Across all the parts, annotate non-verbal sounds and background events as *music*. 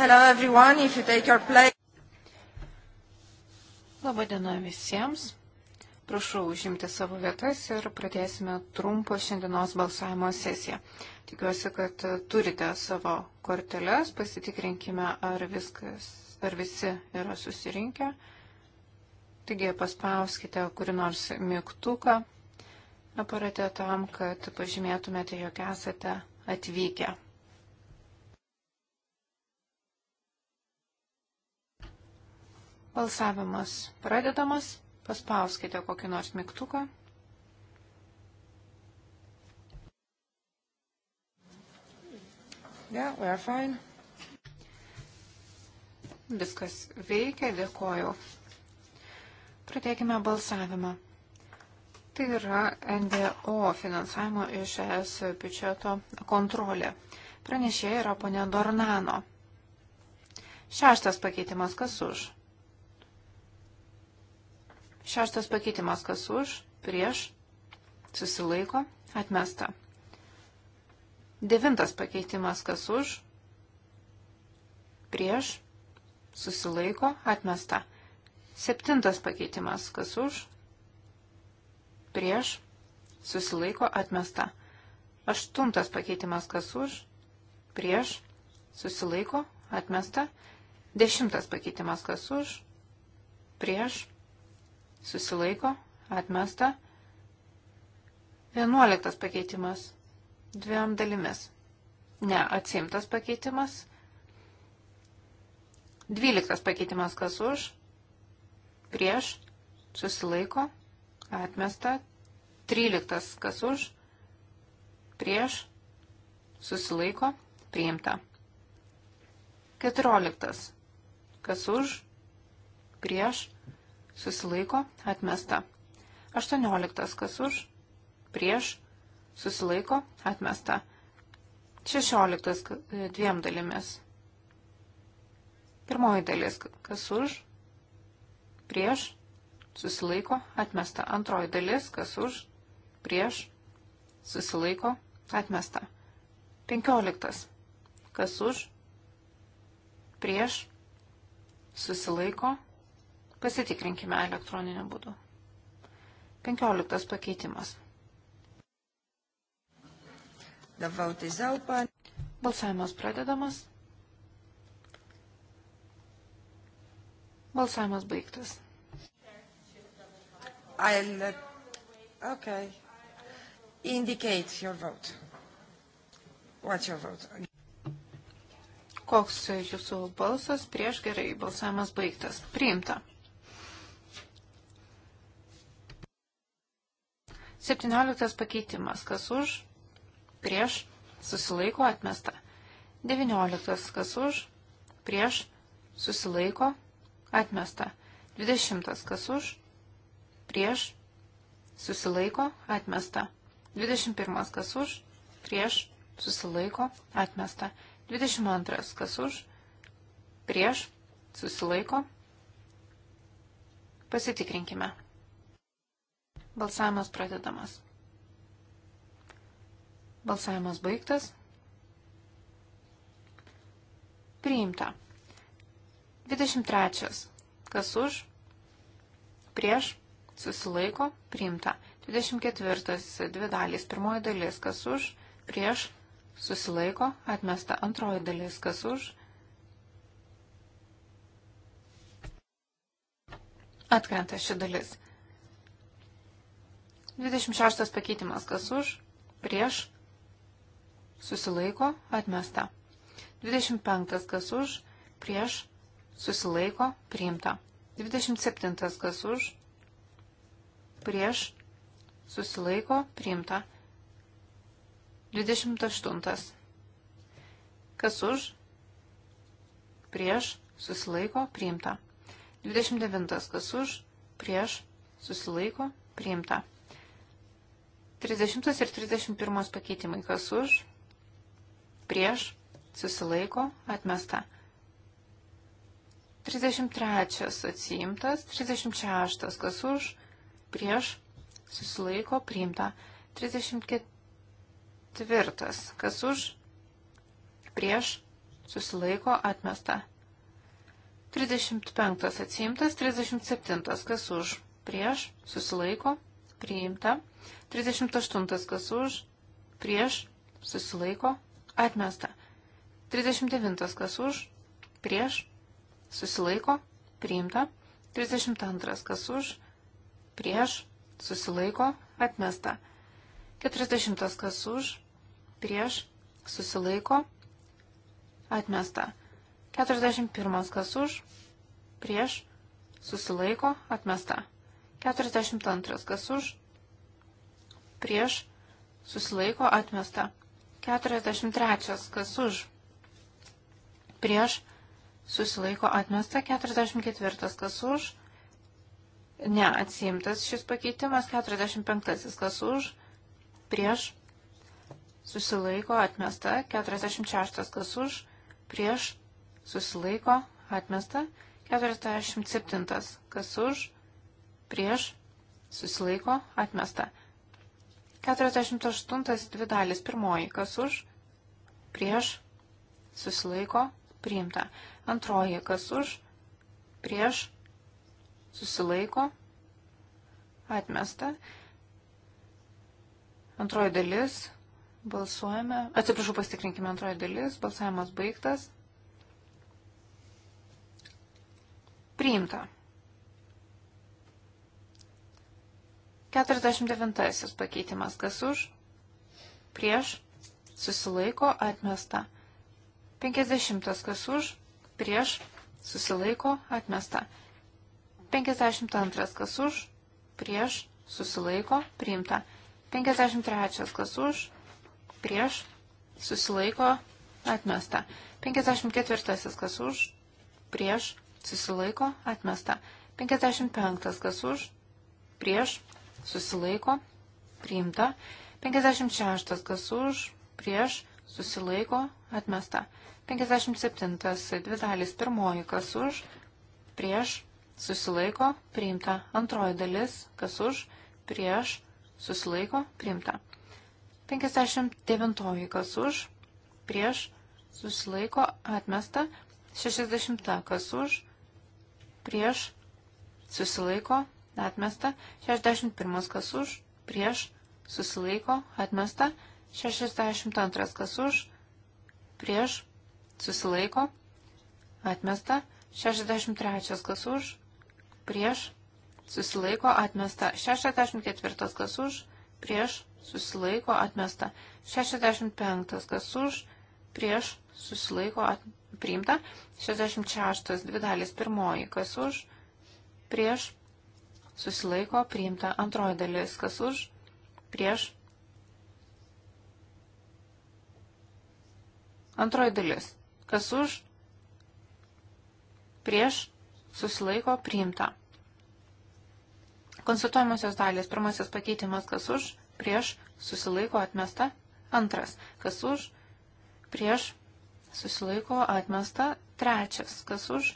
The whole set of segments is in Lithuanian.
Hello everyone, if you take your place. Labadiena visiems. Prašau užimti savo vietas ir pradėsime trumpą šiandienos balsavimo sesiją. Tikiuosi, kad turite savo korteles, pasitikrinkime, ar, viskas, ar visi yra susirinkę. Taigi paspauskite kuri nors mygtuką aparate tam, kad pažymėtumėte, jog esate atvykę. Balsavimas pradedamas. Paspauskite kokį nors mygtuką. Yeah, we are fine. Viskas veikia, dėkoju. Pradėkime balsavimą. Tai yra NDO finansavimo iš ES biudžeto kontrolė. Pranešėja yra ponė Dornano. Šeštas pakeitimas kas už? Šeštas pakeitimas, kas už, prieš, susilaiko, atmesta. Devintas pakeitimas, kas už, prieš, susilaiko, atmesta. Septintas pakeitimas, kas už, prieš, susilaiko, atmesta. Aštuntas pakeitimas, kas už, prieš, susilaiko, atmesta. Dešimtas pakeitimas, kas už, prieš, susilaiko, atmesta. Vienuoliktas pakeitimas dviem dalimis. Ne, atsimtas pakeitimas. Dvyliktas pakeitimas kas už, prieš, susilaiko, atmesta. Tryliktas kas už, prieš, susilaiko, priimta. Keturioliktas kas už, prieš, susilaiko susilaiko, atmesta. 18. Kas už, prieš, susilaiko, atmesta. 16. E, dviem dalimis. Pirmoji dalis, kas už, prieš, susilaiko, atmesta. Antroji dalis, kas už, prieš, susilaiko, atmesta. 15. Kas už, prieš, susilaiko, atmesta Pasitikrinkime elektroniniu būdu. 15 pakeitimas. Balsavimas pradedamas. Balsavimas baigtas. I'll, uh, okay. Indicate your vote. What's your vote? Koks jūsų balsas prieš gerai balsavimas baigtas? Priimta. 17 pakeitimas, kas už, prieš, susilaiko atmesta. 19 kas už, prieš, susilaiko atmesta. 20 kas už, prieš, susilaiko atmesta. 21 kas už, prieš, susilaiko atmesta. 22 kas už, prieš, susilaiko. Pasitikrinkime. Balsavimas pradedamas. Balsavimas baigtas. Priimta. 23. Kas už? Prieš? Susilaiko? Priimta. 24. Dvi dalys. Pirmoji dalis. Kas už? Prieš? Susilaiko? Atmesta. Antroji dalis. Kas už? Atkrenta ši dalis. 26 pakeitimas, kas už, prieš, susilaiko, atmesta. 25 kas už, prieš, susilaiko, priimta. 27 kas už, prieš, susilaiko, priimta. 28 kas už, prieš, susilaiko, priimta. 29 kas už, prieš, susilaiko, priimta. 30 ir 31 pakeitimai. Kas už? Prieš? Susilaiko? Atmesta. 33 atsiimtas. 36 kas už? Prieš? Susilaiko? Priimta. 34 kas už? Prieš? Susilaiko? Atmesta. 35 atsiimtas. 37 kas už? Prieš? Susilaiko? Atmesta priimta. 38 kas už, prieš, susilaiko, atmesta. 39 kas už, prieš, susilaiko, priimta. 32 kas už, prieš, susilaiko, atmesta. 40 kas už, prieš, susilaiko, atmesta. 41 kas už, prieš, susilaiko, atmesta. 42. Kas už? Prieš. Susilaiko atmesta. 43. Kas už? Prieš. Susilaiko atmesta. 44. Kas už? Ne, atsiimtas šis pakeitimas. 45. Kas už? Prieš. Susilaiko atmesta. 46. Kas už? Prieš. Susilaiko atmesta. 47. Kas už? prieš, susilaiko, atmesta. 48 dvi dalis pirmoji, kas už, prieš, susilaiko, priimta. Antroji, kas už, prieš, susilaiko, atmesta. Antroji dalis, balsuojame, atsiprašau, pastikrinkime antroji dalis, balsavimas baigtas. Priimta. 49 pakeitimas. Kas už? Prieš. Susilaiko. Atmesta. 50. Kas už? Prieš. Susilaiko. Atmesta. 52. Kas už? Prieš. Susilaiko. Priimta. 53. Kas už? Prieš. Susilaiko. Atmesta. 54. Kas už? Prieš. Susilaiko. Atmesta. 55. Kas už? Prieš susilaiko, priimta. 56 kas už, prieš, susilaiko, atmesta. 57 dvi dalis pirmoji kas už, prieš, susilaiko, priimta. Antroji dalis kas už, prieš, susilaiko, priimta. 59 kas už, prieš, susilaiko, atmesta. 60 kas už, prieš, susilaiko, atmesta, 61 kas už, prieš, susilaiko, atmesta, 62 kas už, prieš, susilaiko, atmesta, 63 kas už, prieš, susilaiko, atmesta, 64 kas už, prieš, susilaiko, atmesta, 65 kas už, prieš, susilaiko, at, priimta, 66 dvi dalis pirmoji kas už, prieš, susilaiko priimta. Antroji dalis, kas už, prieš. Antroji dalis, kas už, prieš, susilaiko priimta. Konsultuojamosios dalys, pirmasis pakeitimas, kas už, prieš, susilaiko atmesta. Antras, kas už, prieš, susilaiko atmesta. Trečias, kas už,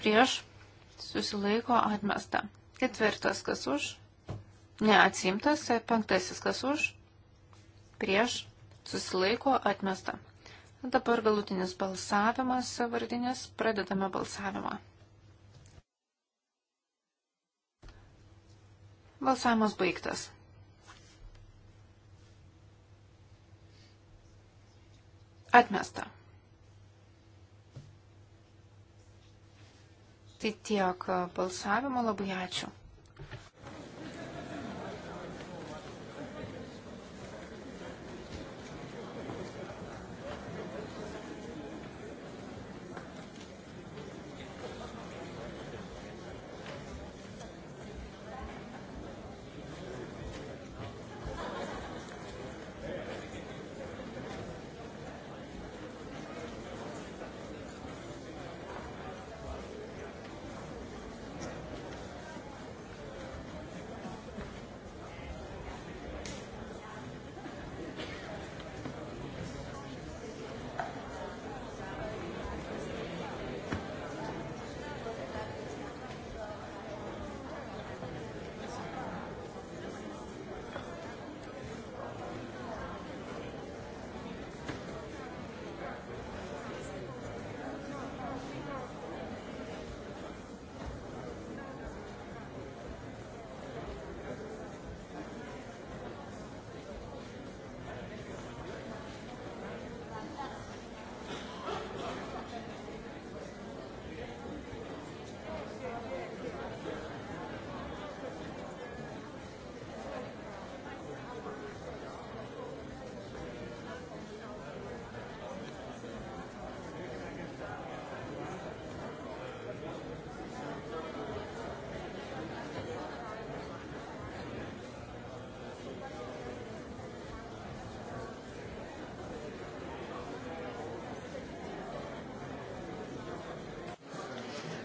prieš, susilaiko atmesta. Ketvirtas kas už. Neatsimtas. Penktasis kas už. Prieš. Susilaiko atmesta. Dabar galutinis balsavimas vardinis. Pradedame balsavimą. Balsavimas baigtas. Atmesta. Tai tiek e, balsavimo, labai ačiū.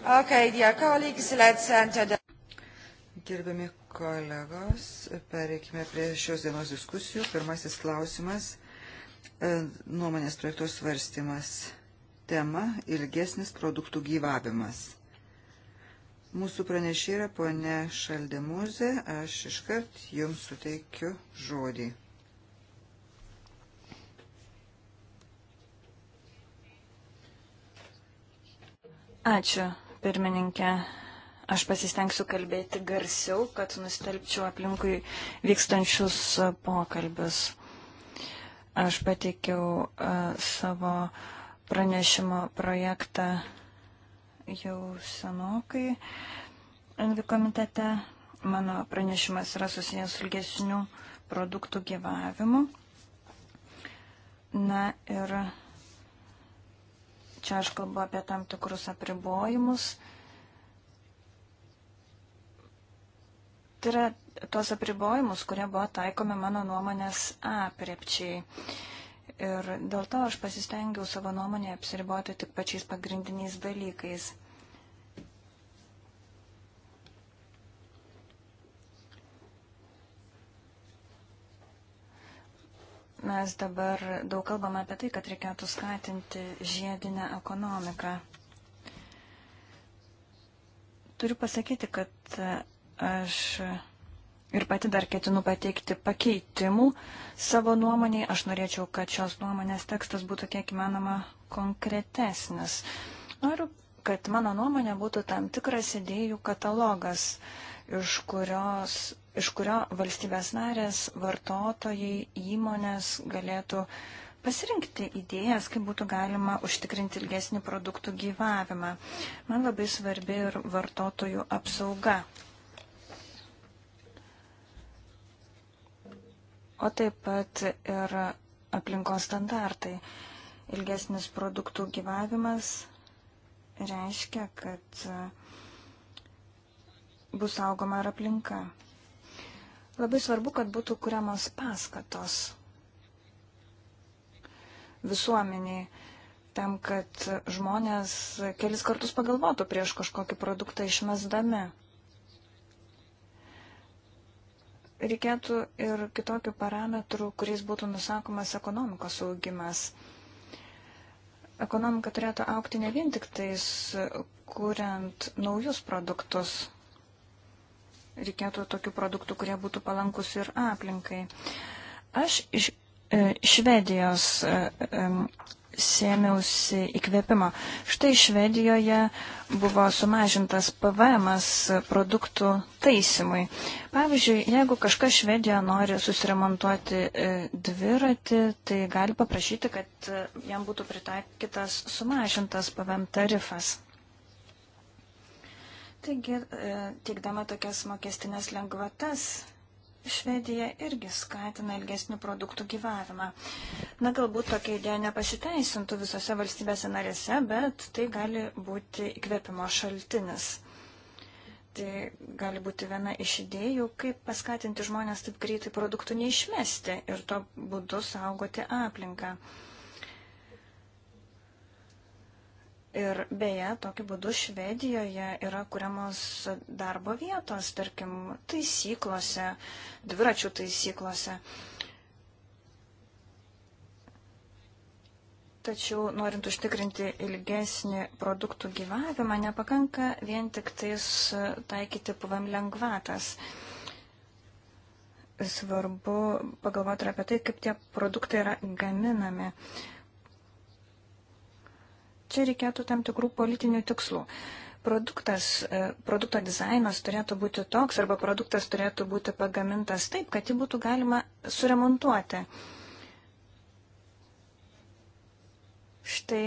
Okay, dear colleagues, let's enter the... Gerbiami kolegos, pereikime prie šios dienos diskusijų. Pirmasis klausimas e, – nuomonės projektos svarstymas. Tema – ilgesnis produktų gyvavimas. Mūsų pranešė yra ponė Šaldemuzė, aš iškart jums suteikiu žodį. Ačiū, pirmininkė. Aš pasistengsiu kalbėti garsiau, kad nustelbčiau aplinkui vykstančius pokalbius. Aš pateikiau e, savo pranešimo projektą jau senokai Envi komitete. Mano pranešimas yra susijęs su ilgesniu produktų gyvavimu. Na ir. Yra Čia aš kalbu apie tam tikrus apribojimus. Tai yra tuos apribojimus, kurie buvo taikomi mano nuomonės apriepčiai. Ir dėl to aš pasistengiau savo nuomonę apsiriboti tik pačiais pagrindiniais dalykais. Mes dabar daug kalbame apie tai, kad reikėtų skatinti žiedinę ekonomiką. Turiu pasakyti, kad e, aš ir pati dar ketinu pateikti pakeitimų savo nuomoniai. Aš norėčiau, kad šios nuomonės tekstas būtų kiek įmanoma konkretesnis. Noriu, kad mano nuomonė būtų tam tikras idėjų katalogas. Uh, iš, kurios, iš kurio valstybės narės vartotojai, įmonės galėtų pasirinkti idėjas, kaip būtų galima užtikrinti ilgesnį produktų gyvavimą. Man labai svarbi ir vartotojų apsauga. O taip pat ir aplinkos standartai. Ilgesnis produktų gyvavimas reiškia, kad bus saugoma ir aplinka. Labai svarbu, kad būtų kuriamos paskatos visuomeniai tam, kad žmonės kelis kartus pagalvotų prieš kažkokį produktą išmesdami. Reikėtų ir kitokių parametrų, kuriais būtų nusakomas ekonomikos augimas. Ekonomika turėtų aukti ne vien tik tais, kuriant naujus produktus, reikėtų tokių produktų, kurie būtų palankus ir aplinkai. Aš iš e, Švedijos e, e, sėmiausi įkvėpimo. Štai Švedijoje buvo sumažintas PVM produktų taisymui. Pavyzdžiui, jeigu kažkas Švedijoje nori susiremontuoti dviratį, tai gali paprašyti, kad jam būtų pritaikytas sumažintas PVM tarifas. Taigi, e, teikdama tokias mokestinės lengvatas, Švedija irgi skatina ilgesnių produktų gyvavimą. Na, galbūt tokia idėja nepasiteisintų visose valstybėse narėse, bet tai gali būti įkvėpimo šaltinis. Tai gali būti viena iš idėjų, kaip paskatinti žmonės taip greitai produktų neišmesti ir to būdu saugoti aplinką. Ir beje, tokiu būdu Švedijoje yra kuriamos darbo vietos, tarkim, taisyklose, dviračių taisyklose. Tačiau norint užtikrinti ilgesnį produktų gyvavimą, nepakanka vien tik tais taikyti PVM lengvatas. Svarbu pagalvoti apie tai, kaip tie produktai yra gaminami. Uh, Čia reikėtų tam tikrų politinių tikslų. Produktas, e, produkto dizainas turėtų būti toks arba produktas turėtų būti pagamintas taip, kad jį būtų galima suremontuoti. Štai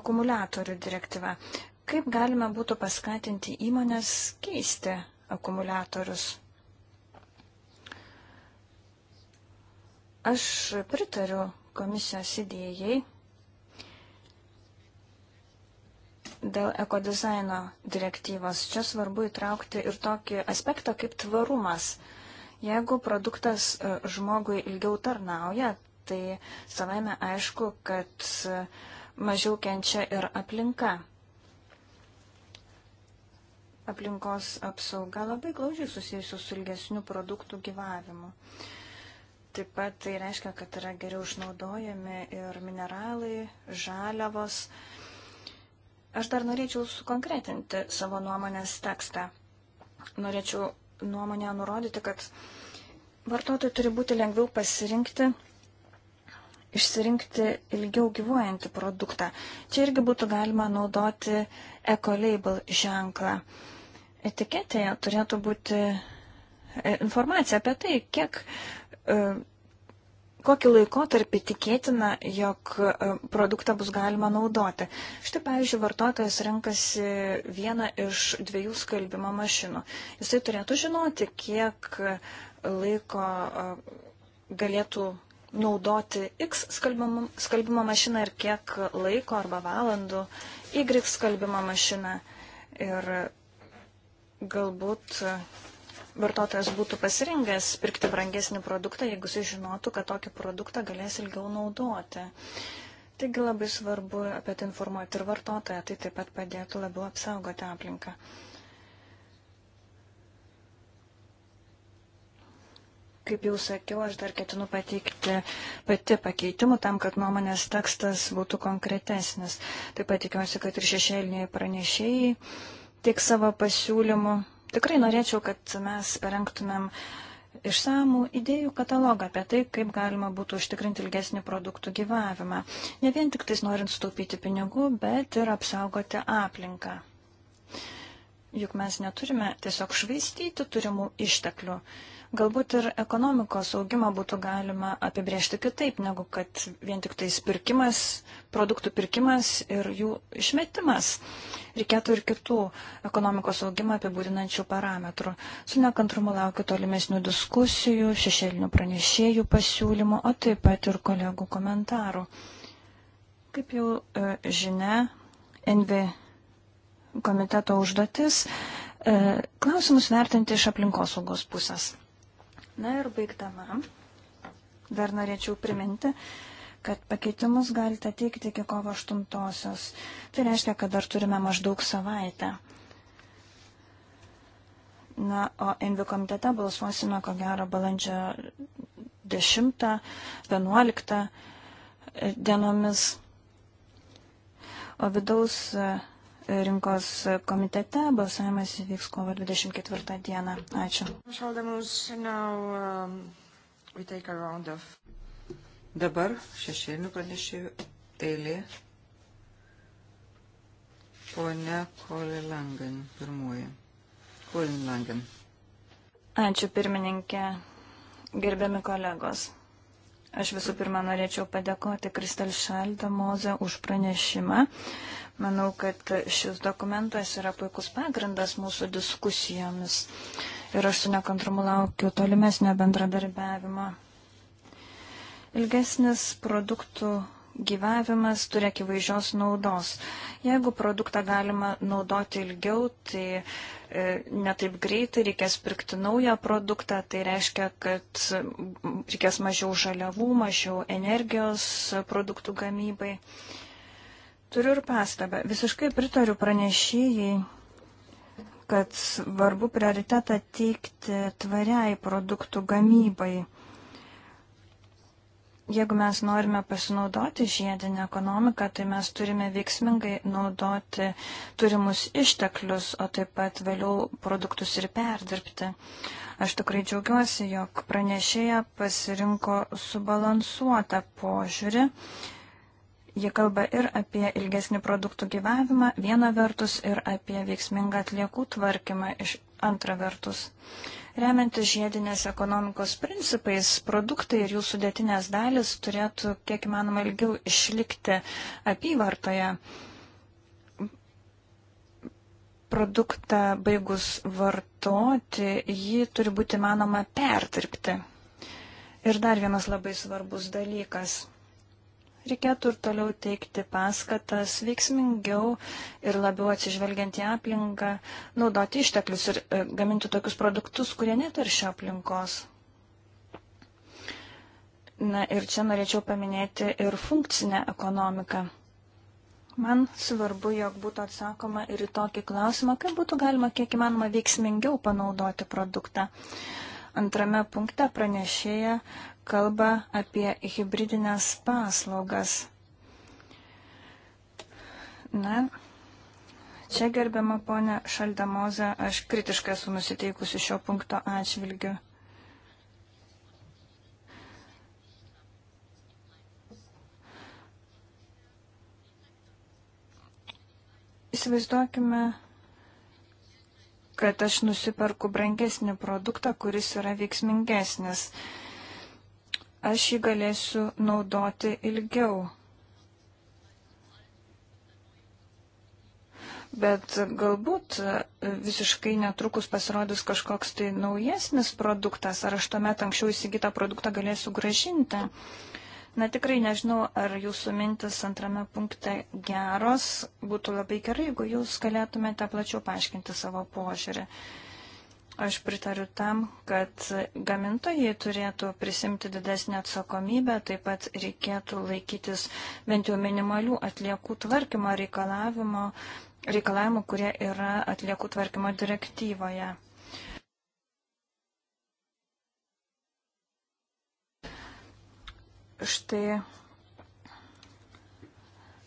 akumuliatorių direktyva. Kaip galima būtų paskatinti įmonės keisti akumuliatorius? Aš pritariu komisijos idėjai dėl ekodizaino direktyvos. Čia svarbu įtraukti ir tokį aspektą kaip tvarumas. Jeigu produktas e, žmogui ilgiau tarnauja, tai savaime aišku, kad e, mažiau kenčia ir aplinka. Aplinkos apsauga labai glaudžiai susijusi su ilgesniu produktų gyvavimu. Taip pat tai reiškia, kad yra geriau išnaudojami ir mineralai, žaliavos. Uh, Aš dar norėčiau sukonkretinti savo nuomonės tekstą. Norėčiau nuomonę nurodyti, kad vartotojai turi būti lengviau pasirinkti, išsirinkti ilgiau gyvuojantį produktą. Čia irgi būtų galima naudoti eco-label ženklą. Etiketėje turėtų būti e, informacija apie tai, kiek e, kokį laikotarpį tikėtina, jog e, produktą bus galima naudoti. Štai, pavyzdžiui, vartotojas renkasi vieną iš dviejų skalbimo mašinų. Jisai turėtų žinoti, kiek laiko e, galėtų naudoti X skalbimo, skalbimo mašiną ir kiek laiko arba valandų Y skalbimo mašiną. Ir galbūt vartotojas būtų pasirinkęs pirkti brangesnį produktą, jeigu jis žinotų, kad tokį produktą galės ilgiau naudoti. Taigi labai svarbu apie tai informuoti ir vartotoją, tai taip pat padėtų labiau apsaugoti aplinką. kaip jau sakiau, aš dar ketinu pateikti pati pakeitimų tam, kad nuomonės tekstas būtų konkretesnis. Taip pat tikiuosi, kad ir šešėliniai pranešėjai tiek savo pasiūlymų. Tikrai norėčiau, kad mes parengtumėm išsamų idėjų katalogą apie tai, kaip galima būtų užtikrinti ilgesnį produktų gyvavimą. Ne vien tik tais norint sutaupyti pinigų, bet ir apsaugoti aplinką. Juk mes neturime tiesiog švaistyti turimų išteklių. Uh, Galbūt ir ekonomikos augimą būtų galima apibriežti kitaip, negu kad vien tik tais pirkimas, produktų pirkimas ir jų išmetimas. Reikėtų ir kitų ekonomikos augimą apibūdinančių parametrų. Su nekantrumu laukiu tolimesnių diskusijų, šešėlinių pranešėjų pasiūlymų, o taip pat ir kolegų komentarų. Kaip jau e, žinia, NV komiteto užduotis e, klausimus vertinti iš aplinkosaugos pusės. Na ir baigdama, dar norėčiau priminti, kad pakeitimus galite teikti iki kovo 8-osios. Tai reiškia, kad dar turime maždaug savaitę. Na, o Envi komitete balsuosime, ko gero, balandžio 10-11 dienomis. O vidaus rinkos komitete. Balsavimas įvyks kovo 24 dieną. Ačiū. Um, Dabar šešėlinių pranešėjų eilė. Pone Kolė Langen, pirmoji. Kolin Langen. Ačiū pirmininkė, gerbiami kolegos. Aš visų pirma norėčiau padėkoti Kristel Šaldamoze už pranešimą. Manau, kad šis dokumentas yra puikus pagrindas mūsų diskusijomis ir aš su nekantrumu laukiu tolimesnio bendradarbiavimo. Ilgesnis produktų gyvavimas turi akivaizdžios naudos. Jeigu produktą galima naudoti ilgiau, tai e, netaip greitai reikės pirkti naują produktą, tai reiškia, kad reikės mažiau žaliavų, mažiau energijos produktų gamybai. Turiu ir pastabą. Visiškai pritariu pranešėjai, kad svarbu prioritetą teikti tvariai produktų gamybai. Jeigu mes norime pasinaudoti žiedinę ekonomiką, tai mes turime veiksmingai naudoti turimus išteklius, o taip pat vėliau produktus ir perdirbti. Aš tikrai džiaugiuosi, jog pranešėja pasirinko subalansuotą požiūrį. Jie kalba ir apie ilgesnį produktų gyvavimą, viena vertus ir apie veiksmingą atliekų tvarkymą iš, Antra vertus, remiantis žiedinės ekonomikos principais, produktai ir jų sudėtinės dalis turėtų kiek įmanoma ilgiau išlikti apyvartoje. Produktą baigus vartoti, jį turi būti manoma pertirpti. Ir dar vienas labai svarbus dalykas Reikėtų ir toliau teikti paskatas veiksmingiau ir labiau atsižvelgiant į aplinką, naudoti išteklius ir e, gaminti tokius produktus, kurie netaršia aplinkos. Na ir čia norėčiau paminėti ir funkcinę ekonomiką. Man svarbu, jog būtų atsakoma ir į tokį klausimą, kaip būtų galima kiek įmanoma veiksmingiau panaudoti produktą. Uh, Antrame punkte pranešėja kalba apie hybridinės paslaugas. Na, čia gerbiama ponė Šaldamoza, aš kritiškai esu nusiteikusi šio punkto atžvilgiu. Įsivaizduokime, kad aš nusiperku brangesnį produktą, kuris yra veiksmingesnis. Aš jį galėsiu naudoti ilgiau. Bet galbūt visiškai netrukus pasirodys kažkoks tai naujesnis produktas, ar aš tuomet anksčiau įsigytą produktą galėsiu gražinti. Uh, Na tikrai nežinau, ar jūsų mintis antrame punkte geros. Būtų labai gerai, jeigu jūs galėtumėte plačiau paaiškinti savo požiūrį. Aš pritariu tam, kad gamintojai turėtų prisimti didesnį atsakomybę, taip pat reikėtų laikytis bent jau minimalių atliekų tvarkymo reikalavimo, reikalavimų, kurie yra atliekų tvarkymo direktyvoje. Štai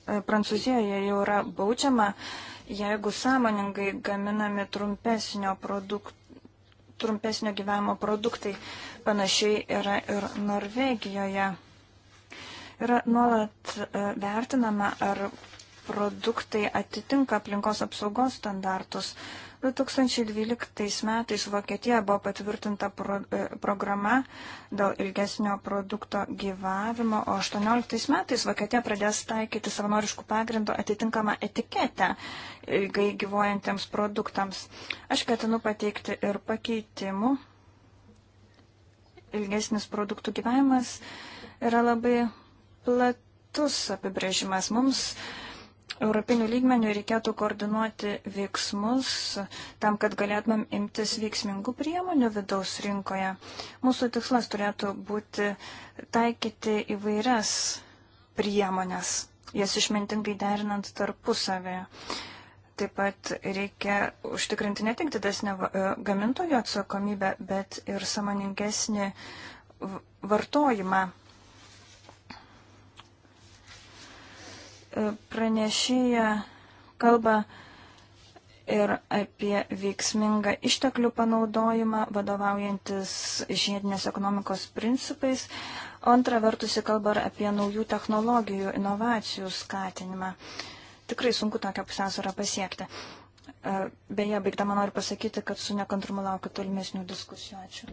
e, Prancūzijoje jau yra baudžiama, jeigu sąmoningai gaminami trumpesnio, produkt, trumpesnio gyvenimo produktai, panašiai yra ir Norvegijoje. Yra nuolat e, vertinama, ar produktai atitinka aplinkos apsaugos standartus. 2012 metais Vokietija buvo patvirtinta pro, e, programa dėl ilgesnio produkto gyvavimo, o 2018 metais Vokietija pradės taikyti savanoriškų pagrindų atitinkamą etiketę ilgai gyvuojantiems produktams. Aš ketinu pateikti ir pakeitimų. Ilgesnis produktų gyvavimas yra labai platus apibrėžimas mums. Uh, Europinių lygmenių reikėtų koordinuoti veiksmus tam, kad galėtumėm imtis veiksmingų priemonių vidaus rinkoje. Mūsų tikslas turėtų būti taikyti įvairias priemonės, jas išmintingai derinant tarpusavėje. Taip pat reikia užtikrinti ne tik didesnę e, gamintojų atsakomybę, bet ir samoningesnį vartojimą. E, pranešėja kalba ir apie veiksmingą išteklių panaudojimą, vadovaujantis žiedinės ekonomikos principais. O antra vertus, ji kalba ir apie naujų technologijų, inovacijų skatinimą. Tikrai sunku tokią pusiausvyrą pasiekti. E, beje, baigdama noriu pasakyti, kad su nekantrumu laukiu tolimesnių diskusijų. Ačiū.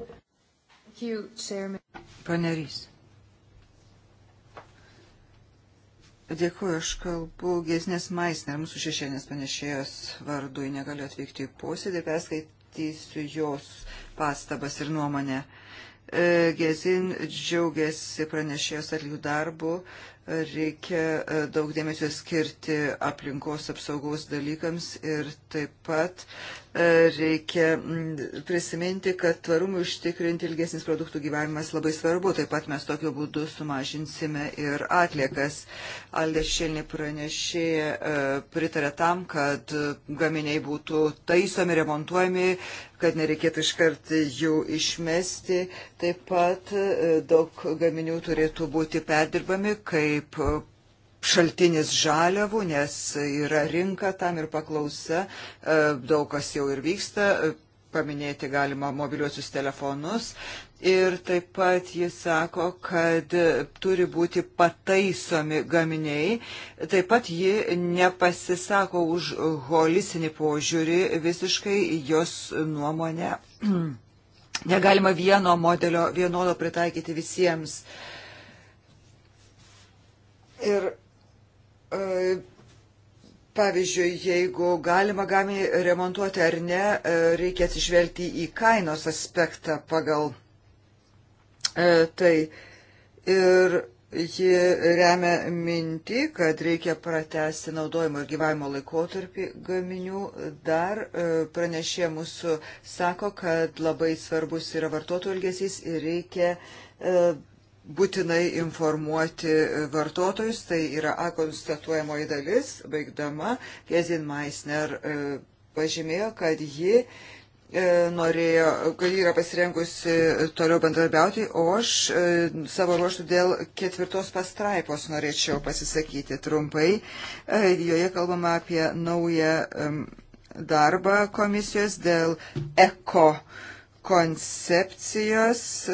Panerys. Dėkuoju, aš kalbu Gėsnės Maisner, mūsų šešėnės panešėjos vardu, ji negaliu atvykti į posėdį, perskaitysiu jos pastabas ir nuomonę. E, Gezin džiaugiasi pranešėjos atlių darbų, reikia e, daug dėmesio skirti aplinkos apsaugos dalykams ir taip pat e, reikia prisiminti, kad tvarumui užtikrinti ilgesnis produktų gyvenimas labai svarbu. Taip pat mes tokiu būdu sumažinsime ir atliekas. Aldė Šilni pranešė e, pritarė tam, kad gaminiai būtų taisomi, remontuojami, kad nereikėtų iškart jų išmesti. Taip pat daug gaminių turėtų būti perdirbami, kai kaip e, šaltinis žaliavų, nes yra rinka tam ir paklausa, e, daug kas jau ir vyksta, e, paminėti galima mobiliuosius telefonus. Ir taip pat jis sako, kad turi būti pataisomi gaminiai. Taip pat ji nepasisako už holistinį požiūrį visiškai jos nuomonę. *clears throat* Negalima vieno modelio vienodo pritaikyti visiems. Uh, Ir e, pavyzdžiui, jeigu galima gamį remontuoti ar ne, e, reikia atsižvelgti į kainos aspektą pagal e, tai. Ir ji remia mintį, kad reikia pratesti naudojimo ir gyvavimo laikotarpį gaminių. Dar pranešė mūsų sako, kad labai svarbus yra vartotojų elgesys ir reikia būtinai informuoti vartotojus, tai yra A konstatuojamoji dalis, baigdama, Gezin Meisner e, pažymėjo, kad ji e, norėjo, kad ji yra pasirengusi toliau bendradarbiauti, o aš e, savo ruoštų dėl ketvirtos pastraipos norėčiau pasisakyti trumpai. Joje kalbama apie naują darbą komisijos dėl eko koncepcijos, e,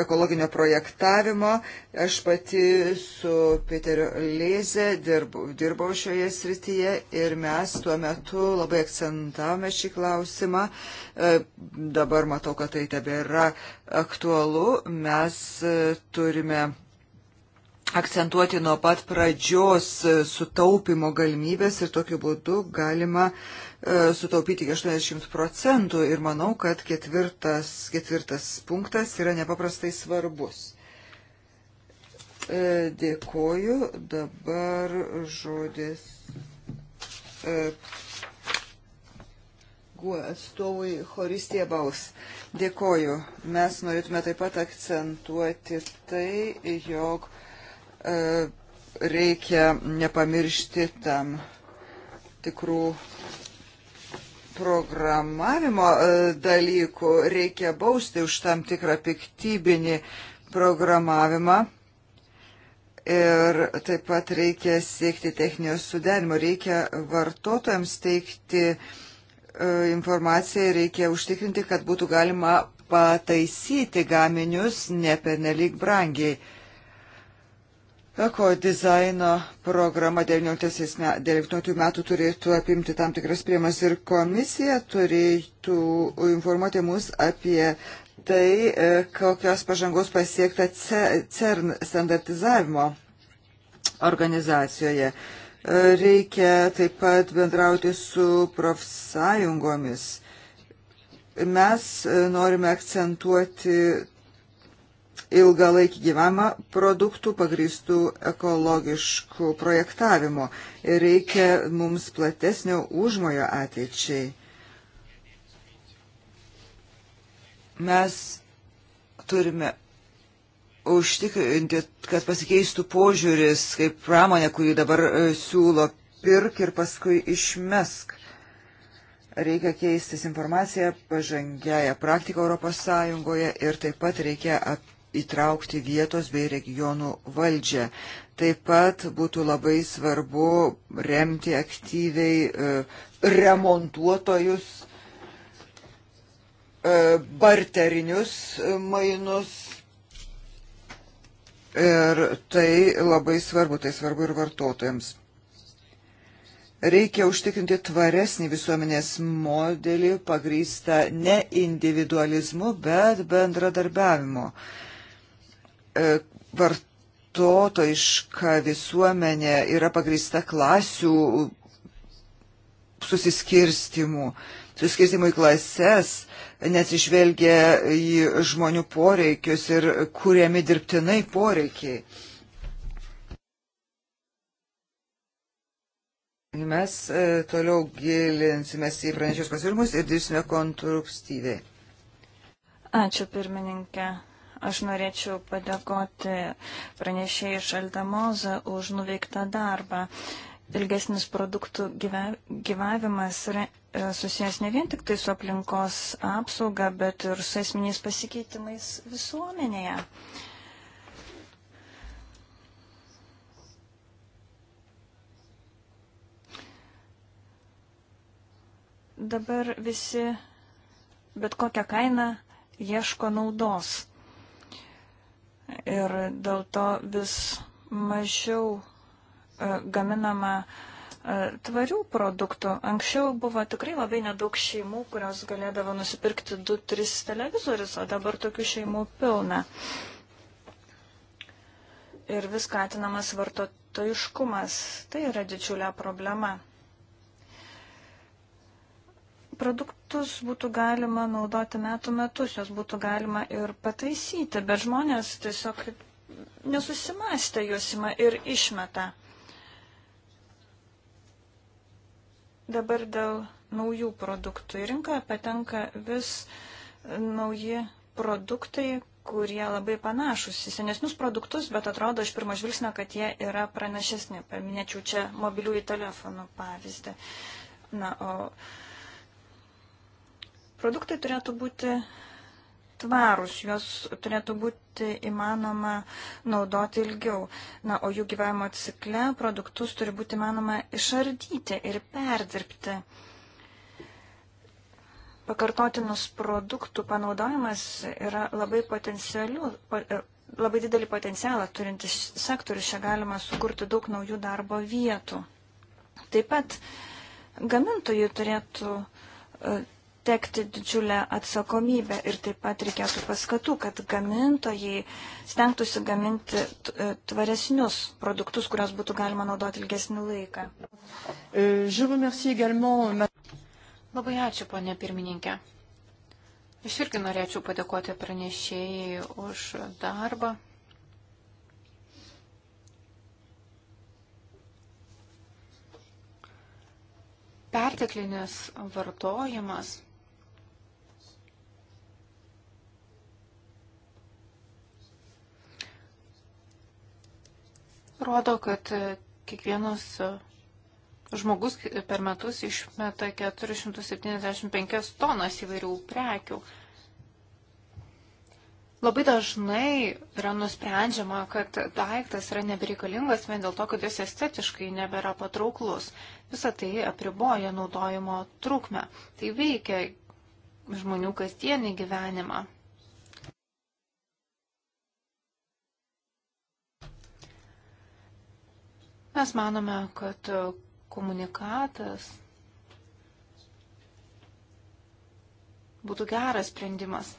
ekologinio projektavimo. Aš pati su Peteriu Lėze dirbau, dirbau šioje srityje ir mes tuo metu labai akcentavome šį klausimą. E, dabar matau, kad tai tebėra aktualu. Mes e, turime akcentuoti nuo pat pradžios sutaupimo galimybės ir tokiu būdu galima E, sutaupyti 80 procentų ir manau, kad ketvirtas, ketvirtas punktas yra nepaprastai svarbus. E, dėkoju. Dabar žodis e, atstovui Horistė Baus. Dėkoju. Mes norėtume taip pat akcentuoti tai, jog reikia nepamiršti tam tikrų programavimo e, dalykų reikia bausti už tam tikrą piktybinį programavimą. Ir taip pat reikia siekti techninio suderimo, reikia vartotojams teikti e, informaciją, reikia užtikrinti, kad būtų galima pataisyti gaminius ne pernelyg brangiai. Eko dizaino programa 19 metų turėtų apimti tam tikras priemas ir komisija turėtų informuoti mus apie tai, e, kokios pažangos pasiekta CERN standartizavimo organizacijoje. E, reikia taip pat bendrauti su profsąjungomis. Mes e, norime akcentuoti ilgalaikį gyvamą produktų pagrįstų ekologiškų projektavimo. Ir reikia mums platesnio užmojo ateičiai. Mes turime užtikrinti, kad pasikeistų požiūris, kaip pramonė, kurį dabar e, siūlo pirk ir paskui išmesk. Reikia keistis informaciją pažangiają praktiką Europos Sąjungoje ir taip pat reikia apie įtraukti vietos bei regionų valdžią. Taip pat būtų labai svarbu remti aktyviai e, remontuotojus, e, barterinius mainus. Ir tai labai svarbu, tai svarbu ir vartotojams. Reikia užtikrinti tvaresnį visuomenės modelį pagrįstą ne individualizmu, bet bendradarbiavimu. E, vartotoiška visuomenė yra pagrįsta klasių susiskirstimų, susiskirstimų į klases, neatsižvelgia į žmonių poreikius ir kuriami dirbtinai poreikiai. Mes e, toliau gilinsimės į pranešius pasiūlymus ir dirbsime konstruktyviai. Ačiū pirmininkė. Aš norėčiau padėkoti pranešėjai Šaldamoza už nuveiktą darbą. Ilgesnis produktų gyvavimas yra e, susijęs ne vien tik tai su aplinkos apsauga, bet ir su esminiais pasikeitimais visuomenėje. Dabar visi bet kokią kainą ieško naudos ir dėl to vis mažiau e, gaminama e, tvarių produktų. Anksčiau buvo tikrai labai nedaug šeimų, kurios galėdavo nusipirkti 2-3 televizorius, o dabar tokių šeimų pilna. Ir vis skatinamas vartotojiškumas. Tai yra didžiulė problema. Produktus būtų galima naudoti metų metus, jos būtų galima ir pataisyti, bet žmonės tiesiog nesusimastę juos ima ir išmeta. Dabar dėl naujų produktų. Į rinką patenka vis nauji produktai, kurie labai panašus į senesnius produktus, bet atrodo iš pirmo žvilgsnio, kad jie yra pranašesni. Paminėčiau čia mobiliųjų telefonų pavyzdį. Na, o Produktai turėtų būti tvarus, juos turėtų būti įmanoma naudoti ilgiau. Na, o jų gyvavimo cikle produktus turi būti įmanoma išardyti ir perdirbti. Pakartotinus produktų panaudojimas yra labai potencialių, e, labai didelį potencialą turintis sektorius, čia galima sukurti daug naujų darbo vietų. Taip pat gamintojai turėtų e, tekti didžiulę atsakomybę ir taip pat reikėtų paskatų, kad gamintojai stengtųsi gaminti e, tvaresnius produktus, kurios būtų galima naudoti ilgesnį laiką. E, euh, Labai ačiū, ponė pirmininkė. Aš irgi norėčiau padėkoti pranešėjai už darbą. Perteklinis vartojimas rodo, kad e, kiekvienas e, žmogus per metus išmeta 475 tonas įvairių prekių. Labai dažnai yra nusprendžiama, kad daiktas yra nebereikalingas vien dėl to, kad jis estetiškai nebėra patrauklus. Visą tai apriboja naudojimo trukmę. Tai veikia žmonių kasdienį gyvenimą. Mes manome, kad komunikatas būtų geras sprendimas.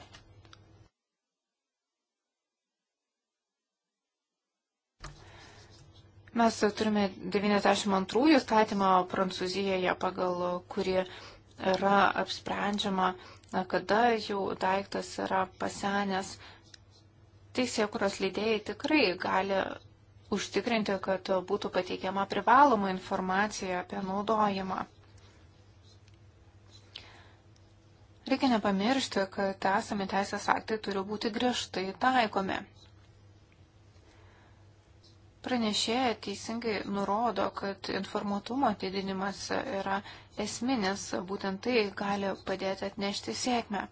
Mes turime 92 statymą Prancūzijoje, pagal kurį yra apsprendžiama, kada jau daiktas yra pasenęs. Teisė, kurios leidėjai tikrai gali užtikrinti, kad būtų pateikiama privaloma informacija apie naudojimą. Reikia nepamiršti, kad esami teisės aktai turi būti griežtai taikomi. Pranešėja teisingai nurodo, kad informatumo didinimas yra esminis, būtent tai gali padėti atnešti sėkmę.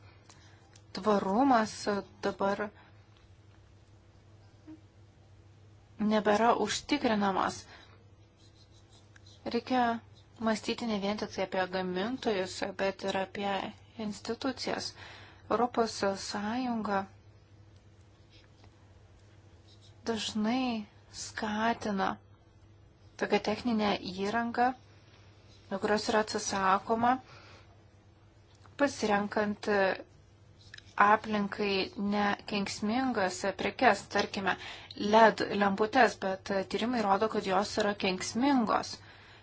Tvarumas dabar yra nebėra užtikrinamas. Reikia mąstyti ne vien tik tai apie gamintojus, bet ir apie institucijas. Europos Sąjunga dažnai skatina tokią techninę įrangą, nuo kurios yra atsisakoma, pasirenkant aplinkai nekenksmingas prekes, tarkime, LED lemputės, bet tyrimai rodo, kad jos yra kenksmingos.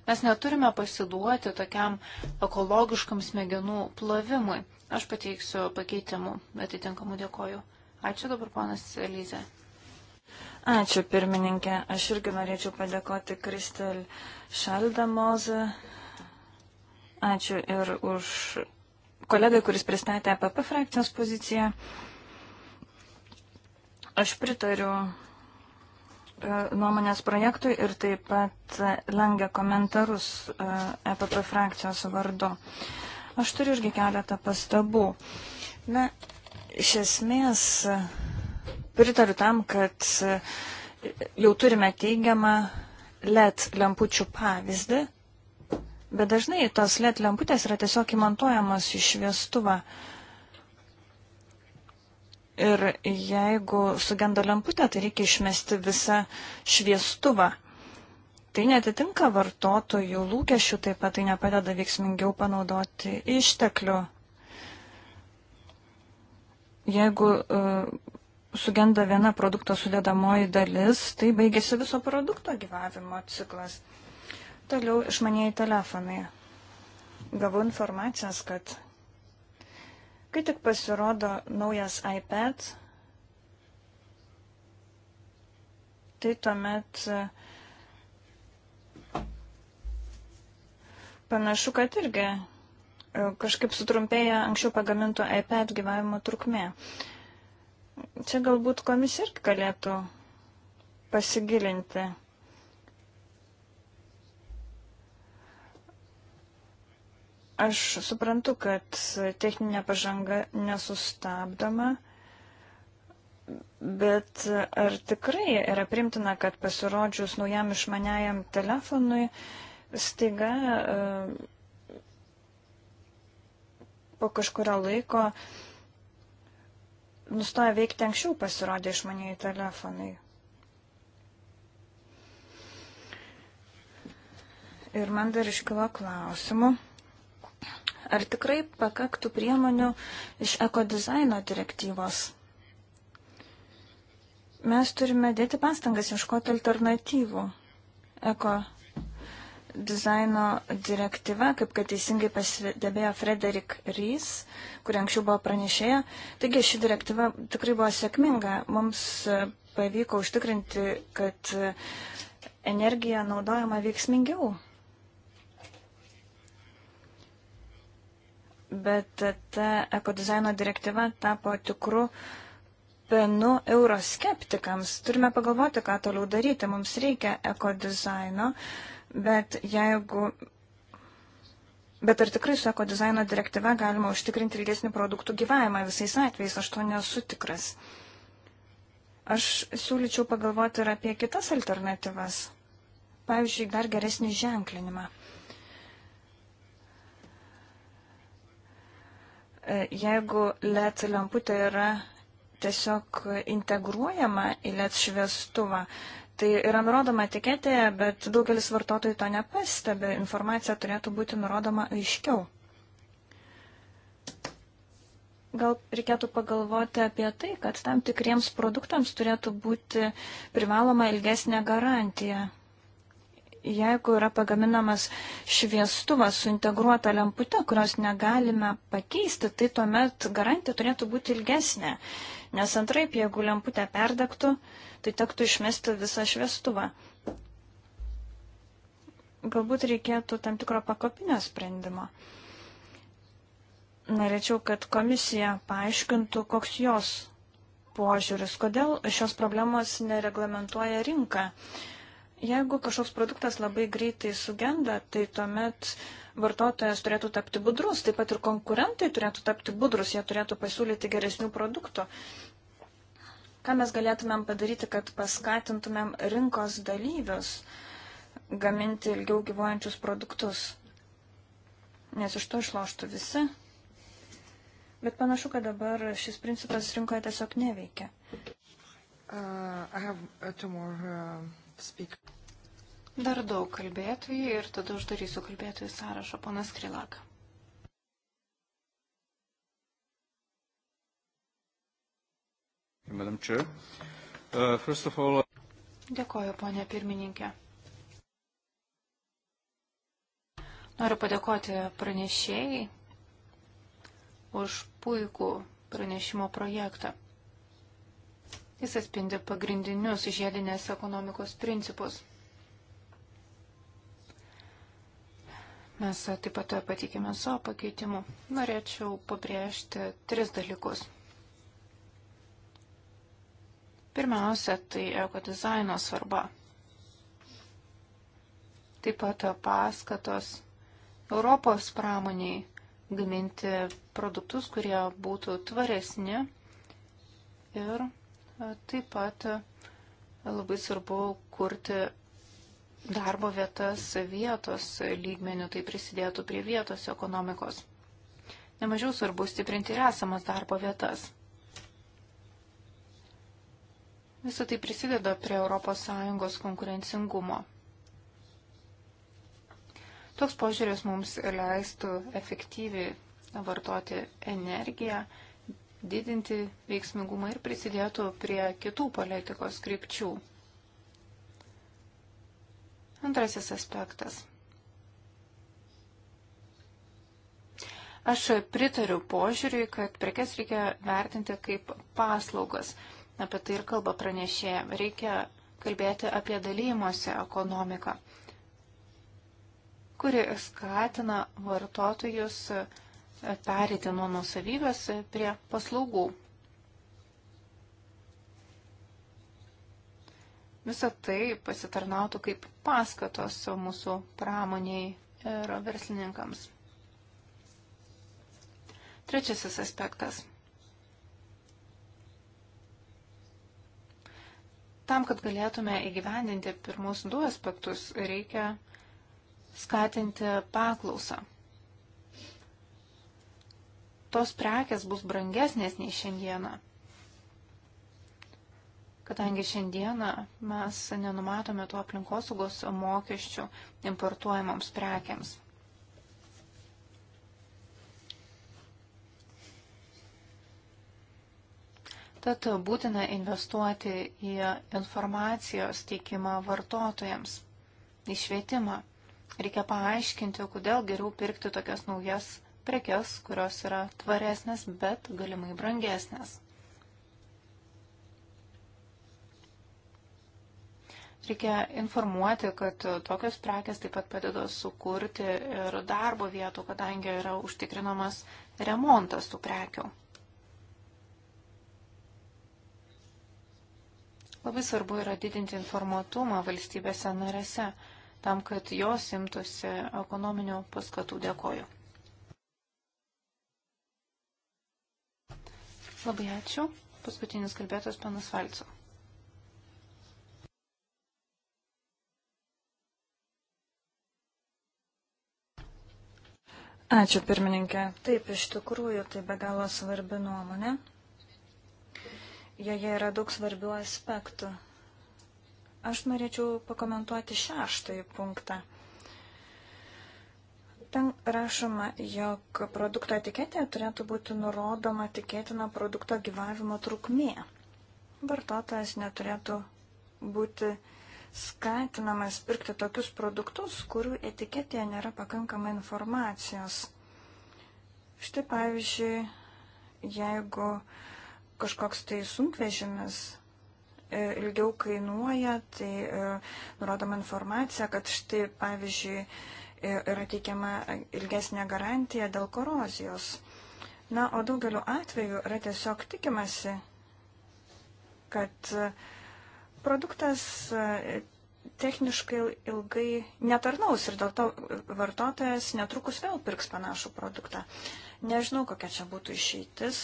Mes neturime pasiduoti tokiam ekologiškam smegenų plovimui. Aš pateiksiu pakeitimų atitinkamų dėkoju. Ačiū dabar, ponas Lyze. Ačiū, pirmininkė. Aš irgi norėčiau padėkoti Kristel Šaldamozą. Ačiū ir už kolegai, kuris pristatė APP e frakcijos poziciją. Aš pritariu e, nuomonės projektui ir taip pat lengia komentarus EPP e frakcijos vardu. Aš turiu irgi keletą pastabų. Na, iš esmės pritariu tam, kad jau turime teigiamą LED lempučių pavyzdį, Bet dažnai tos LED lemputės yra tiesiog įmontuojamos į šviestuvą. Ir jeigu sugenda lemputė, tai reikia išmesti visą šviestuvą. Tai netitinka vartotojų lūkesčių, taip pat tai nepadeda veiksmingiau panaudoti išteklių. Jeigu uh, sugenda viena produkto sudėdamoji dalis, tai baigėsi viso produkto gyvavimo ciklas. Toliau išmaniai telefonai. Gavau informacijos, kad kai tik pasirodo naujas iPad, tai tuomet e, panašu, kad irgi e, kažkaip sutrumpėja anksčiau pagaminto iPad gyvavimo trukmė. Čia galbūt komisija irgi galėtų pasigilinti. Aš suprantu, kad techninė pažanga nesustabdoma, bet ar tikrai yra primtina, kad pasirodžius naujam išmaniajam telefonui, staiga e, po kažkurio laiko nustoja veikti anksčiau pasirodė išmaniai telefonai. Ir man dar iškilo klausimų. Ar tikrai pakaktų priemonių iš ekodizaino direktyvos? Mes turime dėti pastangas ieškoti alternatyvų. Eko dizaino direktyva, kaip kad teisingai pasidėbėjo Frederik Rys, kuri anksčiau buvo pranešėja. Taigi ši direktyva tikrai buvo sėkminga. Mums pavyko užtikrinti, kad energija naudojama veiksmingiau. bet ta ekodizaino direktyva tapo tikru penu euroskeptikams. Turime pagalvoti, ką toliau daryti. Mums reikia ekodizaino, bet jeigu. Bet ar tikrai su ekodizaino direktyva galima užtikrinti ilgesnį produktų gyvavimą visais atvejais, aš to nesu tikras. Aš siūlyčiau pagalvoti ir apie kitas alternatyvas. Pavyzdžiui, dar geresnį ženklinimą. E, jeigu LED lemputė yra tiesiog integruojama į LED šviestuvą, tai yra nurodoma etiketėje, bet daugelis vartotojų to nepastebi. Informacija turėtų būti nurodoma aiškiau. Gal reikėtų pagalvoti apie tai, kad tam tikriems produktams turėtų būti privaloma ilgesnė garantija jeigu yra pagaminamas šviestuvas su integruota lempute, kurios negalime pakeisti, tai tuomet garantija turėtų būti ilgesnė. Nes antraip, jeigu lemputė perdaktų, tai tektų išmesti visą šviestuvą. Galbūt reikėtų tam tikro pakopinio sprendimo. Norėčiau, kad komisija paaiškintų, koks jos požiūris, kodėl šios problemos nereglamentuoja rinką. Uh, Jeigu kažkoks produktas labai greitai sugenda, tai tuomet vartotojas turėtų tapti budrus, taip pat ir konkurentai turėtų tapti budrus, jie turėtų pasiūlyti geresnių produktų. Ką mes galėtumėm padaryti, kad paskatintumėm rinkos dalyvius gaminti ilgiau gyvojančius produktus? Nes iš to išloštų visi. Bet panašu, kad dabar šis principas rinkoje tiesiog neveikia. Uh, I have uh, two more uh, Dar daug kalbėtojų ir tada uždarysiu kalbėtojų sąrašą, ponas Krilak. Uh, uh, Dėkoju, ponė pirmininkė. Noriu padėkoti pranešėjai už puikų pranešimo projektą. Jis atspindi pagrindinius žiedinės ekonomikos principus. Mes taip pat patikėme savo pakeitimu. Norėčiau pabrėžti tris dalykus. Pirmiausia, tai ekodizaino svarba. Taip pat paskatos Europos pramoniai gaminti produktus, kurie būtų tvaresni ir Taip pat e, labai svarbu kurti darbo vietas vietos lygmenių, tai prisidėtų prie vietos ekonomikos. Nemažiau svarbu stiprinti ir esamas darbo vietas. Visą tai prisideda prie ES konkurencingumo. Toks požiūris mums leistų efektyviai vartoti energiją didinti veiksmingumą ir prisidėtų prie kitų politikos krypčių. Antrasis aspektas. Aš pritariu požiūriui, kad prekes reikia vertinti kaip paslaugas. Apie tai ir kalba pranešėja. Reikia kalbėti apie dalymosi ekonomiką, kuri skatina vartotojus uh, perėti nuo nusavybės prie paslaugų. Visą tai pasitarnautų kaip paskatos mūsų pramoniai ir verslininkams. Trečiasis aspektas. Tam, kad galėtume įgyvendinti pirmus du aspektus, reikia skatinti paklausą tos prekes bus brangesnės nei šiandieną. Kadangi šiandieną mes nenumatome tų aplinkosaugos mokesčių importuojamoms prekiams. Tad būtina investuoti į informacijos teikimą vartotojams, į švietimą. Reikia paaiškinti, kodėl geriau pirkti tokias naujas prekes, kurios yra tvaresnės, bet galimai brangesnės. Reikia informuoti, kad tokios prekes taip pat padeda sukurti ir darbo vietų, kadangi yra užtikrinamas remontas tų prekių. Labai svarbu yra didinti informatumą valstybėse narėse, tam, kad jos imtųsi ekonominių paskatų. Dėkoju. Labai ačiū. Paskutinis kalbėtojas panas Valco. Ačiū pirmininkė. Taip, iš tikrųjų, tai be galo svarbi nuomonė. Joje yra daug svarbių aspektų. Aš norėčiau pakomentuoti šeštąjį punktą. Ten rašoma, jog produkto etiketėje turėtų būti nurodoma tikėtina produkto gyvavimo trukmė. Vartotojas neturėtų būti skatinamas pirkti tokius produktus, kurių etiketėje nėra pakankamai informacijos. Štai pavyzdžiui, jeigu kažkoks tai sunkvežimis e, ilgiau kainuoja, tai e, nurodoma informacija, kad štai pavyzdžiui, yra teikiama ilgesnė garantija dėl korozijos. Na, o daugeliu atveju yra tiesiog tikimasi, kad e, produktas e, techniškai ilgai netarnaus ir dėl to vartotojas netrukus vėl pirks panašų produktą. Nežinau, kokia čia būtų išeitis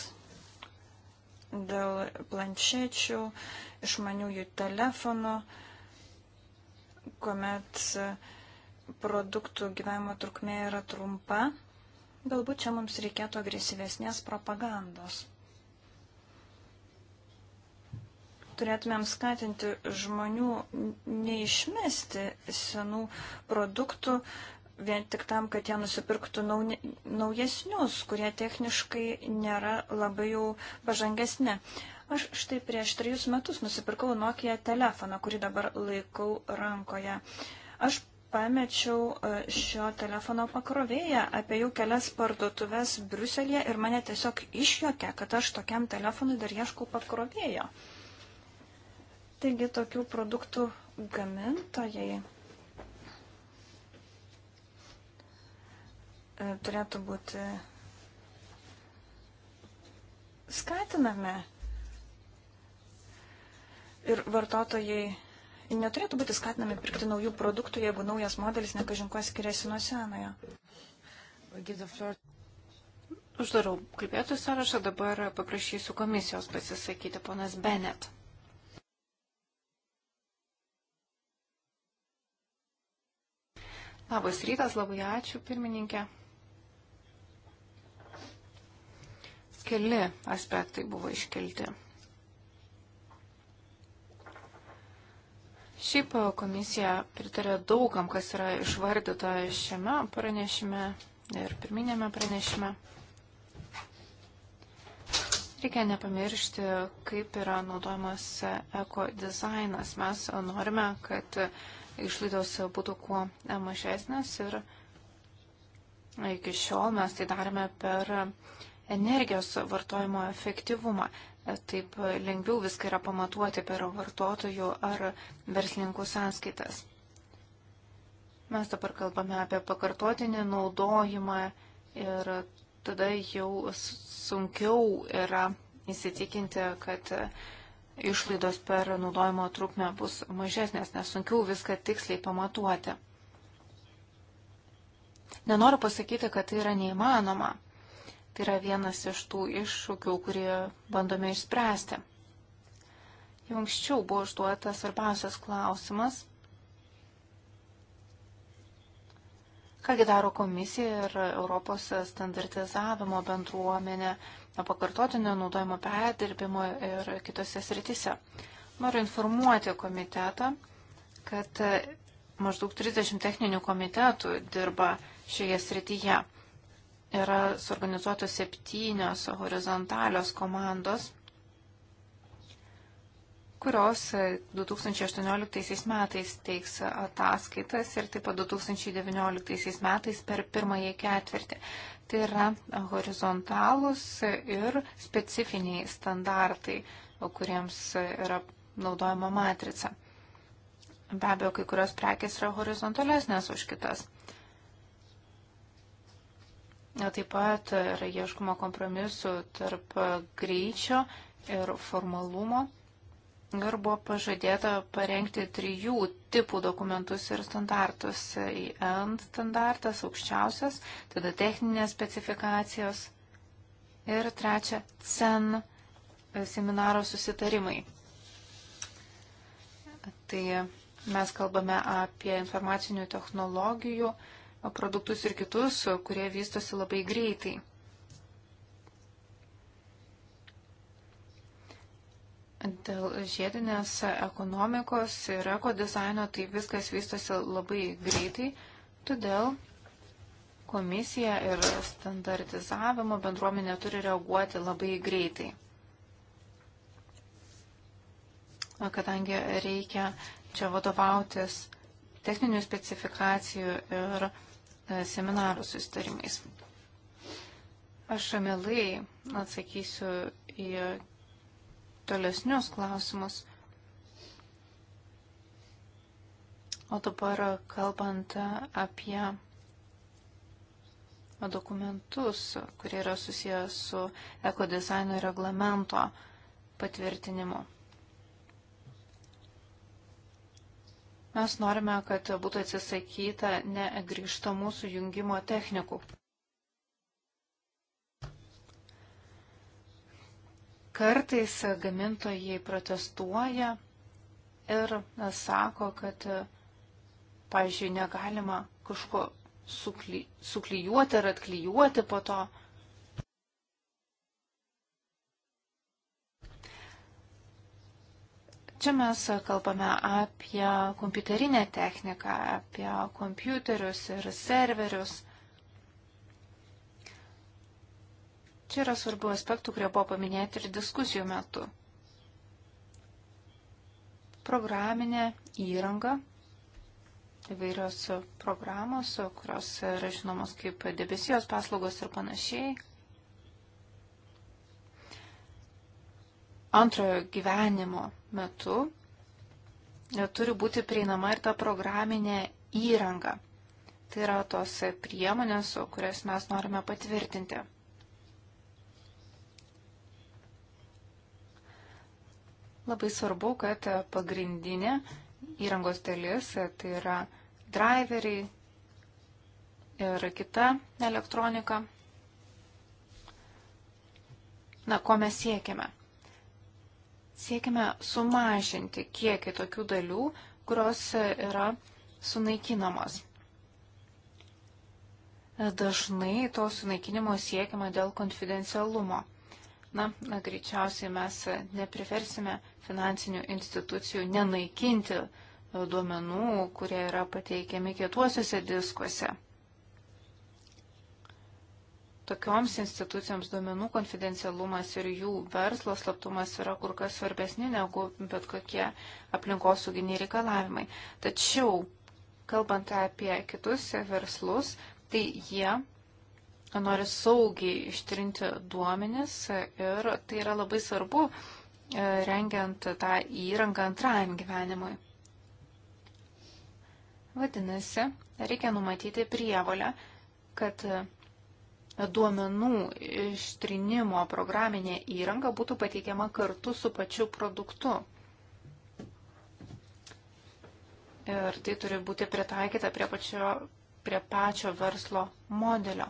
dėl planšečių, išmaniųjų telefonų, kuomet uh, produktų gyvenimo trukmė yra trumpa, galbūt čia mums reikėtų agresyvesnės propagandos. Turėtumėm skatinti žmonių neišmesti senų produktų vien tik tam, kad jie nusipirktų naujesnius, kurie techniškai nėra labai jau pažangesni. Aš štai prieš trejus metus nusipirkau Nokia telefoną, kurį dabar laikau rankoje. Aš pamečiau e, šio telefono pakrovėją apie jau kelias parduotuvės Bruselėje ir mane tiesiog išjokė, kad aš tokiam telefonui dar ieškau pakrovėjo. Taigi tokių produktų gamintojai e, turėtų būti skatinami ir vartotojai neturėtų būti skatinami pirkti naujų produktų, jeigu naujas modelis nekažinkuo skiriasi nuo senojo. Uždarau kalbėtojų sąrašą, dabar paprašysiu komisijos pasisakyti ponas Bennett. Labas rytas, labai ačiū pirmininkė. Keli aspektai buvo iškelti. Šiaip e, komisija pritarė daugam, kas yra išvardyta šiame pranešime ir pirminėme pranešime. Reikia nepamiršti, kaip yra naudojamas eko dizainas. Mes norime, kad išlaidos būtų kuo mažesnės ir iki šiol mes tai darėme per energijos vartojimo efektyvumą taip lengviau viską yra pamatuoti per vartotojų ar verslininkų sąskaitas. Mes dabar kalbame apie pakartotinį naudojimą ir tada jau sunkiau yra įsitikinti, kad išlaidos per naudojimo trukmę bus mažesnės, nes sunkiau viską tiksliai pamatuoti. Nenoriu pasakyti, kad tai yra neįmanoma. Tai yra vienas iš tų iššūkių, kurį bandome išspręsti. Jau anksčiau buvo užduotas svarbiausias klausimas. Kągi daro komisija ir Europos standartizavimo bendruomenė pakartotinio naudojimo perdirbimo ir kitose sritise. Noriu informuoti komitetą, kad maždaug 30 techninių komitetų dirba šioje srityje yra suorganizuotos septynios horizontalios komandos, kurios 2018 metais teiks ataskaitas ir taip pat 2019 metais per pirmąjį ketvirtį. Tai yra horizontalūs ir specifiniai standartai, kuriems yra naudojama matrica. Be abejo, kai kurios prekės yra horizontalesnės už kitas. Taip pat yra ieškoma kompromisu tarp greičio ir formalumo. Ir buvo pažadėta parengti trijų tipų dokumentus ir standartus. IN standartas aukščiausias, tada techninės specifikacijos ir trečia CEN seminaro susitarimai. Tai mes kalbame apie informacinių technologijų uh, produktus ir kitus, kurie vystosi labai greitai. Dėl žiedinės ekonomikos ir ekodizaino tai viskas vystosi labai greitai, todėl komisija ir standartizavimo bendruomenė turi reaguoti labai greitai. Kadangi reikia čia vadovautis techninių specifikacijų ir E, seminarų sustarimais. Aš mielai atsakysiu į tolesnius klausimus. O dabar kalbant apie dokumentus, kurie yra susijęs su ekodizaino reglamento patvirtinimu. Mes norime, kad būtų atsisakyta negrįžtamų sujungimo technikų. Kartais gamintojai protestuoja ir sako, kad, pažiūrėjau, negalima kažko sukly, suklyjuoti ar atklyjuoti po to Čia mes kalbame apie kompiuterinę techniką, apie kompiuterius ir serverius. Čia yra svarbių aspektų, kurie buvo paminėti ir diskusijų metu. Programinė įranga, įvairios programos, kurios yra žinomos kaip debesijos paslaugos ir panašiai. antrojo gyvenimo metu e, turi būti prieinama ir ta programinė įranga. Tai yra tos priemonės, kurias mes norime patvirtinti. Labai svarbu, kad pagrindinė įrangos dalis, e, tai yra driveriai ir kita elektronika. Na, ko mes siekiame? Siekime sumažinti kiekį tokių dalių, kurios yra sunaikinamos. Dažnai to sunaikinimo siekiama dėl konfidencialumo. Na, na, greičiausiai mes nepriversime finansinių institucijų nenaikinti duomenų, kurie yra pateikiami kietuosiuose diskuose. Tokioms institucijoms duomenų konfidencialumas ir jų verslo slaptumas yra kur kas svarbesni negu bet kokie aplinkosauginiai reikalavimai. Tačiau, kalbant apie kitus verslus, tai jie nori saugiai ištrinti duomenis ir tai yra labai svarbu e, rengiant tą įrangą antrajam gyvenimui. Vadinasi, reikia numatyti prievalę, kad duomenų ištrinimo programinė įranga būtų pateikiama kartu su pačiu produktu. Ir tai turi būti pritaikyta prie pačio, prie pačio verslo modelio.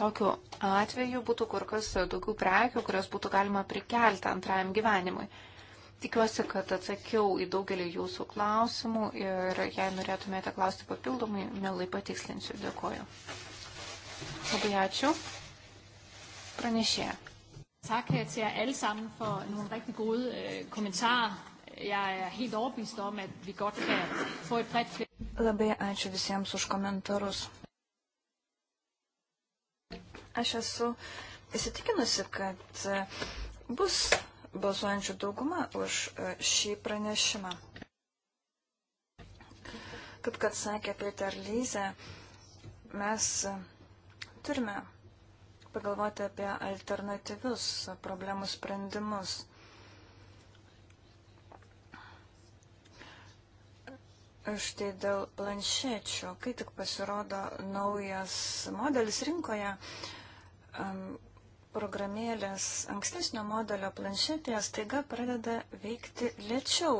Tokiu atveju būtų kur kas daugiau prekių, kurias būtų galima prikelti antrajam gyvenimui. Tikiuosi, kad atsakiau į daugelį jūsų klausimų ir jei norėtumėte klausti papildomai, mielai patikslinsiu. Dėkuoju. Labai ačiū. Pranešėja. Tak her til jer alle sammen for nogle rigtig gode øh, kommentarer. Jeg er helt overbevist om, at vi godt kan få et bredt flertal. Labai ačiū visiems už komentarus. Aš esu įsitikinusi, kad e, bus balsuojančių dauguma už e, šį pranešimą. Kaip kad sakė Peter Lyze, mes Turime pagalvoti apie alternatyvius problemų sprendimus. Štai dėl planšečių, kai tik pasirodo naujas modelis rinkoje, programėlės ankstesnio modelio planšetėje staiga pradeda veikti lėčiau.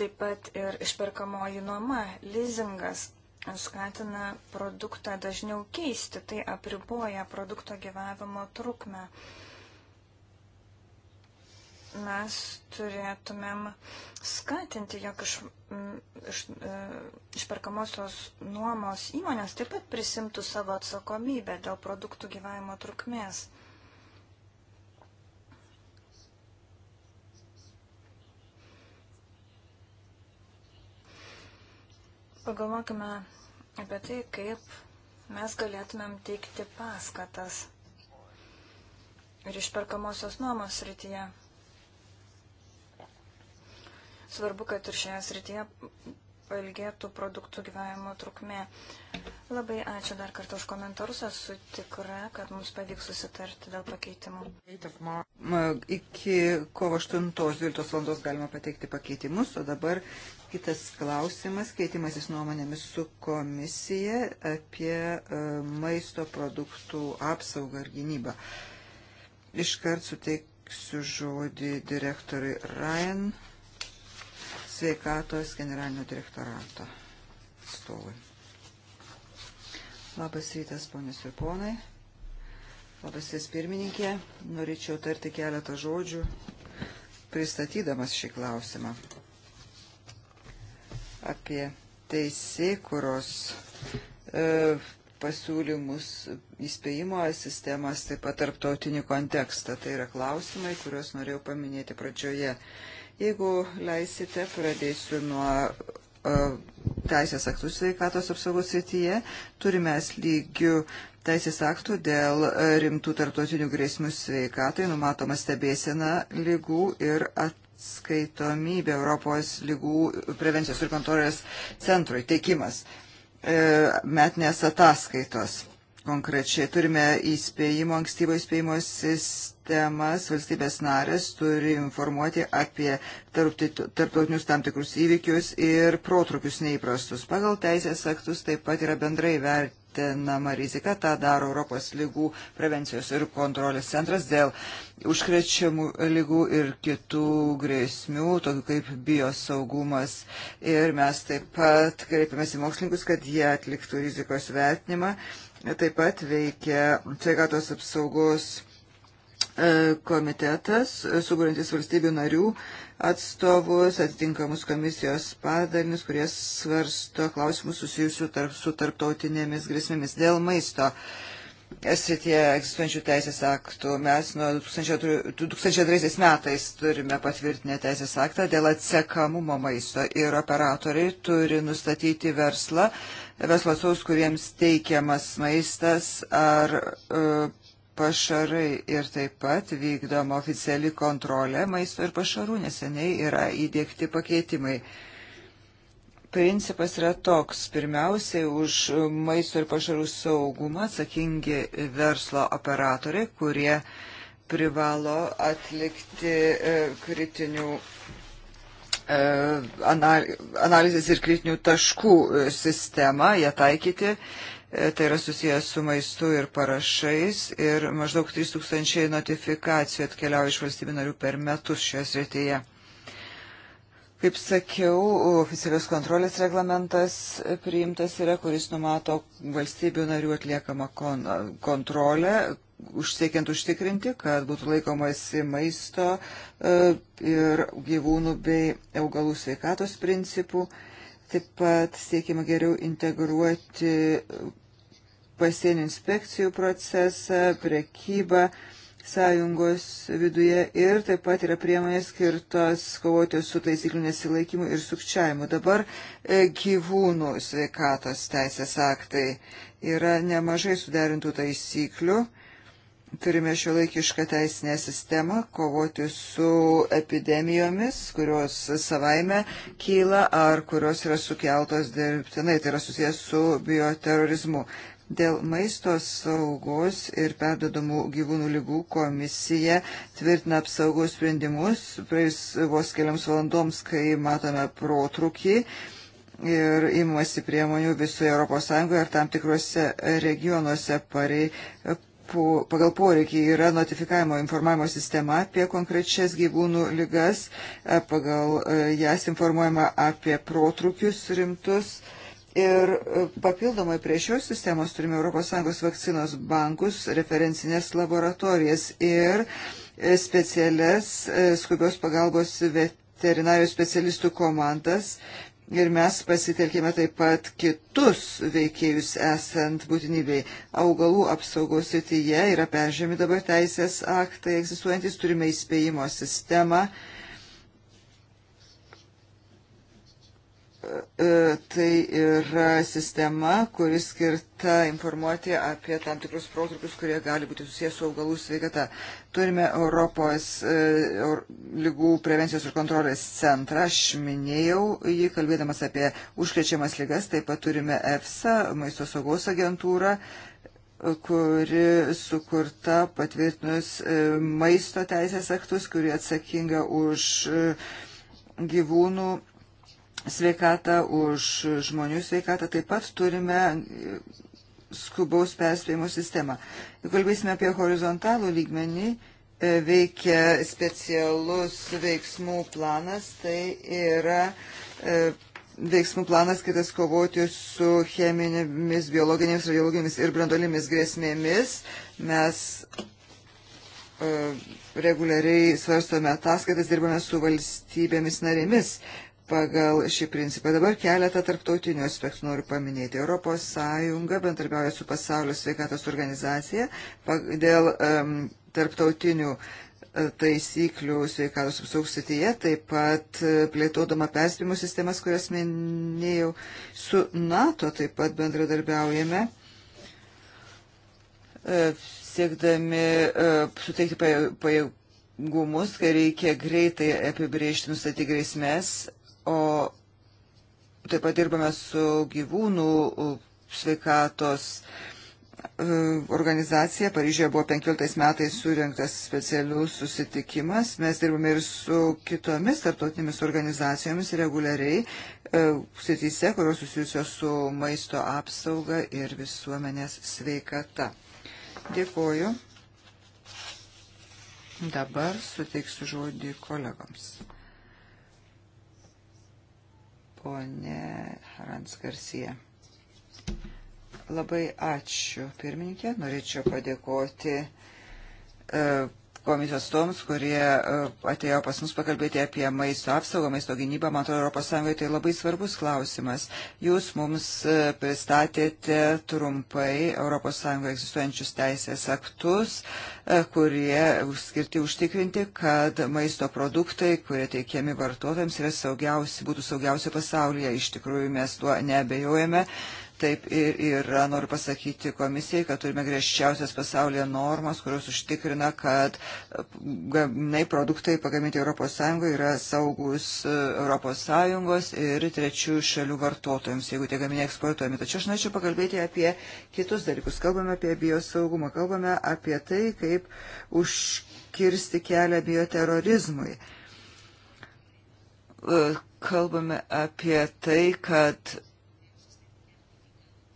Taip pat ir išperkamoji nuoma, leasingas skatina produktą dažniau keisti, tai apriboja produkto gyvavimo trukmę. Mes turėtumėm skatinti, jog iš, mm, iš, e, išperkamosios nuomos įmonės taip pat prisimtų savo atsakomybę dėl produktų gyvavimo trukmės. Pagalvokime apie tai, kaip mes galėtumėm teikti paskatas ir išperkamosios nuomos srityje. Svarbu, kad ir šioje srityje pailgėtų produktų gyvavimo trukmė. Labai ačiū dar kartą už komentarus, esu tikra, kad mums pavyks susitarti dėl pakeitimų. Iki kovo 8-12 val. galima pateikti pakeitimus, o dabar kitas klausimas, keitimasis nuomonėmis su komisija apie e, maisto produktų apsaugą ir gynybą. Iškart suteiksiu žodį direktoriui Ryan sveikatos generalinio direktorato atstovui. Labas rytas, ponios ir ponai. Labas jas pirmininkė. Norėčiau tarti keletą žodžių, pristatydamas šį klausimą apie teisėkuros e, pasiūlymus įspėjimo sistemas, taip pat tarptautinį kontekstą. Tai yra klausimai, kuriuos norėjau paminėti pradžioje. Jeigu leisite, pradėsiu nuo teisės aktų sveikatos apsaugos srityje. Turime lygių teisės aktų dėl rimtų tarptautinių grėsmių sveikatai, numatoma stebėsena lygų ir atskaitomybė Europos lygų prevencijos ir kontrolės centrui teikimas e, metinės ataskaitos Konkrečiai turime įspėjimo, ankstyvo įspėjimo sistemas, valstybės narės turi informuoti apie tarptautinius tam tikrus įvykius ir protrukius neįprastus. Pagal teisės aktus taip pat yra bendrai vertinama rizika, tą daro Europos lygų prevencijos ir kontrolės centras dėl užkrečiamų lygų ir kitų grėsmių, tokių kaip biosaugumas. Ir mes taip pat kreipiamės į mokslininkus, kad jie atliktų rizikos vertinimą Taip pat veikia sveikatos apsaugos e, komitetas, e, suburintis valstybių narių atstovus, atitinkamus komisijos padalinius, kurie svarsto klausimus susijusių tarp, su tarptautinėmis grėsmėmis dėl maisto srityje egzistuojančių teisės aktų. Mes nuo 2003 metais turime patvirtinę teisės aktą dėl atsekamumo maisto ir operatoriai turi nustatyti verslą, verslo saus, kuriems teikiamas maistas ar e, pašarai ir taip pat vykdoma oficiali kontrolė maisto ir pašarų, neseniai yra įdėkti pakeitimai. Principas yra toks. Pirmiausiai už maisto ir pašarų saugumą atsakingi verslo operatoriai, kurie privalo atlikti e, kritinių E, analizės ir kritinių taškų e, sistemą, ją taikyti. E, tai yra susijęs su maistu ir parašais ir maždaug 3000 notifikacijų atkeliauja iš valstybių narių per metus šioje srityje. Kaip sakiau, oficialios kontrolės reglamentas priimtas yra, kuris numato valstybių narių atliekamą kon kontrolę, užsiekiant užtikrinti, kad būtų laikomasi maisto e, ir gyvūnų bei augalų sveikatos principų. Taip pat siekime geriau integruoti pasienio inspekcijų procesą, prekybą sąjungos viduje ir taip pat yra priemonės skirtos kovoti su taisyklių nesilaikymu ir sukčiavimu. Dabar e, gyvūnų sveikatos teisės aktai yra nemažai suderintų taisyklių Turime šio laikišką teisinę sistemą kovoti su epidemijomis, kurios savaime kyla ar kurios yra sukeltos dirbtinai, tai yra susijęs su bioterorizmu. Dėl maisto saugos ir perdodamų gyvūnų lygų komisija tvirtina apsaugos sprendimus praėjus vos keliams valandoms, kai matome protrukį ir imasi priemonių visoje ES ir tam tikrose regionuose parei po, pagal poreikį yra notifikavimo informavimo sistema apie konkrečias gyvūnų lygas, e, pagal e, jas informuojama apie protrukius rimtus. Ir e, papildomai prie šios sistemos turime ES vakcinos bankus, referencinės laboratorijas ir specialias skubios pagalbos veterinarijos specialistų komandas Ir mes pasitelkėme taip pat kitus veikėjus esant būtinybei. Augalų apsaugos srityje yra peržiūrimi dabar teisės aktai egzistuojantis, turime įspėjimo sistemą. Uh, E, tai yra sistema, kuri skirta informuoti apie tam tikrus protrukius, kurie gali būti susijęs su augalų sveikata. Turime Europos e, lygų prevencijos ir kontrolės centrą, aš minėjau jį, kalbėdamas apie užkrečiamas lygas, taip pat turime EFSA, maisto saugos agentūrą kuri sukurta patvirtinus e, maisto teisės aktus, kuri atsakinga už gyvūnų sveikatą, už žmonių sveikatą, taip pat turime skubaus perspėjimo sistemą. Jeigu kalbėsime apie horizontalų lygmenį, e, veikia specialus veiksmų planas, tai yra e, veiksmų planas skirtas kovoti su cheminėmis, biologinėmis, radiologinėmis ir brandolimis grėsmėmis. Mes e, reguliariai svarstome ataskaitas, dirbame su valstybėmis narėmis, pagal šį principą. Dabar keletą tarptautinių aspektų noriu paminėti. Europos Sąjunga bendarbiauja su pasaulio sveikatos organizacija dėl um, tarptautinių e, taisyklių sveikatos apsaugos srityje, taip pat e, plėtodama perspėjimų sistemas, kurias minėjau, su NATO taip pat bendradarbiaujame, e, siekdami suteikti pajėgumus, kai reikia greitai apibriežti, nustatyti grėsmės o taip pat dirbame su gyvūnų sveikatos organizacija. Paryžioje buvo 15 metais surinktas specialius susitikimas. Mes dirbame ir su kitomis tarptautinėmis organizacijomis reguliariai e, srityse, kurios susijusios su maisto apsauga ir visuomenės sveikata. Dėkoju. Dabar suteiksiu žodį kolegoms ponė Harans Garcia. Labai ačiū, pirmininkė. Norėčiau padėkoti. Uh, komisijos toms, kurie e, atėjo pas mus pakalbėti apie maisto apsaugą, maisto gynybą. Man atrodo, ES tai labai svarbus klausimas. Jūs mums e, pristatėte trumpai ES egzistuojančius teisės aktus, e, kurie skirti užtikrinti, kad maisto produktai, kurie teikiami vartotojams, saugiausi, būtų saugiausi pasaulyje. Iš tikrųjų, mes tuo nebejojame taip ir yra. Noriu pasakyti komisijai, kad turime griežčiausias pasaulyje normas, kurios užtikrina, kad gaminai produktai pagaminti ES yra saugus ES ir trečių šalių vartotojams, jeigu tie gaminiai eksportuojami. Tačiau aš norėčiau pakalbėti apie kitus dalykus. Kalbame apie biosaugumą, kalbame apie tai, kaip užkirsti kelią bioterorizmui e, kalbame apie tai, kad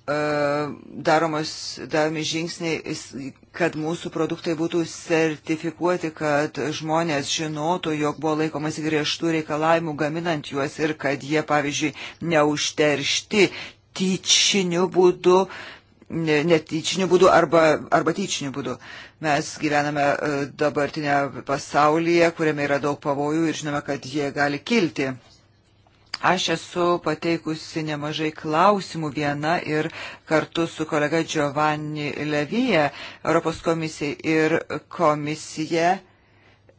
daromos, daromi žingsniai, kad mūsų produktai būtų sertifikuoti, kad žmonės žinotų, jog buvo laikomasi griežtų reikalavimų gaminant juos ir kad jie, pavyzdžiui, neužteršti tyčiniu būdu, netyčiniu būdu arba, arba tyčiniu būdu. Mes gyvename e, dabartinę pasaulyje, kuriame yra daug pavojų ir žinome, kad jie gali kilti. Aš esu pateikusi nemažai klausimų viena ir kartu su kolega Giovanni Levyje Europos komisijai ir komisija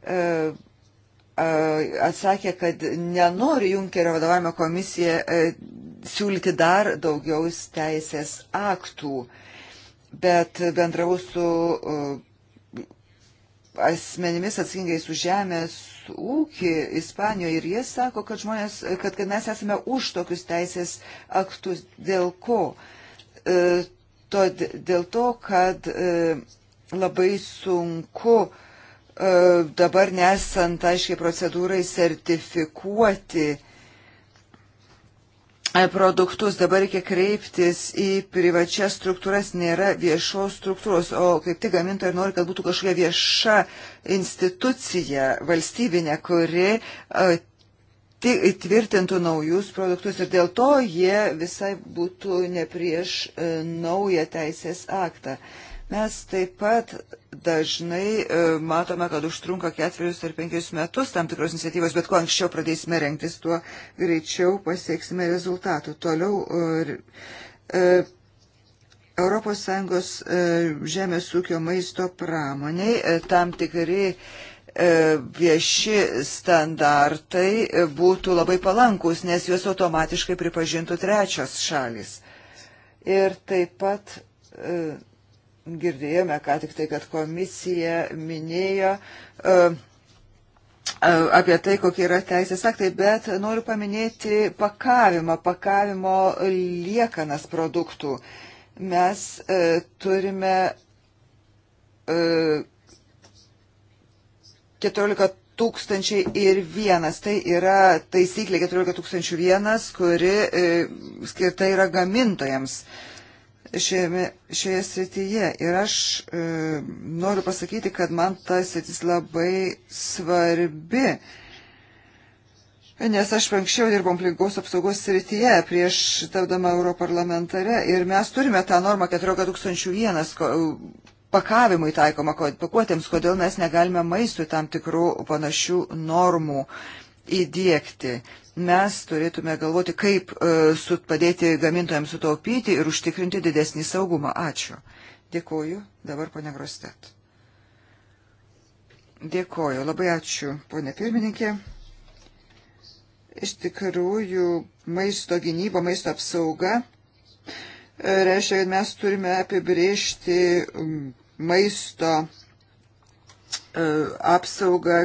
e, atsakė, kad nenori Junkerio vadovavimo komisija e, siūlyti dar daugiau teisės aktų, bet bendravau su e, asmenimis atsakingais už žemės ūkį Ispanijoje ir jie sako, kad, žmonės, kad, kad mes esame už tokius teisės aktus. Dėl ko? E, to, dėl to, kad e, labai sunku e, dabar nesant aiškiai procedūrai sertifikuoti E, produktus, dabar reikia kreiptis į privačias struktūras, nėra viešos struktūros, o kaip tik gamintojai nori, kad būtų kažkokia vieša institucija valstybinė, kuri e, tvirtintų naujus produktus ir dėl to jie visai būtų ne prieš e, naują teisės aktą. Uh, Mes taip pat dažnai e, matome, kad užtrunka ketverius ar penkerius metus tam tikros iniciatyvos, bet kuo anksčiau pradėsime renktis, tuo greičiau pasieksime rezultatų. Toliau ES e, e, žemės ūkio maisto pramoniai tam tikri vieši standartai būtų labai palankus, nes juos automatiškai pripažintų trečios šalis. Ir taip pat girdėjome, ką tik tai, kad komisija minėjo e, e, apie tai, kokie yra teisės aktai, bet noriu paminėti pakavimą, pakavimo liekanas produktų. Mes e, turime 14 tūkstančiai ir vienas. Tai yra taisyklė 14 tūkstančių vienas, kuri skirta yra gamintojams. E, šiame, šioje srityje. Ir aš e, noriu pasakyti, kad man ta sritis labai svarbi, nes aš anksčiau dirbom aplinkos apsaugos srityje prieš tapdama europarlamentare ir mes turime tą normą 14001 pakavimui taikoma pakuotėms, kodėl mes negalime maistui tam tikrų panašių normų įdėkti mes turėtume galvoti, kaip e, padėti gamintojams sutaupyti ir užtikrinti didesnį saugumą. Ačiū. Dėkoju. Dabar ponia Grostet. Dėkoju. Labai ačiū, ponia pirmininkė. Iš tikrųjų, maisto gynyba, maisto apsauga e, reiškia, kad mes turime apibriežti maisto e, apsaugą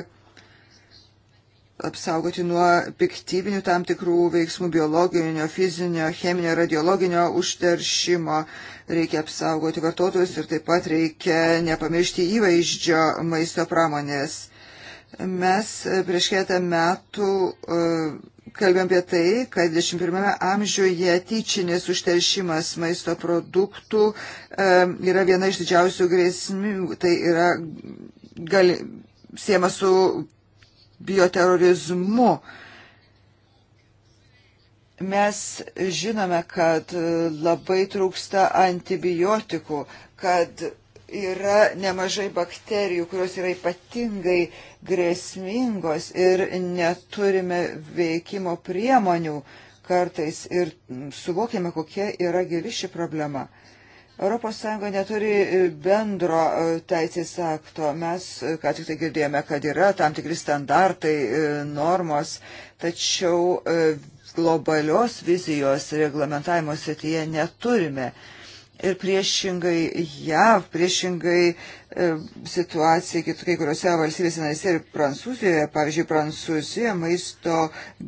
apsaugoti nuo piktybinių tam tikrų veiksmų biologinio, fizinio, cheminio, radiologinio užteršimo. Reikia apsaugoti vartotojus ir taip pat reikia nepamiršti įvaizdžio maisto pramonės. Mes e, prieš keletą metų e, kalbėjom apie tai, kad 21 amžiuje tyčinis užteršimas maisto produktų e, yra viena iš didžiausių grėsmių. Tai yra gali, siema su bioterorizmu. Mes žinome, kad labai trūksta antibiotikų, kad yra nemažai bakterijų, kurios yra ypatingai grėsmingos ir neturime veikimo priemonių kartais ir suvokiame, kokia yra gili ši problema. ES neturi e, bendro e, teisės akto. Mes, e, ką tik tai girdėjome, kad yra tam tikri standartai, normos, tačiau globalios vizijos reglamentavimo srityje neturime. Ir priešingai JAV, priešingai e, situacija kai kuriuose valstybėse narėse ir Prancūzijoje, pavyzdžiui, Prancūzijoje maisto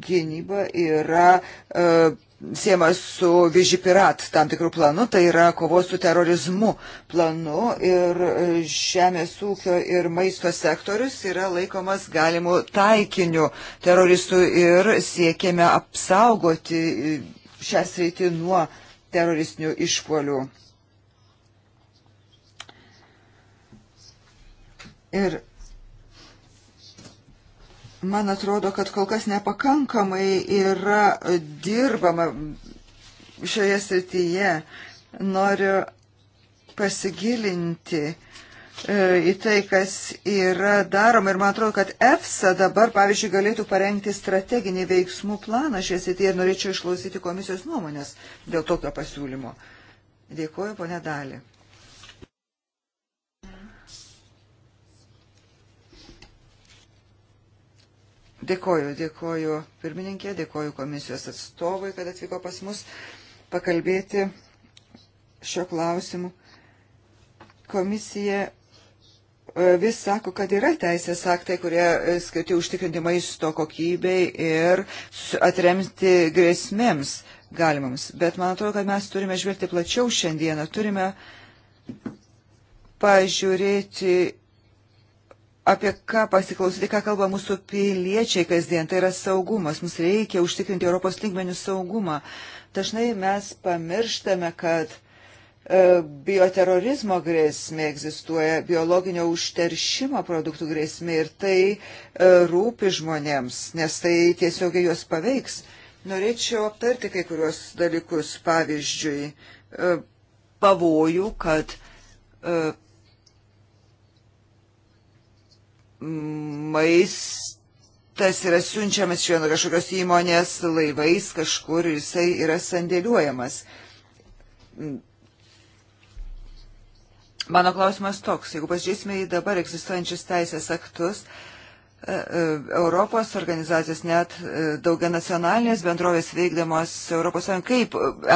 gynyba yra e, siemas su Vižipirat tam tikrų planų, tai yra kovos su terorizmu planu ir e, žemės ūkio ir maisto sektorius yra laikomas galimų taikinių teroristų ir siekėme apsaugoti e, šią sritį nuo teroristinių išpolių. Ir Man atrodo, kad kol kas nepakankamai yra dirbama šioje srityje. Noriu pasigilinti e, į tai, kas yra daroma. Ir man atrodo, kad EFSA dabar, pavyzdžiui, galėtų parengti strateginį veiksmų planą šioje srityje ir norėčiau išklausyti komisijos nuomonės dėl tokio pasiūlymo. Dėkuoju, ponė Dali. Dėkoju, dėkoju pirmininkė, dėkoju komisijos atstovui, kad atvyko pas mus pakalbėti šio klausimu. Komisija e, vis sako, kad yra teisės aktai, kurie e, skirti užtikrinti maisto kokybei ir atremti grėsmėms galimams. Bet man atrodo, kad mes turime žvelgti plačiau šiandieną, turime pažiūrėti apie ką pasiklausyti, ką kalba mūsų piliečiai kasdien, tai yra saugumas. Mums reikia užtikrinti Europos lygmenių saugumą. Dažnai mes pamirštame, kad e, bioterorizmo grėsmė egzistuoja, biologinio užteršimo produktų grėsmė ir tai e, rūpi žmonėms, nes tai tiesiogiai juos paveiks. Norėčiau aptarti kai kuriuos dalykus, pavyzdžiui, e, pavojų, kad maistas yra siunčiamas iš vieno kažkokios įmonės laivais kažkur ir jisai yra sandėliuojamas. Mano klausimas toks, jeigu pasižiūrėsime į dabar egzistuojančius teisės aktus, e, e, Europos organizacijos, net e, daugia nacionalinės bendrovės veikdamos ES, kaip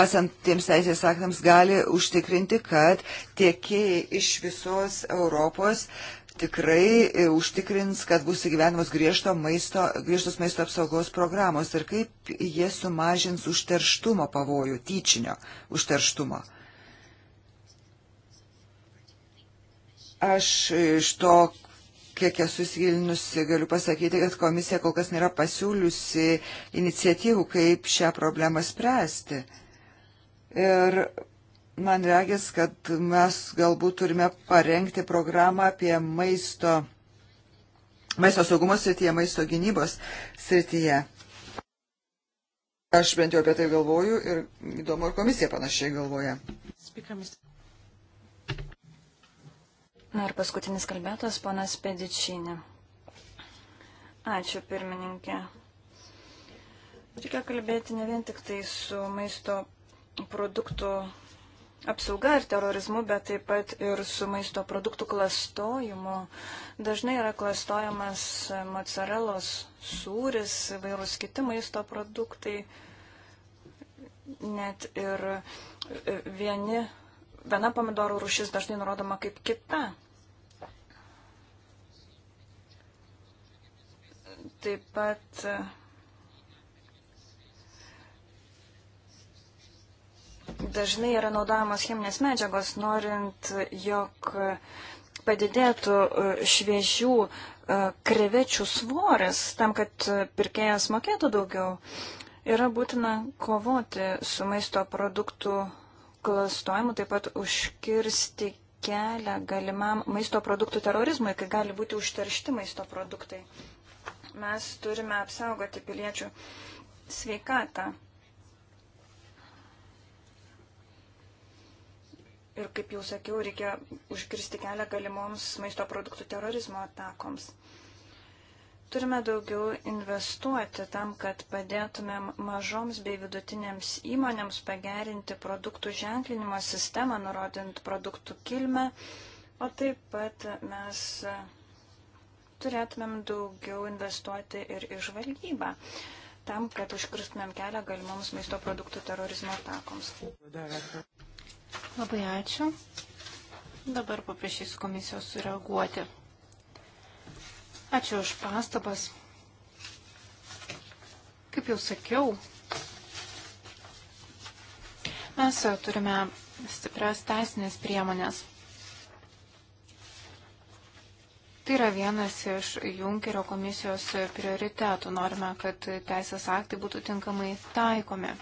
esant tiems teisės aktams gali užtikrinti, kad tiekėjai iš visos Europos uh, tikrai e, užtikrins, kad bus įgyvenimas griežto maisto, griežtos maisto apsaugos programos ir kaip jie sumažins užterštumo pavojų, tyčinio užterštumo. Aš iš to, kiek esu įsigilinusi, galiu pasakyti, kad komisija kol kas nėra pasiūliusi iniciatyvų, kaip šią problemą spręsti. Ir Man regis, kad mes galbūt turime parengti programą apie maisto, maisto saugumo srityje, maisto gynybos srityje. Aš bent jau apie tai galvoju ir įdomu, ar komisija panašiai galvoja. Na ir paskutinis kalbėtas, panas Pedičinė. Ačiū, pirmininkė. Reikia kalbėti ne vien tik tai su maisto produktų apsauga ir terorizmu, bet taip pat ir su maisto produktų klastojimu. Dažnai yra klastojamas mozzarellos sūris, vairūs kiti maisto produktai, net ir e, vieni, viena pomidorų rušis dažnai nurodoma kaip kita. Taip pat dažnai yra naudojamos cheminės medžiagos, norint, jog padidėtų e, šviežių e, krevečių svoris, tam, kad e, pirkėjas mokėtų daugiau, yra būtina kovoti su maisto produktų klastojimu, taip pat užkirsti kelią galimam maisto produktų terorizmui, kai gali būti užteršti maisto produktai. Mes turime apsaugoti piliečių sveikatą. Ir kaip jau sakiau, reikia užkirsti kelią galimoms maisto produktų terorizmo atakoms. Turime daugiau investuoti tam, kad padėtumėm mažoms bei vidutinėms įmonėms pagerinti produktų ženklinimo sistemą, nurodint produktų kilmę, o taip pat mes turėtumėm daugiau investuoti ir į žvalgybą, tam, kad užkirstumėm kelią galimoms maisto produktų terorizmo atakoms. Labai ačiū. Dabar paprašysiu komisijos sureaguoti. Ačiū už pastabas. Kaip jau sakiau, mes turime stiprias teisinės priemonės. Tai yra vienas iš Junkerio komisijos prioritetų. Norime, kad teisės aktai būtų tinkamai taikomi.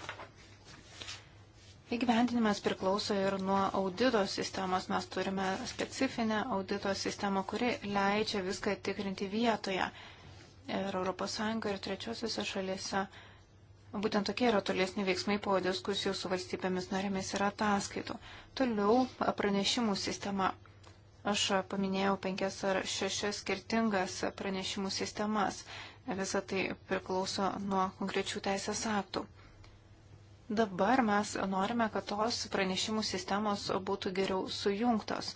Įgyvendinimas priklauso ir nuo audito sistemos. Mes turime specifinę audito sistemą, kuri leidžia viską tikrinti vietoje. Ir ES ir trečiosiuose šalyse būtent tokie yra tolesni veiksmai po diskusijų su valstybėmis narėmis ir ataskaitų. Toliau pranešimų sistema. Aš paminėjau penkias ar šešias skirtingas pranešimų sistemas. Visa tai priklauso nuo konkrečių teisės aktų. Dabar mes norime, kad tos pranešimų sistemos būtų geriau sujungtos.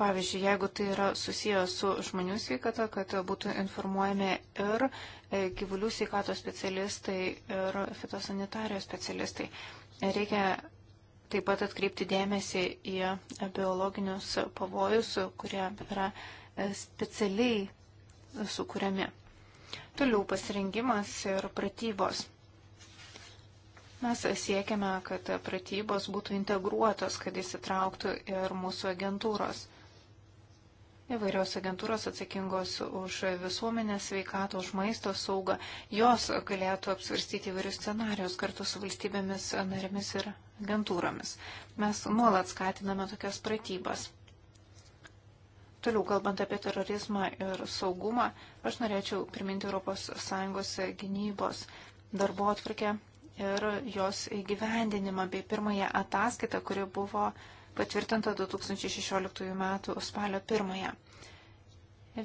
Pavyzdžiui, jeigu tai yra susijęs su žmonių sveikata, kad būtų informuojami ir e, gyvulių sveikatos specialistai, ir fitosanitarijos specialistai. Reikia taip pat atkreipti dėmesį į biologinius pavojus, kurie yra e, specialiai sukūriami. Toliau pasirinkimas ir pratybos. Mes siekiame, kad pratybos būtų integruotos, kad įsitrauktų ir mūsų agentūros. Įvairios agentūros atsakingos už visuomenės sveikatą, už maisto saugą, jos galėtų apsvarstyti įvairius scenarius kartu su valstybėmis narėmis ir agentūromis. Mes nuolat skatiname tokias pratybas. Toliau kalbant apie terorizmą ir saugumą, aš norėčiau priminti ES gynybos darbo atvarkę ir jos įgyvendinimą bei pirmąją ataskaitą, kuri buvo patvirtinta 2016 m. spalio 1.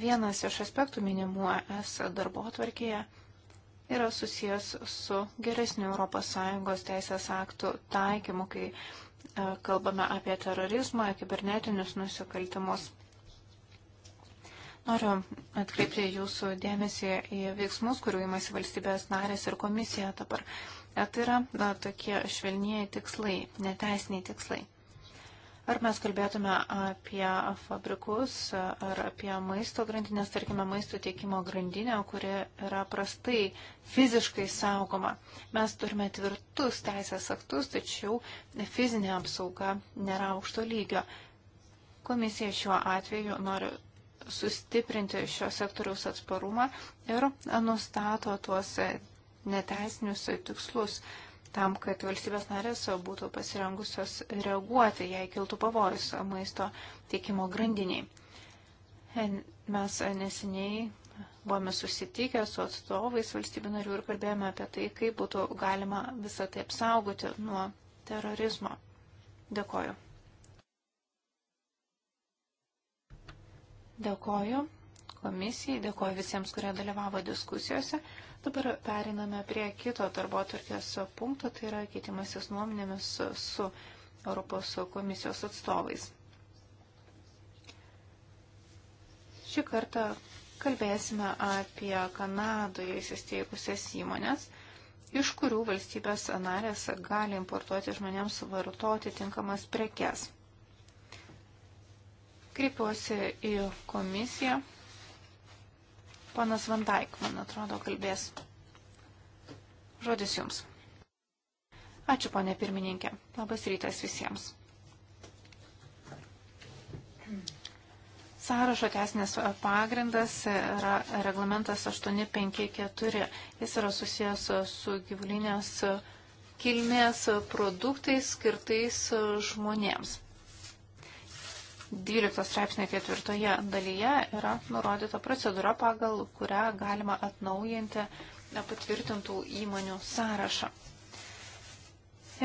Vienas iš aspektų minimų ES darbo atvarkėje yra susijęs su geresniu ES teisės aktų taikymu, kai e, kalbame apie terorizmą, kibernetinius nusikaltimus. Noriu atkreipti jūsų dėmesį į veiksmus, kurių įmasi valstybės narės ir komisija dabar. Tai yra na, tokie švelnieji tikslai, neteisiniai tikslai. Ar mes kalbėtume apie fabrikus ar apie maisto grandinės, tarkime, maisto tiekimo grandinę, kuri yra prastai fiziškai saugoma. Mes turime tvirtus teisės aktus, tačiau fizinė apsauga nėra aukšto lygio. Komisija šiuo atveju nori sustiprinti šio sektoriaus atsparumą ir nustato tuos neteisinius tikslus tam, kad valstybės narės būtų pasirengusios reaguoti, jei kiltų pavojus maisto tiekimo grandiniai. Mes neseniai buvome susitikę su atstovais valstybių narių ir kalbėjome apie tai, kaip būtų galima visą tai apsaugoti nuo terorizmo. Dėkoju. Dėkoju komisijai, dėkoju visiems, kurie dalyvavo diskusijose. Dabar periname prie kito darbo atvarkės punkto, tai yra keitimasis nuomonėmis su Europos komisijos atstovais. Šį kartą kalbėsime apie Kanadoje įsisteigusias įmonės, iš kurių valstybės narės gali importuoti žmonėms vartoti tinkamas prekes. Kreipiuosi į komisiją Panas Van Dijk, man atrodo, kalbės. Žodis jums. Ačiū, ponė pirmininkė. Labas rytas visiems. Sąrašo teisinės pagrindas yra reglamentas 854. Jis yra susijęs su gyvulinės kilmės produktais skirtais žmonėms. 12 straipsnio ketvirtoje dalyje yra nurodyta procedūra, pagal kurią galima atnaujinti patvirtintų įmonių sąrašą.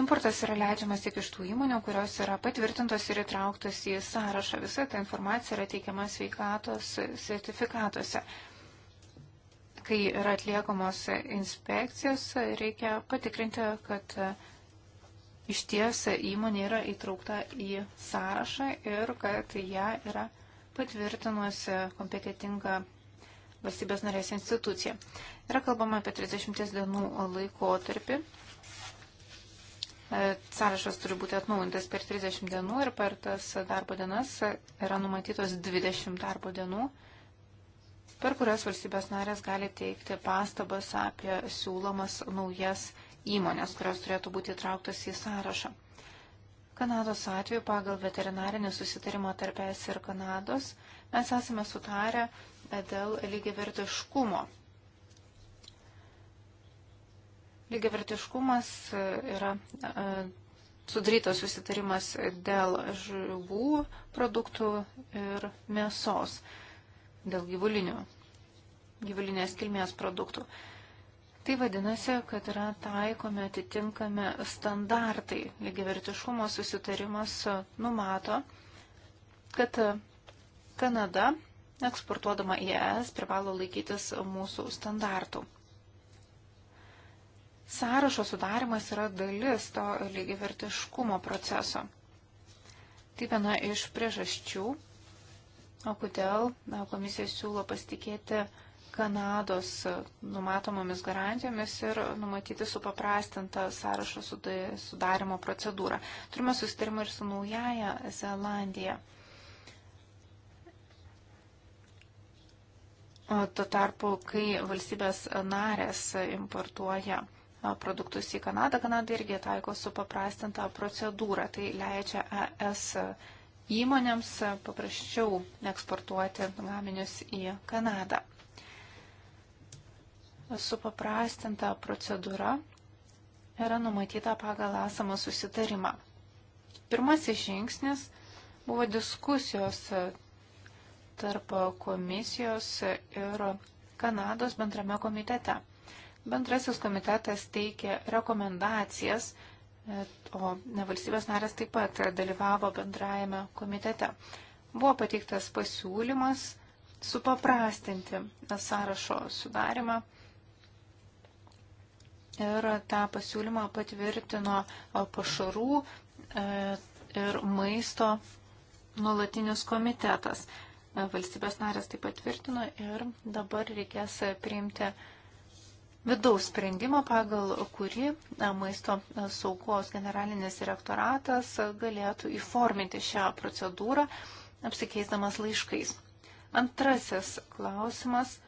Importas yra leidžiamas tik iš tų įmonių, kurios yra patvirtintos ir įtrauktos į sąrašą. Visa ta informacija yra teikiama sveikatos sertifikatuose. Kai yra atliekamos inspekcijos, reikia patikrinti, kad iš ties įmonė yra įtraukta į sąrašą ir kad ją yra patvirtinusi kompetitinga valstybės narės institucija. Yra kalbama apie 30 dienų laikotarpį. E, sąrašas turi būti atnaujintas per 30 dienų ir per tas darbo dienas yra numatytos 20 darbo dienų, per kurias valstybės narės gali teikti pastabas apie siūlomas naujas institucijas įmonės, kurios turėtų būti įtrauktos į sąrašą. Kanados atveju pagal veterinarinį susitarimą tarp ES ir Kanados mes esame sutarę dėl lygiavertiškumo. Lygiavertiškumas yra e, sudarytas susitarimas dėl žuvų produktų ir mėsos, dėl gyvulinių, gyvulinės kilmės produktų. Tai vadinasi, kad yra taikomi atitinkami standartai. Lygiavertiškumo susitarimas numato, kad Kanada, eksportuodama į ES, privalo laikytis mūsų standartų. Sąrašo sudarimas yra dalis to lygiavertiškumo proceso. Tai viena iš priežasčių, o kodėl na, komisija siūlo pasitikėti Kanados numatomomis garantijomis ir numatyti supaprastintą sąrašo sudarimo procedūrą. Turime susitarimą ir su Naujaja Zelandija. Tuo tarpu, kai valstybės narės importuoja produktus į Kanadą, Kanada irgi taiko supaprastintą procedūrą. Tai leidžia ES įmonėms paprasčiau eksportuoti gaminius į Kanadą supaprastinta procedūra yra numatyta pagal esamą susitarimą. Pirmasis žingsnis buvo diskusijos tarp komisijos ir Kanados bendrame komitete. Bendrasis komitetas teikė rekomendacijas, o valstybės narės taip pat dalyvavo bendrajame komitete. Buvo pateiktas pasiūlymas supaprastinti sąrašo sudarimą ir tą pasiūlymą patvirtino pašarų e, ir maisto nulatinis komitetas. E, valstybės narės tai patvirtino ir dabar reikės priimti vidaus sprendimą, pagal kurį e, maisto saugos generalinis direktoratas galėtų įforminti šią procedūrą apsikeisdamas laiškais. Antrasis klausimas,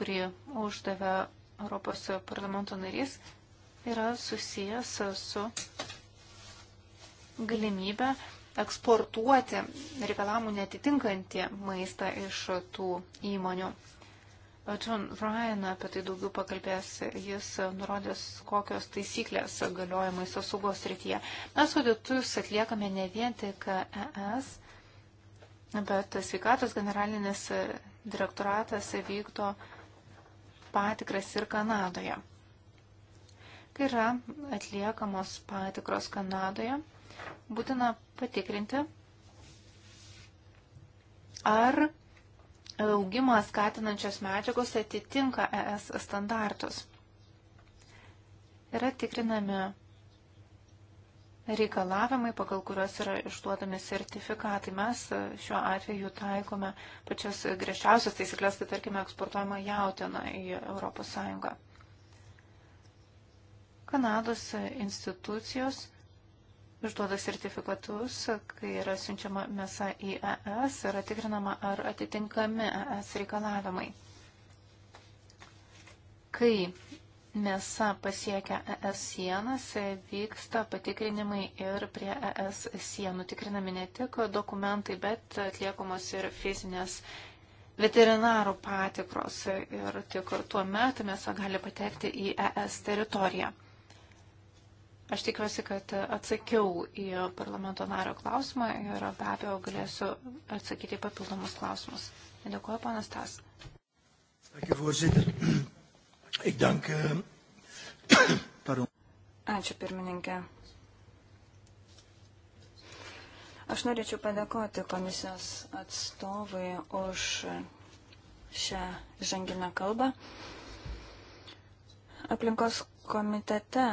kurį uždavė Europos parlamento narys yra susijęs su galimybę eksportuoti reikalamų netitinkantį maistą iš tų įmonių. John Ryan apie tai daugiau pakalbės, jis nurodės, kokios taisyklės galioja maisto saugos rytyje. Mes auditus atliekame ne vien tik ES, bet sveikatos generalinis direktoratas vykdo uh, patikras ir Kanadoje. Kai yra atliekamos patikros Kanadoje, būtina patikrinti, ar augimą skatinančios medžiagos atitinka ES standartus. Yra tikrinami reikalavimai, pagal kuriuos yra išduodami sertifikatai. Mes e, šiuo atveju taikome pačias griežčiausias taisyklės, kai tarkime eksportuojama jautina į ES. Kanados institucijos išduoda sertifikatus, kai yra siunčiama mėsa į ES, yra tikrinama, ar atitinkami ES reikalavimai. Kai mėsa pasiekia ES sienas, vyksta patikrinimai ir prie ES sienų. Tikrinami ne tik dokumentai, bet atliekamos ir fizinės veterinarų patikros ir tik tuo metu mėsa gali patekti į ES teritoriją. Aš tikiuosi, kad atsakiau į parlamento nario klausimą ir be abejo galėsiu atsakyti papildomus klausimus. Dėkuoju, panas Tas. Ačiū, Ik dank. Uh, *coughs* pardon. Ačiū pirmininkė. Aš norėčiau padėkoti komisijos atstovui už šią žanginę kalbą. Aplinkos komitete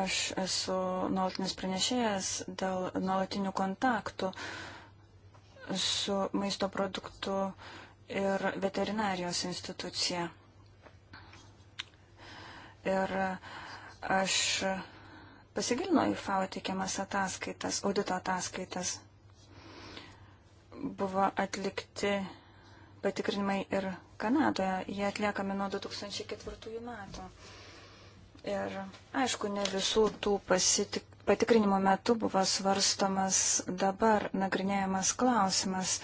aš esu nuolatinis pranešėjas dėl nuolatinių kontaktų su maisto produktu ir veterinarijos institucija ir aš pasigilino į FAO teikiamas ataskaitas, audito ataskaitas. Buvo atlikti patikrinimai ir Kanadoje, jie atliekami nuo 2004 metų. Ir aišku, ne visų tų pasitik, patikrinimo metu buvo svarstomas dabar nagrinėjamas klausimas.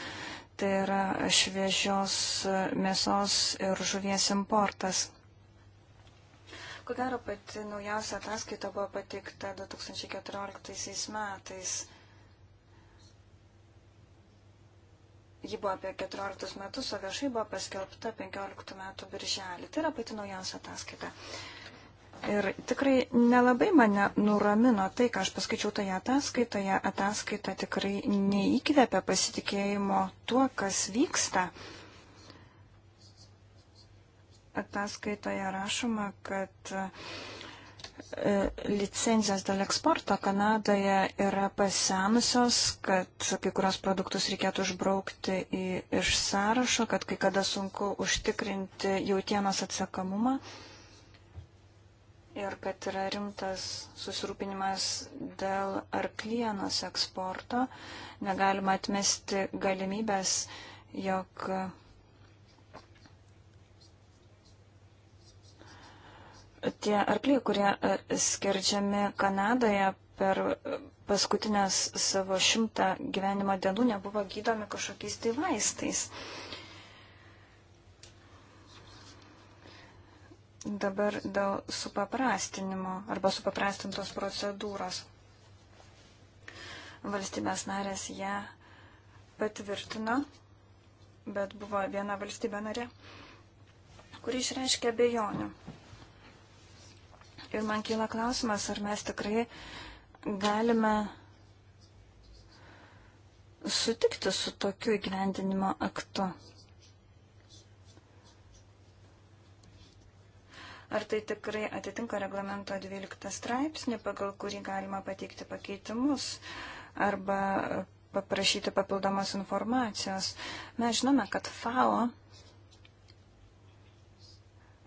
Tai yra šviežios mėsos ir žuvies importas. Ko gero pati naujausia ataskaita buvo patikta 2014 metais. Ji buvo apie 14 metus, o viešai buvo paskelbta 15 metų birželį. Tai yra pati naujausia ataskaita. Ir tikrai nelabai mane nuramino tai, ką aš paskaičiau toje ataskaitoje. Ataskaita tikrai neįkvėpia pasitikėjimo tuo, kas vyksta. Uh, ataskaitoje rašoma, kad e, licenzijos dėl eksporto Kanadoje yra pasenusios, kad kai kurios produktus reikėtų išbraukti į, iš sąrašo, kad kai kada sunku užtikrinti jautienos atsakamumą ir kad yra rimtas susirūpinimas dėl arklienos eksporto. Negalima atmesti galimybės, jog tie arkliai, kurie e, skerdžiami Kanadoje per paskutinės savo šimtą gyvenimo dienų nebuvo gydomi kažkokiais tai vaistais. Dabar dėl supaprastinimo arba supaprastintos procedūros. Valstybės narės ją patvirtino, bet buvo viena valstybė narė, kuri išreiškė bejonių. Ir man kyla klausimas, ar mes tikrai galime sutikti su tokiu įgyvendinimo aktu. Ar tai tikrai atitinka reglamento 12 straipsnį, pagal kurį galima pateikti pakeitimus arba paprašyti papildomos informacijos. Mes žinome, kad FAO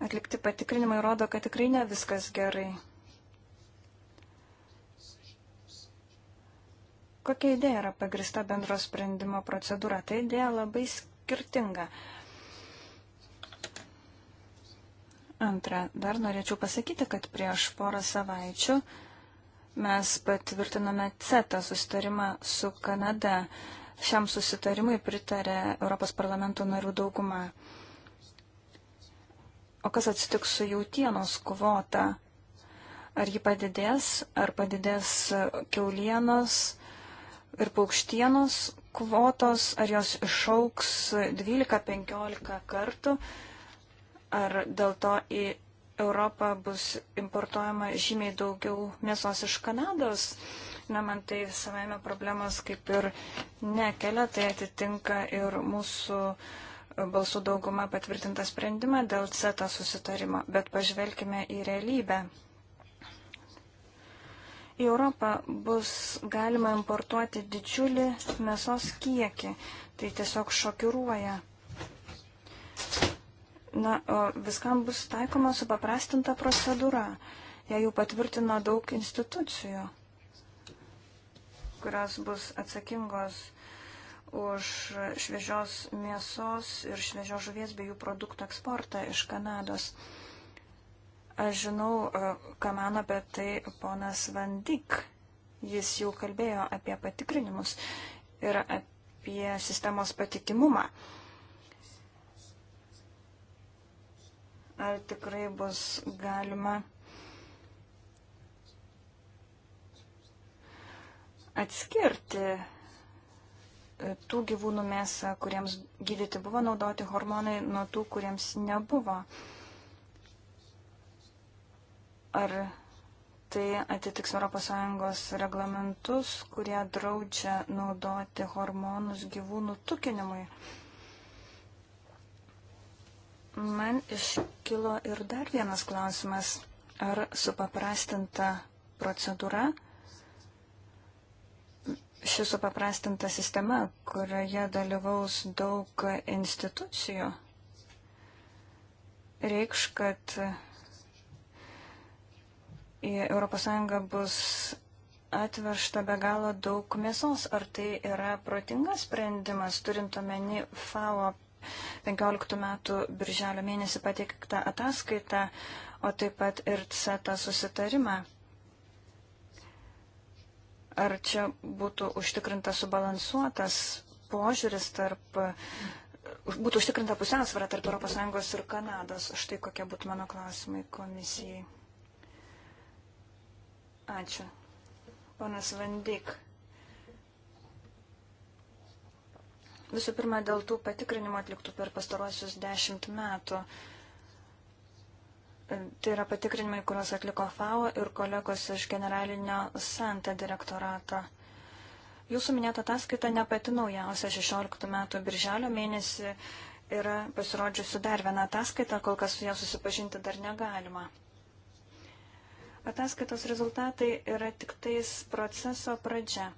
Atlikti patikrinimai rodo, kad tikrai ne viskas gerai. Kokia idėja yra pagrista bendro sprendimo procedūra? Tai idėja labai skirtinga. Antra, dar norėčiau pasakyti, kad prieš porą savaičių mes patvirtinome CETA susitarimą su Kanada. Šiam susitarimui pritarė Europos parlamento narių dauguma. O kas atsitiks su jautienos kvota? Ar ji padidės, ar padidės keulienos ir paukštienos kvotos, ar jos išauks 12-15 kartų, ar dėl to į Europą bus importuojama žymiai daugiau mėsos iš Kanados. Na, man tai savaime problemas kaip ir nekelia, tai atitinka ir mūsų uh, balsų dauguma patvirtintą sprendimą dėl CETA susitarimo, bet pažvelkime į realybę. Į Europą bus galima importuoti didžiulį mėsos kiekį. Tai tiesiog šokiruoja. Na, o viskam bus taikoma supaprastinta procedūra. Jie jau patvirtino daug institucijų, kurios bus atsakingos už šviežios mėsos ir šviežios žuvies bei jų produktų eksportą iš Kanados. Aš žinau, e, ką mano apie tai ponas Vandik. Jis jau kalbėjo apie patikrinimus ir apie sistemos patikimumą. Ar tikrai bus galima atskirti tų gyvūnų mėsą, kuriems gydyti buvo naudoti hormonai, nuo tų, kuriems nebuvo. Ar tai atitiks ES reglamentus, kurie draudžia naudoti hormonus gyvūnų tukinimui? Man iškilo ir dar vienas klausimas. Ar supaprastinta procedūra? ši supaprastinta sistema, kurioje dalyvaus daug institucijų, reikš, kad į ES bus atvežta be galo daug mėsos. Ar tai yra protingas sprendimas, turint omeny FAO 15 metų birželio mėnesį pateiktą ataskaitą, o taip pat ir CETA susitarimą? ar čia būtų užtikrintas subalansuotas požiūris tarp, būtų užtikrinta pusiausvara tarp ES ir Kanados. Štai kokie būtų mano klausimai komisijai. Ačiū. Panas Vandyk. Visų pirma, dėl tų patikrinimų atliktų per pastaruosius dešimt metų. Uh, Tai yra patikrinimai, kuriuos atliko FAO ir kolegos iš generalinio Santa direktorato. Jūsų minėta ataskaita ne pati naujausia 16 metų birželio mėnesį yra pasirodžiusi dar viena ataskaita, kol kas su ja susipažinti dar negalima. Ataskaitos rezultatai yra tik tais proceso pradžia.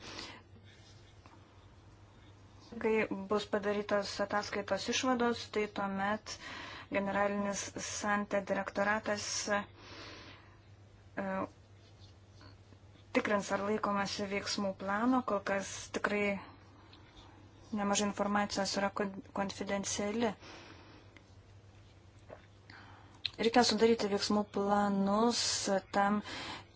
Kai bus padarytos ataskaitos išvados, tai tuomet uh, generalinis Santė direktoratas e, tikrins, ar laikomasi veiksmų plano, kol kas tikrai nemažai informacijos yra konfidenciali. Reikia sudaryti veiksmų planus tam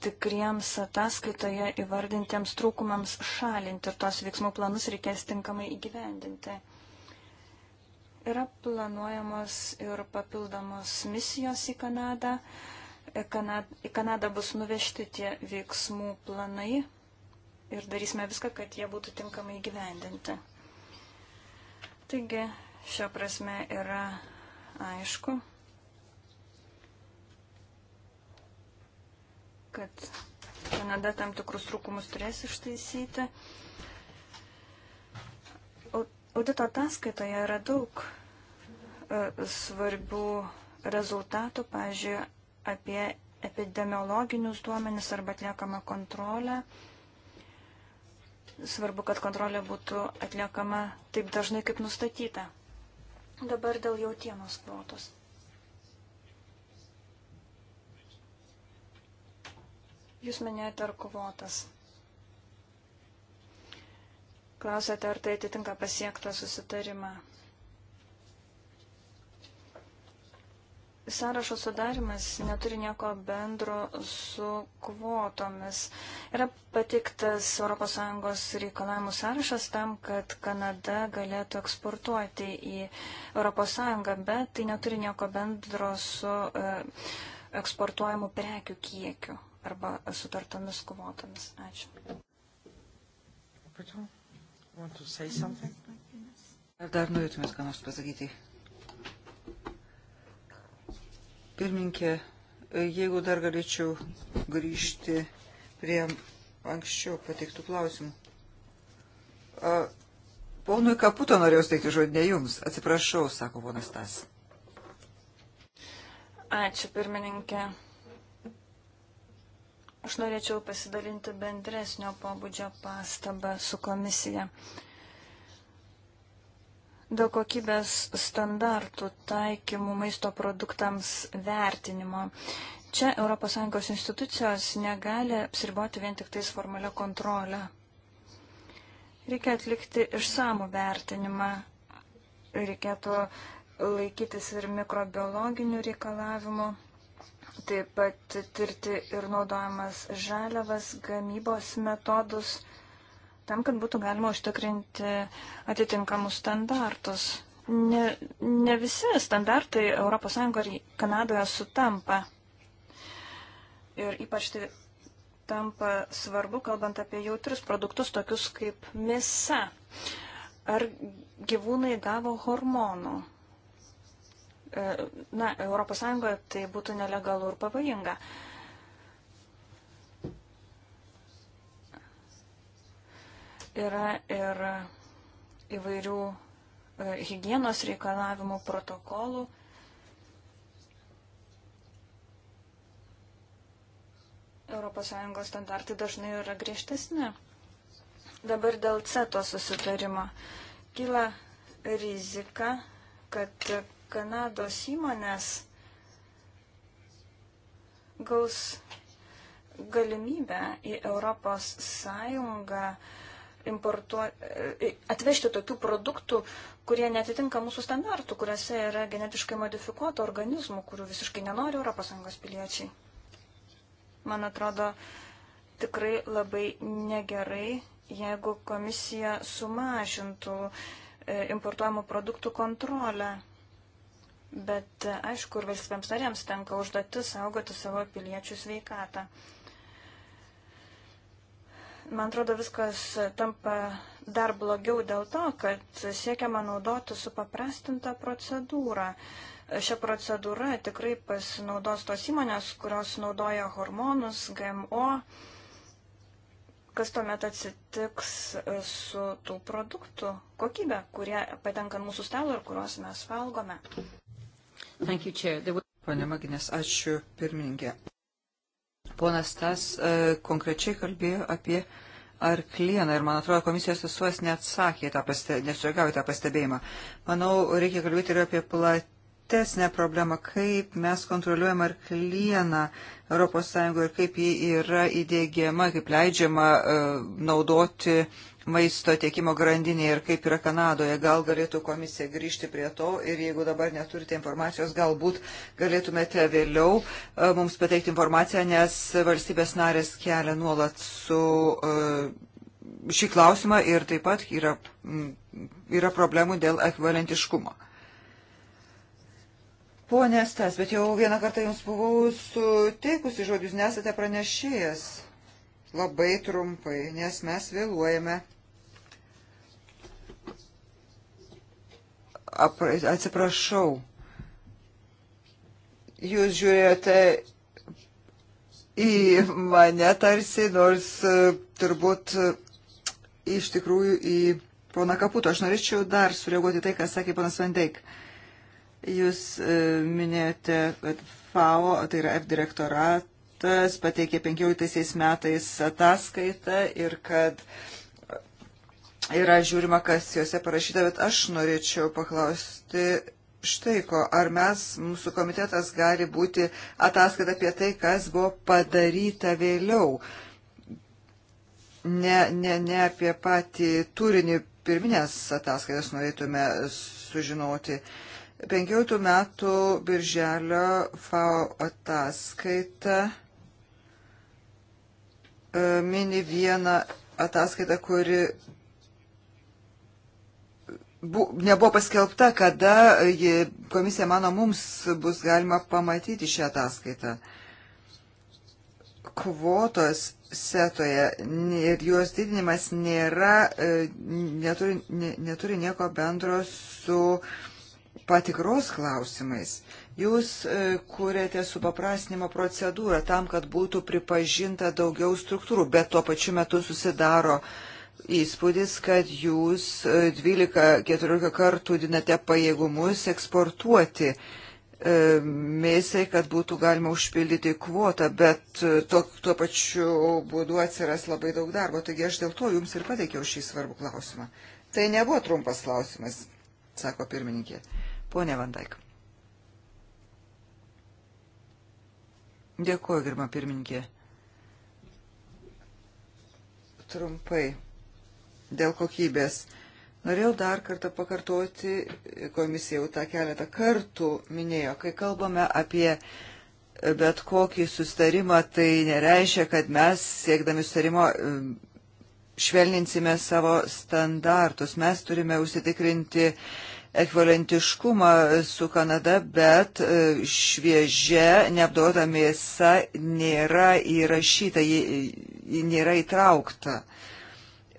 tikriems ataskaitoje įvardintiems trūkumams šalinti ir tos veiksmų planus reikės tinkamai įgyvendinti. Yra planuojamos ir papildomos misijos į Kanadą. Kanad, į Kanadą bus nuvežti tie veiksmų planai ir darysime viską, kad jie būtų tinkamai gyvendinti. Taigi, šio prasme yra aišku, kad Kanada tam tikrus trūkumus turės ištaisyti. Audito ataskaitoje yra daug e, svarbių rezultatų, pavyzdžiui, apie epidemiologinius duomenis arba atliekamą kontrolę. Svarbu, kad kontrolė būtų atliekama taip dažnai, kaip nustatyta. Dabar dėl jautienos kvotos. Jūs minėjote ir kvotas. Klausėte, ar tai atitinka pasiektą susitarimą. Sąrašo sudarimas neturi nieko bendro su kvotomis. Yra patiktas ES reikalavimų sąrašas tam, kad Kanada galėtų eksportuoti į ES, bet tai neturi nieko bendro su e, eksportuojamų prekių kiekiu arba sutartomis kvotomis. Ačiū. Pardon. Ar dar norėtumės ką nors pasakyti? Pirminkė, jeigu dar galėčiau grįžti prie anksčiau pateiktų klausimų. Ponui Kaputo norėjau steikti žodį, ne jums. Atsiprašau, sako ponas Tas. Ačiū, pirmininkė. Aš norėčiau pasidalinti bendresnio pobūdžio pastabą su komisija. Dėl kokybės standartų taikymų maisto produktams vertinimo. Čia ES institucijos negali apsiriboti vien tik tais formalią kontrolę. Reikia atlikti išsamų vertinimą. Reikėtų laikytis ir mikrobiologinių reikalavimų taip pat tirti ir naudojamas žaliavas, gamybos metodus, tam, kad būtų galima užtikrinti atitinkamus standartus. Ne, ne visi standartai ES ir Kanadoje sutampa. Ir ypač tai tampa svarbu, kalbant apie jautrius produktus, tokius kaip mėsa. Ar gyvūnai gavo hormonų? E, na, Europos Sąjungoje tai būtų nelegalu ir pavojinga. Yra ir įvairių e, hygienos reikalavimų protokolų. Europos Sąjungos standartai dažnai yra griežtesni. Dabar dėl CETO susitarimo kyla rizika, kad Kanados įmonės gaus galimybę į Europos Sąjungą e, atvežti tokių produktų, kurie netitinka mūsų standartų, kuriuose yra genetiškai modifikuotų organizmų, kurių visiškai nenori ES piliečiai. Man atrodo, tikrai labai negerai, jeigu komisija sumažintų e, importuojamų produktų kontrolę bet e, aišku, ir valstybėms narėms tenka užduoti saugoti savo piliečių sveikatą. Man atrodo, viskas tampa dar blogiau dėl to, kad siekiama naudoti supaprastintą procedūrą. Šią procedūrą tikrai pasinaudos tos įmonės, kurios naudoja hormonus, GMO. Kas tuomet atsitiks e, su tų produktų kokybė, kurie patenka ant mūsų stalo ir kuriuos mes valgome? Thank you, Chair. There... Pane Maginės, ačiū pirmininkė. Ponas Tas e, konkrečiai kalbėjo apie arklieną ir, man atrodo, komisijos visuos neatsakė tą pastebėjimą, nesureagavo tą pastebėjimą. Manau, reikia kalbėti ir apie platesnę problemą, kaip mes kontroliuojam arklieną ES ir kaip ji yra įdėgiama, kaip leidžiama e, naudoti maisto tiekimo grandinėje ir kaip yra Kanadoje. Gal galėtų komisija grįžti prie to ir jeigu dabar neturite informacijos, galbūt galėtumėte vėliau e, mums pateikti informaciją, nes valstybės narės kelia nuolat su e, šį klausimą ir taip pat yra, mm, yra problemų dėl ekvivalentiškumo. Pone Stas, bet jau vieną kartą jums buvau suteikusi žodžius, nesate pranešėjas. Labai trumpai, nes mes vėluojame. atsiprašau, jūs žiūrėjote į mane tarsi, nors e, turbūt e, iš tikrųjų į poną Kaputą. Aš norėčiau dar sureaguoti tai, ką sakė ponas Vandeik. Jūs e, minėjote, kad FAO, tai yra F direktoratas, pateikė 15 metais ataskaitą ir kad uh, yra žiūrima, kas juose parašyta, bet aš norėčiau paklausti štai ko, ar mes, mūsų komitetas gali būti ataskaita apie tai, kas buvo padaryta vėliau, ne, ne, ne apie patį turinį pirminės ataskaitas norėtume sužinoti. 15 metų birželio FAO ataskaita e, mini vieną ataskaitą, kuri bu, nebuvo paskelbta, kada ji, komisija mano mums bus galima pamatyti šią ataskaitą. Kvotos setoje ir juos didinimas nėra, e, neturi, neturi nieko bendro su patikros klausimais. Jūs e, kūrėte supaprastinimo procedūrą tam, kad būtų pripažinta daugiau struktūrų, bet tuo pačiu metu susidaro uh, įspūdis, kad jūs 12-14 e, kartų dinate pajėgumus eksportuoti e, mėsiai, kad būtų galima užpildyti kvotą, bet e, tuo, tuo pačiu būdu atsiras labai daug darbo. Taigi aš dėl to jums ir pateikiau šį svarbų klausimą. Tai nebuvo trumpas klausimas, sako pirmininkė. Pone Vandaik. Dėkuoju, germa pirmininkė. Trumpai dėl kokybės. Norėjau dar kartą pakartoti, komisija jau tą keletą kartų minėjo, kai kalbame apie bet kokį sustarimą, tai nereiškia, kad mes siekdami sustarimo švelninsime savo standartus. Mes turime užsitikrinti ekvivalentiškumą su Kanada, bet e, šviežia neapdota mėsa nėra įrašyta, ji nėra įtraukta. Uh,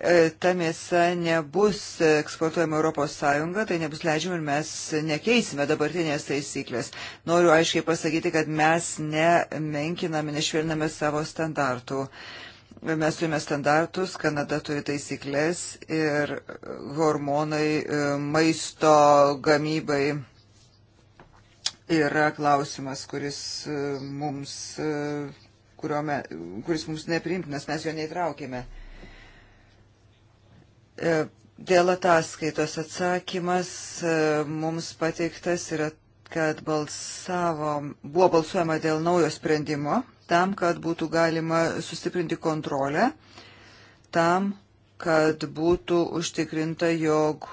E, ta mėsa nebus eksportuojama Europos Sąjunga, tai nebus leidžiama ir mes nekeisime dabartinės taisyklės. Noriu aiškiai pasakyti, kad mes nemenkiname, nešvelname savo standartų. Mes turime standartus, Kanada turi taisyklės ir hormonai e, maisto gamybai yra klausimas, kuris e, mums, kuriuo, kuris mums neprimtinas, mes jo neįtraukėme. E, dėl ataskaitos atsakymas e, mums pateiktas yra, kad balsavo, buvo balsuojama dėl naujo sprendimo, tam, kad būtų galima sustiprinti kontrolę, tam, kad būtų užtikrinta, jog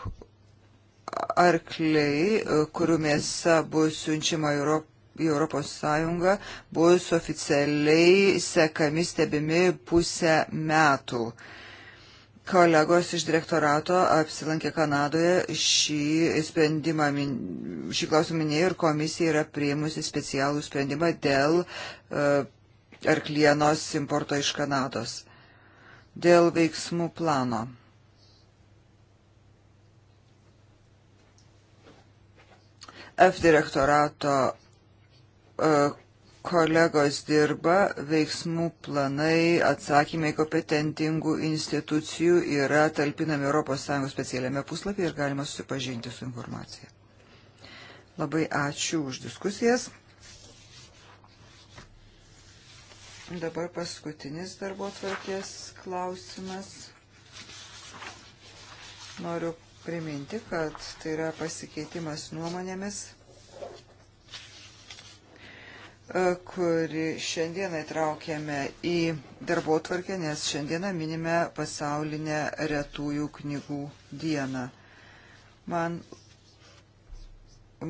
arkliai, e, kurių mėsa bus siunčiama Europą, į Europos Sąjungą bus oficialiai sekami stebimi pusę metų. Uh, Kolegos iš direktorato apsilankė Kanadoje, šį, sprendimą, šį klausimą minėjo ir komisija yra prieimusi specialų sprendimą dėl uh, arklienos importo iš Kanados, dėl veiksmų plano. F direktorato uh, kolegos dirba, veiksmų planai, atsakymai kompetentingų institucijų yra talpinami ES specialiame puslapyje ir galima susipažinti su informacija. Labai ačiū už diskusijas. Dabar paskutinis darbo tvarkės klausimas. Noriu priminti, kad tai yra pasikeitimas nuomonėmis E, kurį šiandieną įtraukėme į darbo tvarkę, nes šiandieną minime pasaulinę retųjų knygų dieną. Man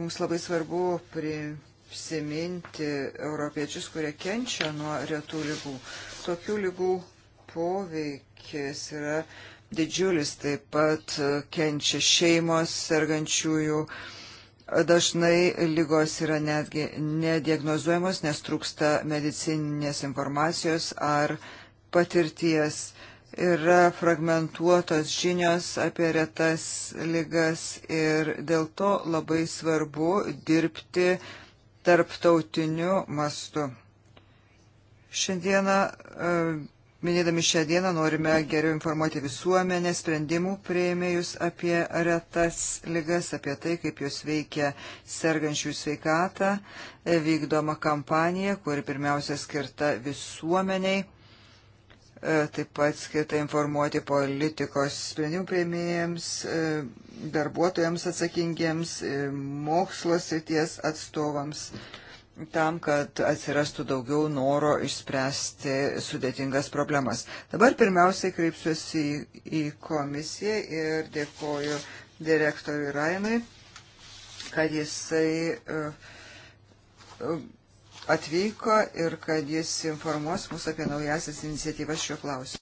mums labai svarbu prisiminti europiečius, kurie kenčia nuo retų lygų. Tokių lygų poveikis yra didžiulis, taip pat kenčia šeimos sergančiųjų. Uh, Dažnai lygos yra netgi nediagnozuojamos, nes trūksta medicininės informacijos ar patirties. Yra fragmentuotos žinios apie retas lygas ir dėl to labai svarbu dirbti tarptautiniu mastu. Šiandieną Minėdami šią dieną norime geriau informuoti visuomenę, sprendimų prieimėjus apie retas lygas, apie tai, kaip jos veikia sergančių sveikatą, vykdoma kampanija, kuri pirmiausia skirta visuomeniai, e, taip pat skirta informuoti politikos sprendimų prieimėjams, e, darbuotojams atsakingiems, e, mokslo srities atstovams tam, kad atsirastų daugiau noro išspręsti sudėtingas problemas. Dabar pirmiausiai kreipsiuosi į, į komisiją ir dėkoju direktoriui Rainai, kad jisai uh, uh, atvyko ir kad jis informuos mus apie naujasias iniciatyvas šiuo klausimu.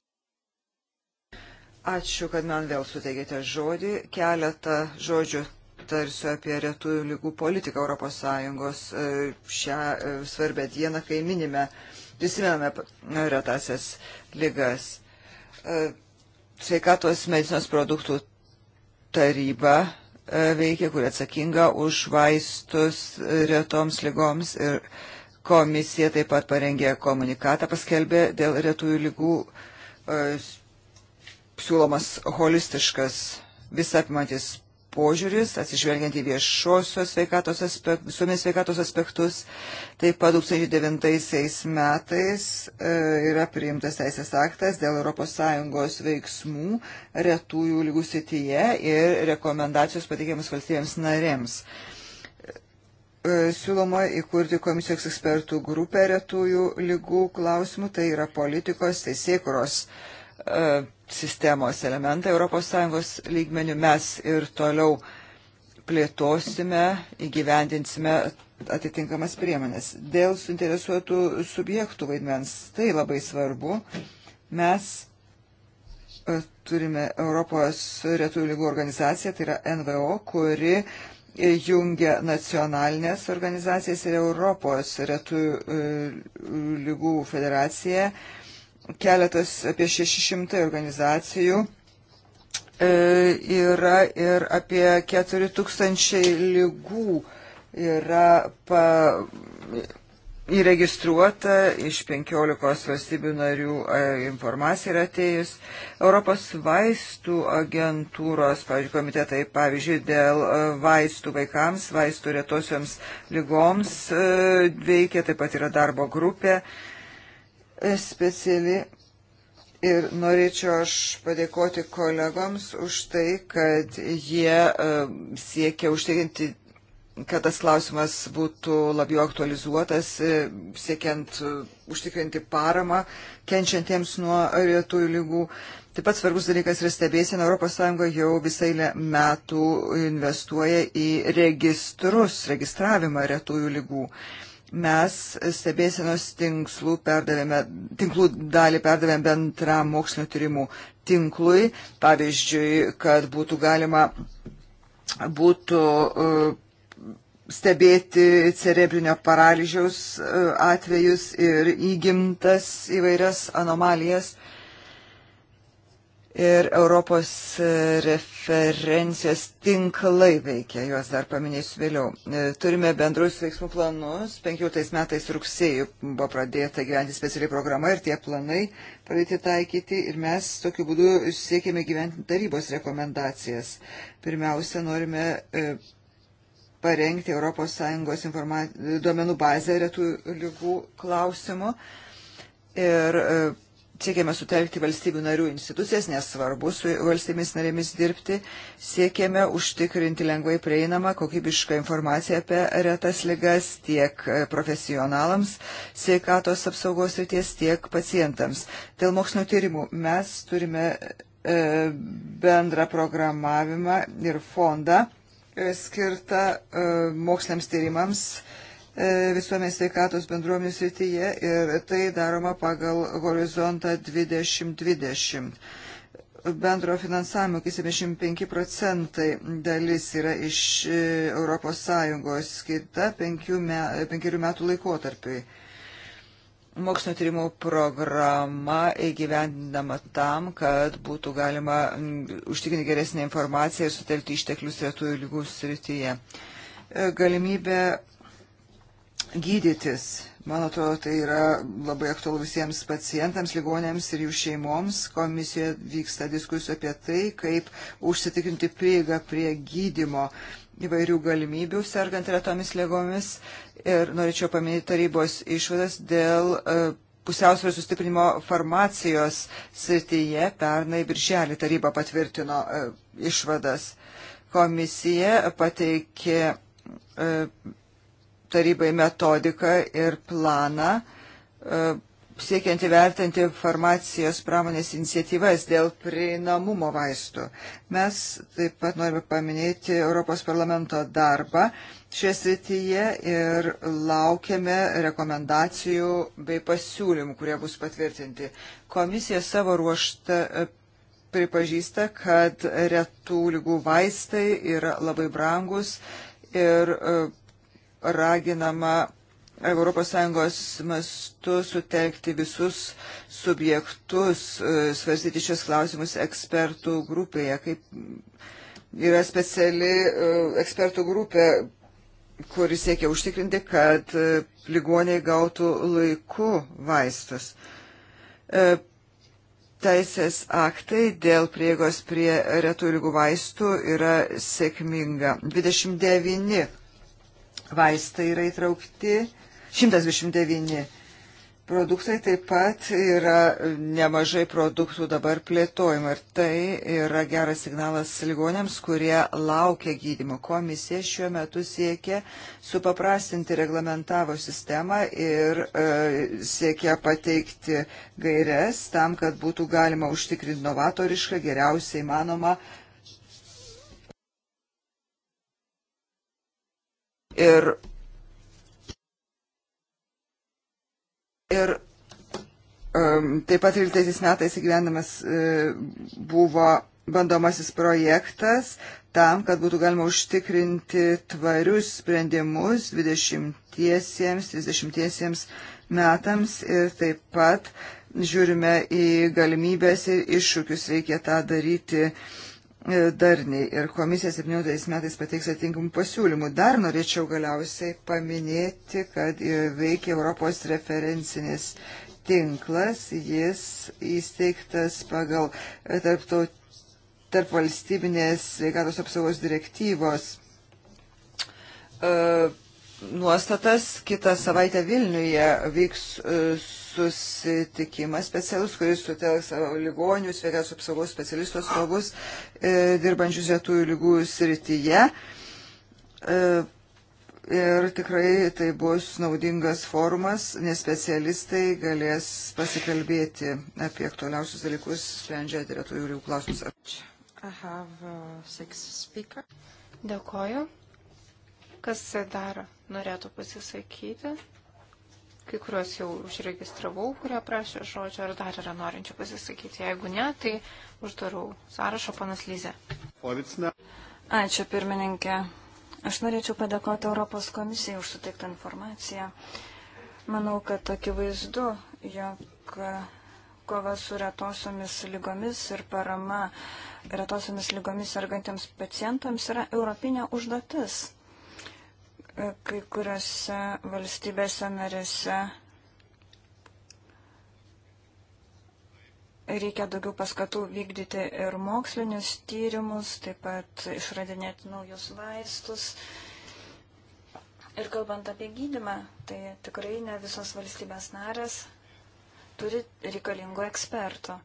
Ačiū, kad man vėl suteikėte žodį. Keletą žodžių patarsiu apie retųjų lygų politiką ES e, šią e, svarbę dieną, kai minime, prisimename retasias lygas. E, sveikatos medicinos produktų taryba veikia, kuri atsakinga už vaistus retoms lygoms ir komisija taip pat parengė komunikatą, paskelbė dėl retųjų lygų siūlomas holistiškas visapimantis požiūris, atsižvelgiant į viešosios sveikatos, aspekt, sveikatos aspektus. Taip pat 2009 metais e, yra priimtas teisės aktas dėl ES veiksmų retųjų lygų sityje ir rekomendacijos pateikiamas valstybėms narėms. E, siūloma įkurti komisijos ekspertų grupę retųjų lygų klausimų, tai yra politikos, teisėkuros. Tai sistemos elementą ES lygmenių. Mes ir toliau plėtosime, įgyvendinsime atitinkamas priemonės. Dėl suinteresuotų subjektų vaidmens, tai labai svarbu. Mes e, turime Europos retų lygų organizaciją, tai yra NVO, kuri jungia nacionalinės organizacijas ir Europos retų e, lygų federaciją. E, keletas apie 600 organizacijų e, yra ir apie 4000 lygų yra pa, įregistruota iš 15 valstybių narių e, informacija yra atėjus. Europos vaistų agentūros, pavyzdžiui, komitetai, pavyzdžiui, dėl e, vaistų vaikams, vaistų retosioms lygoms veikia, taip pat yra darbo grupė. E, speciali ir norėčiau aš padėkoti kolegoms už tai, kad jie e, siekia užtikrinti kad tas klausimas būtų labiau aktualizuotas, e, siekiant e, užtikrinti paramą kenčiantiems nuo retųjų lygų. Taip pat svarbus dalykas yra stebėsena. ES jau visai metų investuoja į registrus, registravimą retųjų lygų. Uh, Mes stebėsenos tinklų, tinklų dalį perdavėm bendram mokslinio tyrimų tinklui, pavyzdžiui, kad būtų galima būtų e, stebėti cerebrinio paralyžiaus e, atvejus ir įgimtas įvairias anomalijas ir Europos referencijos tinklai veikia, juos dar paminėsiu vėliau. E, turime bendrus veiksmų planus, 15 metais rugsėjų buvo pradėta gyventi specialiai programa ir tie planai pradėti taikyti ir mes tokiu būdu siekėme gyventi tarybos rekomendacijas. Pirmiausia, norime e, parengti ES informa... duomenų bazę retų lygų klausimų ir e, Siekėme sutelkti valstybių narių institucijas, nes svarbu su valstybėmis narėmis dirbti. Siekėme užtikrinti lengvai prieinamą kokybišką informaciją apie retas ligas tiek profesionalams, sveikatos apsaugos ryties, tiek pacientams. Dėl mokslinio tyrimų mes turime e, bendrą programavimą ir fondą e, skirtą e, moksliniams tyrimams E, visuomenės sveikatos bendruomenės rytyje ir tai daroma pagal horizontą 2020. Bendro finansavimo, kai 75 procentai dalis yra iš ES, kita penkių, me, penkerių metų laikotarpiui. Mokslinio tyrimų programa įgyvendinama tam, kad būtų galima užtikrinti geresnį informaciją ir sutelkti išteklius retųjų lygų srityje. E, galimybė gydytis. Man atrodo, tai yra labai aktualu visiems pacientams, ligonėms ir jų šeimoms. Komisijoje vyksta diskusija apie tai, kaip užsitikrinti prieigą prie gydimo įvairių galimybių sergant retomis lygomis. Ir norėčiau paminėti tarybos išvadas dėl e, pusiausvėros sustiprinimo farmacijos srityje. Pernai birželį taryba patvirtino e, išvadas. Komisija pateikė e, tarybai metodiką ir planą e, siekiant įvertinti farmacijos pramonės iniciatyvas dėl prieinamumo vaistų. Mes taip pat norime paminėti Europos parlamento darbą šioje srityje ir laukiame rekomendacijų bei pasiūlymų, kurie bus patvirtinti. Komisija savo ruoštą e, pripažįsta, kad retų lygų vaistai yra labai brangus ir e, raginama ES mastu sutelkti visus subjektus, e, svarstyti šios klausimus ekspertų grupėje, kaip yra speciali e, ekspertų grupė, kuri siekia užtikrinti, kad e, ligoniai gautų laiku vaistus. Teisės aktai dėl priegos prie retų lygų vaistų yra sėkminga. 29 vaistai yra įtraukti, 129 produktai taip pat yra nemažai produktų dabar plėtojama ir tai yra geras signalas ligonėms, kurie laukia gydimo. Komisija šiuo metu siekia supaprastinti reglamentavo sistemą ir e, siekia pateikti gairias tam, kad būtų galima užtikrinti novatorišką, geriausiai manoma Ir, ir um, taip pat 13 metais įgyvendamas uh, buvo bandomasis projektas tam, kad būtų galima užtikrinti tvarius sprendimus 20-30 metams ir taip pat žiūrime į galimybės ir iššūkius reikia tą daryti uh, E, darniai ir komisija 17 metais pateiks atinkamų pasiūlymų. Dar norėčiau galiausiai paminėti, kad e, veikia Europos referencinis tinklas, jis įsteigtas pagal e, tarptautinį tarp valstybinės sveikatos apsaugos direktyvos nuostatas. Kitą savaitę Vilniuje vyks susitikimas specialus, kuris sutelks ligonių, sveikatos apsaugos specialistų atstovus e, dirbančius vietųjų lygų srityje. E, ir tikrai tai bus naudingas forumas, nes specialistai galės pasikalbėti apie aktualiausius dalykus, sprendžiant retųjų lygų klausimus. Uh, Dėkoju. Kas dar norėtų pasisakyti? kai kuriuos jau užregistravau, kurie prašė žodžio, ar dar yra norinčių pasisakyti. Jeigu ne, tai uždarau sąrašą panas Lyze. Ačiū, pirmininkė. Aš norėčiau padėkoti Europos komisijai už suteiktą informaciją. Manau, kad akivaizdu, jog kova su retosiomis lygomis ir parama retosiomis lygomis sergantiems pacientams yra europinė užduotis kai kuriuose valstybėse narėse reikia daugiau paskatų vykdyti ir mokslinius tyrimus, taip pat išradinėti naujus vaistus. Ir kalbant apie gydimą, tai tikrai ne visos valstybės narės turi reikalingo eksperto.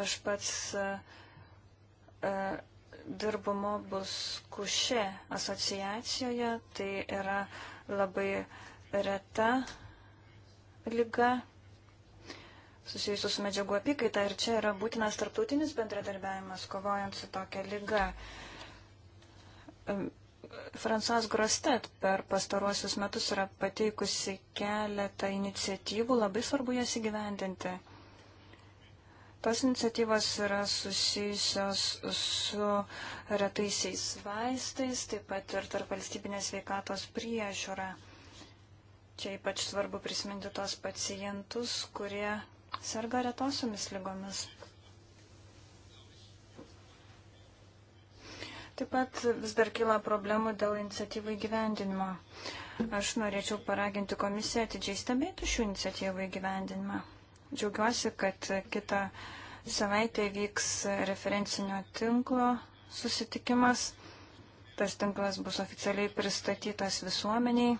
Aš pats uh, dirbu Mobus Kuše asociacijoje, tai yra labai reta lyga susijusių su medžiagų apykaita ir čia yra būtinas tarptautinis bendradarbiavimas kovojant su tokia lyga. Fransas Grostet per pastaruosius metus yra pateikusi keletą iniciatyvų, labai svarbu jas įgyvendinti. Tos iniciatyvos yra susijusios su retaisiais vaistais, taip pat ir tarp valstybinės veikatos priežiūra. Čia ypač svarbu prisiminti tos pacientus, kurie serga retosiomis lygomis. Taip pat vis dar kyla problemų dėl iniciatyvų įgyvendinimo. Aš norėčiau paraginti komisiją atidžiai stebėti šių iniciatyvų įgyvendinimą. Džiaugiuosi, kad kitą savaitę vyks referencinio tinklo susitikimas. Tas tinklas bus oficialiai pristatytas visuomeniai,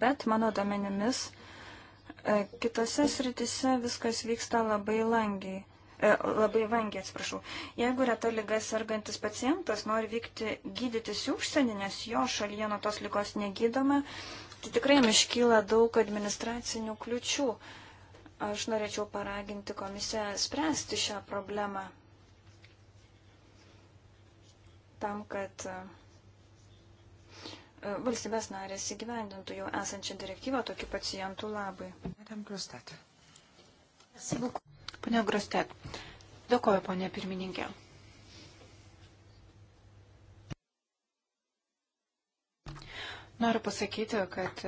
bet mano domenimis e, kitose sritise viskas vyksta labai langiai e, labai vangiai, atsiprašau. Jeigu reta lyga sergantis pacientas nori vykti gydytis į užsienį, nes jo šalyje nuo tos lygos negydoma, tai tikrai miškyla daug administracinių kliučių. Uh, Aš norėčiau paraginti komisiją spręsti šią problemą tam, kad e, valstybės narės įgyvendintų jau esančią direktyvą tokių pacientų labai. Madam Grostet. Pane Grostet, dėkoju, ponė pirmininkė. Noriu pasakyti, kad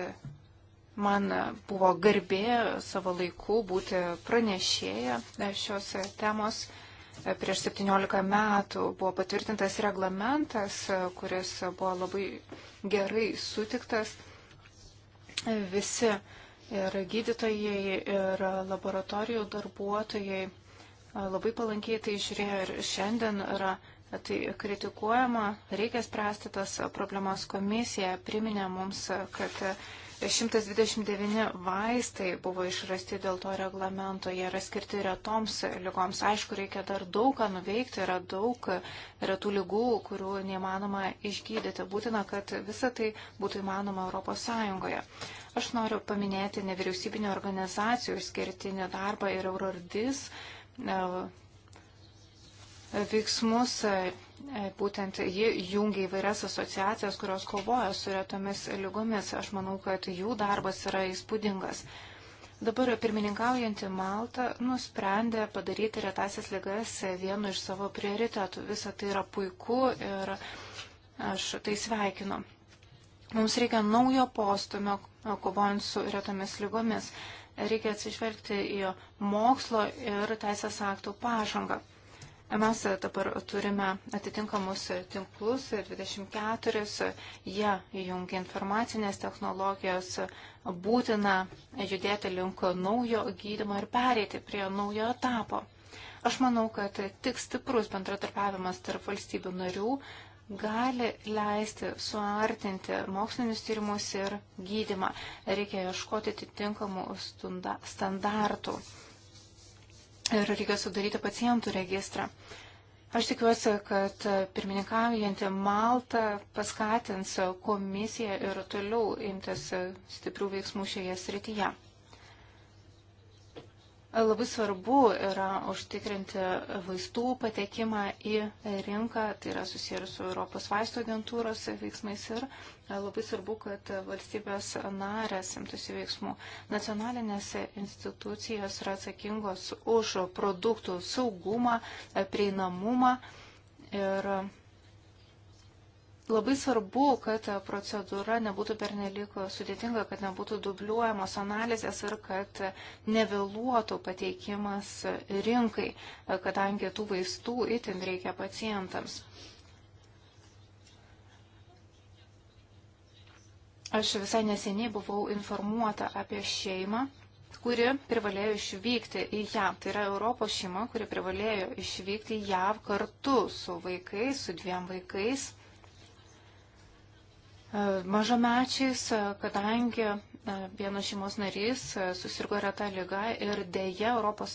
Man buvo garbė savo laiku būti pranešėję šios temos. Prieš 17 metų buvo patvirtintas reglamentas, kuris buvo labai gerai sutiktas. Visi ir gydytojai, ir laboratorijų darbuotojai labai palankiai tai žiūrėjo ir šiandien yra tai kritikuojama, reikia spręsti tas problemas. Komisija priminė mums, kad 129 vaistai buvo išrasti dėl to reglamento, jie yra skirti retoms lygoms. Aišku, reikia dar daug ką nuveikti, yra daug retų lygų, kurių neįmanoma išgydyti. Būtina, kad visa tai būtų įmanoma ES. Aš noriu paminėti nevyriausybinio organizacijų išskirtinį darbą ir Eurordis veiksmus. E, e, būtent ji jungia įvairias asociacijas, kurios kovoja su retomis lygomis. Aš manau, kad jų darbas yra įspūdingas. Dabar pirmininkaujanti Malta nusprendė padaryti retasias lygas vienu iš savo prioritetų. Visa tai yra puiku ir aš tai sveikinu. Mums reikia naujo postumio e, kovojant su retomis lygomis reikia atsižvelgti į mokslo ir teisės aktų pažangą. Mes dabar turime atitinkamus tinklus, 24, jie jungia informacinės technologijos, būtina judėti link naujo gydymo ir pereiti prie naujo etapo. Aš manau, kad tik stiprus bendratarpiavimas tarp valstybių narių gali leisti suartinti mokslinius tyrimus ir gydimą. Reikia ieškoti atitinkamų standartų ir reikia sudaryti pacientų registrą. Aš tikiuosi, kad pirmininkaujantį Maltą paskatins komisiją ir toliau imtis stiprių veiksmų šioje srityje. Labai svarbu yra užtikrinti vaistų patekimą į rinką, tai yra susijęs su Europos vaisto agentūros veiksmais ir e, labai svarbu, kad valstybės narės imtųsi veiksmų. Nacionalinės institucijos yra atsakingos už produktų saugumą, e, prieinamumą ir Labai svarbu, kad procedūra nebūtų pernelyg sudėtinga, kad nebūtų dubliuojamos analizės ir kad nevėluotų pateikimas rinkai, kadangi tų vaistų itin reikia pacientams. Aš visai neseniai buvau informuota apie šeimą, kuri privalėjo išvykti į JAV. Tai yra Europos šeima, kuri privalėjo išvykti į JAV kartu su vaikais, su dviem vaikais E, mažamečiais, e, kadangi e, vienas šeimos narys susirgo retą lygą ir dėja ES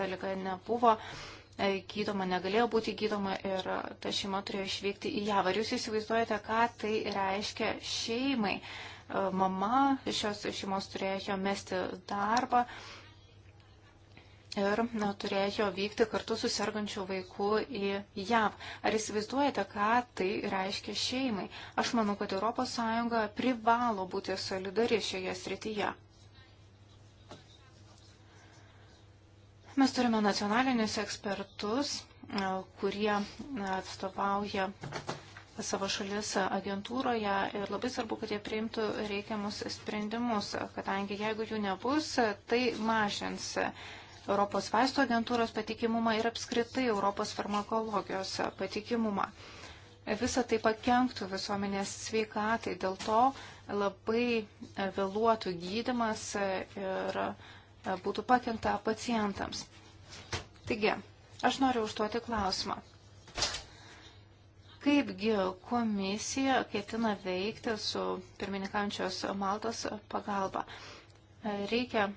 ta lyga nebuvo gydoma, negalėjo būti gydoma ir ta šeima turėjo išvykti į JAV. Ar jūs įsivaizduojate, ką tai reiškia šeimai? Mama šios šeimos turėjo mesti darbą, ir na, turėjo vykti kartu su sergančių vaikų į JAV. Ar įsivaizduojate, ką tai reiškia šeimai? Aš manau, kad ES privalo būti solidari šioje srityje. Mes turime nacionalinius ekspertus, kurie atstovauja savo šalis agentūroje ir labai svarbu, kad jie priimtų reikiamus sprendimus, kadangi jeigu jų nebus, tai mažins Europos vaisto agentūros patikimumą ir apskritai Europos farmakologijos patikimumą. Visa tai pakenktų visuomenės sveikatai, dėl to labai vėluotų gydimas ir būtų pakengta pacientams. Taigi, aš noriu užduoti klausimą. Kaipgi komisija ketina veikti su pirmininkančios Maltos pagalba? Reikia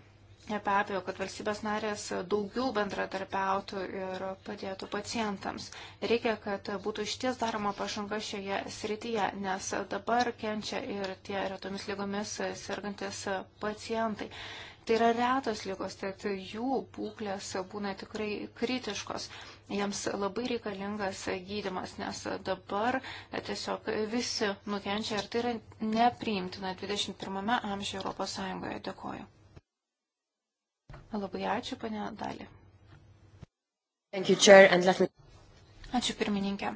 Be abejo, kad valstybės narės daugiau bendradarbiautų ir padėtų pacientams. Reikia, kad būtų išties daroma pažanga šioje srityje, nes dabar kenčia ir tie retomis lygomis sergantis pacientai. Tai yra retos lygos, tad jų būklės būna tikrai kritiškos. Jiems labai reikalingas gydimas, nes dabar tiesiog visi nukenčia ir tai yra nepriimtina 21 amžiuje Europos Sąjungoje. Dėkoju. Labai ačiū, panė Dali. Ačiū pirmininkė.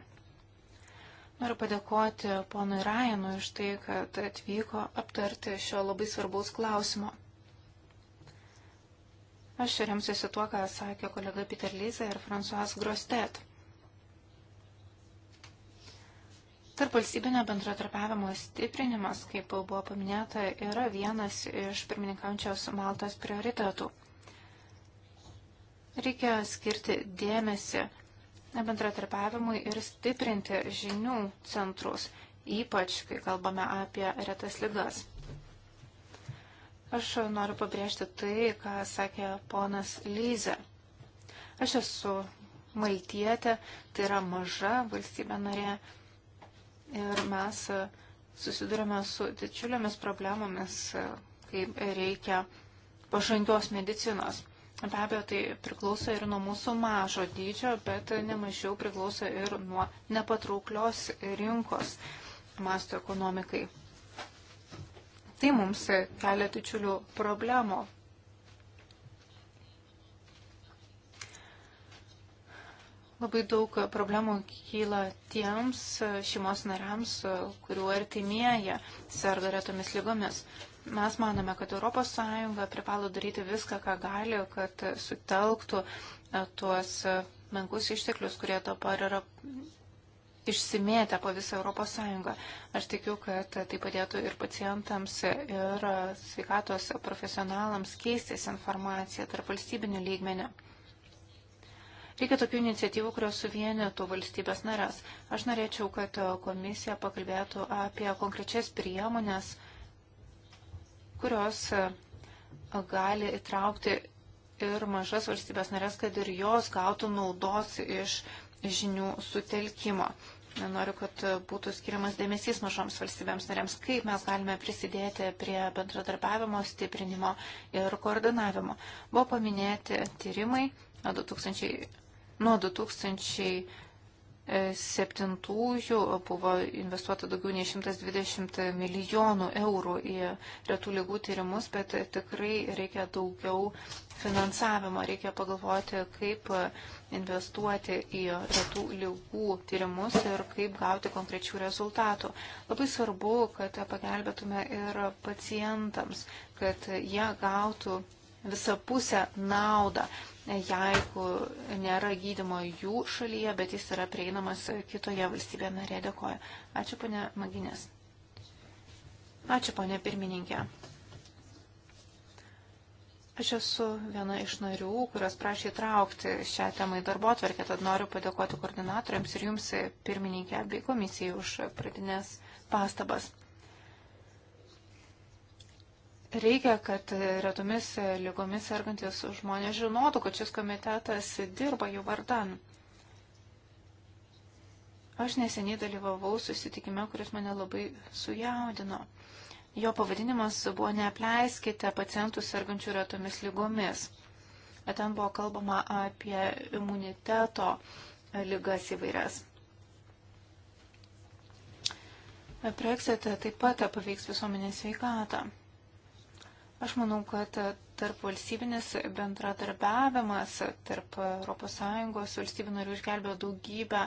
Noriu padėkoti ponui Rajanui iš tai, kad atvyko aptarti šio labai svarbaus klausimo. Aš remsiuosi tuo, ką sakė kolega Peter Lyza ir Fransuas Grostet. Tarp valstybinio bendratarpiavimo stiprinimas, kaip buvo paminėta, yra vienas iš pirmininkaujančios Maltos prioritetų. Reikia skirti dėmesį bendratarpiavimui ir stiprinti žinių centrus, ypač kai kalbame apie retas ligas. Aš noriu pabrėžti tai, ką sakė ponas Lyze. Aš esu maltietė, tai yra maža valstybė narė ir mes susidurime su didžiulėmis problemomis, kai reikia pažangios medicinos. Be abejo, tai priklauso ir nuo mūsų mažo dydžio, bet nemažiau priklauso ir nuo nepatrauklios rinkos masto ekonomikai. Tai mums kelia didžiulių problemų. Labai daug problemų kyla tiems šeimos nariams, kurių artimieji serga retomis lygomis. Mes manome, kad ES privalo daryti viską, ką gali, kad sutelktų e, tuos e, menkus išteklius, kurie dabar yra išsimėtę po visą ES. Aš tikiu, kad tai padėtų ir pacientams, e, ir sveikatos profesionalams keistis informaciją tarp valstybinių lygmenių. Reikia tokių iniciatyvų, kurios suvienytų valstybės narės. Aš norėčiau, kad komisija pakalbėtų apie konkrečias priemonės, kurios e, gali įtraukti ir mažas valstybės narės, kad ir jos gautų naudos iš žinių sutelkimo. Noriu, kad būtų skiriamas dėmesys mažoms valstybėms narėms, kaip mes galime prisidėti prie bendradarbiavimo, stiprinimo ir koordinavimo. Buvo paminėti tyrimai 2000, nuo 2000 2007-ųjų buvo investuota daugiau nei 120 milijonų eurų į retų lygų tyrimus, bet tikrai reikia daugiau finansavimo, reikia pagalvoti, kaip investuoti į retų lygų tyrimus ir kaip gauti konkrečių rezultatų. Labai svarbu, kad pagelbėtume ir pacientams, kad jie gautų visapusę naudą jeigu nėra gydimo jų šalyje, bet jis yra prieinamas kitoje valstybėje narėje. Dėkoju. Ačiū, ponė Maginės. Ačiū, ponė pirmininkė. Aš esu viena iš narių, kurios prašė įtraukti šią temą į darbo atvarkę, tad noriu padėkoti koordinatoriams ir jums, pirmininkė, bei komisijai už pradinės pastabas. Reikia, kad retomis lygomis sergantis žmonės žinotų, kad šis komitetas dirba jų vardan. Aš neseniai dalyvavau susitikime, kuris mane labai sujaudino. Jo pavadinimas buvo Neapleiskite pacientų sergančių retomis lygomis. Ten buvo kalbama apie imuniteto lygas įvairias. Brexit taip pat paveiks visuomenės sveikatą. Aš manau, kad tarp valstybinis bendradarbiavimas tarp ES valstybių narių išgelbėjo daugybę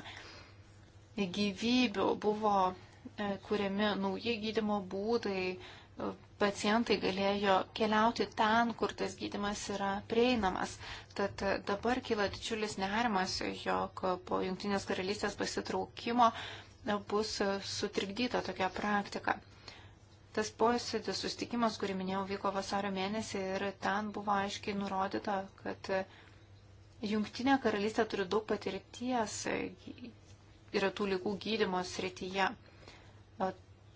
gyvybių, buvo e, kuriami nauji gydimo būdai, e, pacientai galėjo keliauti ten, kur tas gydimas yra prieinamas. Tad dabar kyla didžiulis nerimas, jog po Junktinės karalystės pasitraukimo e, bus sutrikdyta tokia praktika. Tas posėdis, sustikimas, kurį minėjau, vyko vasario mėnesį ir ten buvo aiškiai nurodyta, kad Jungtinė karalystė turi daug patirties yra tų lygų gydimo srityje.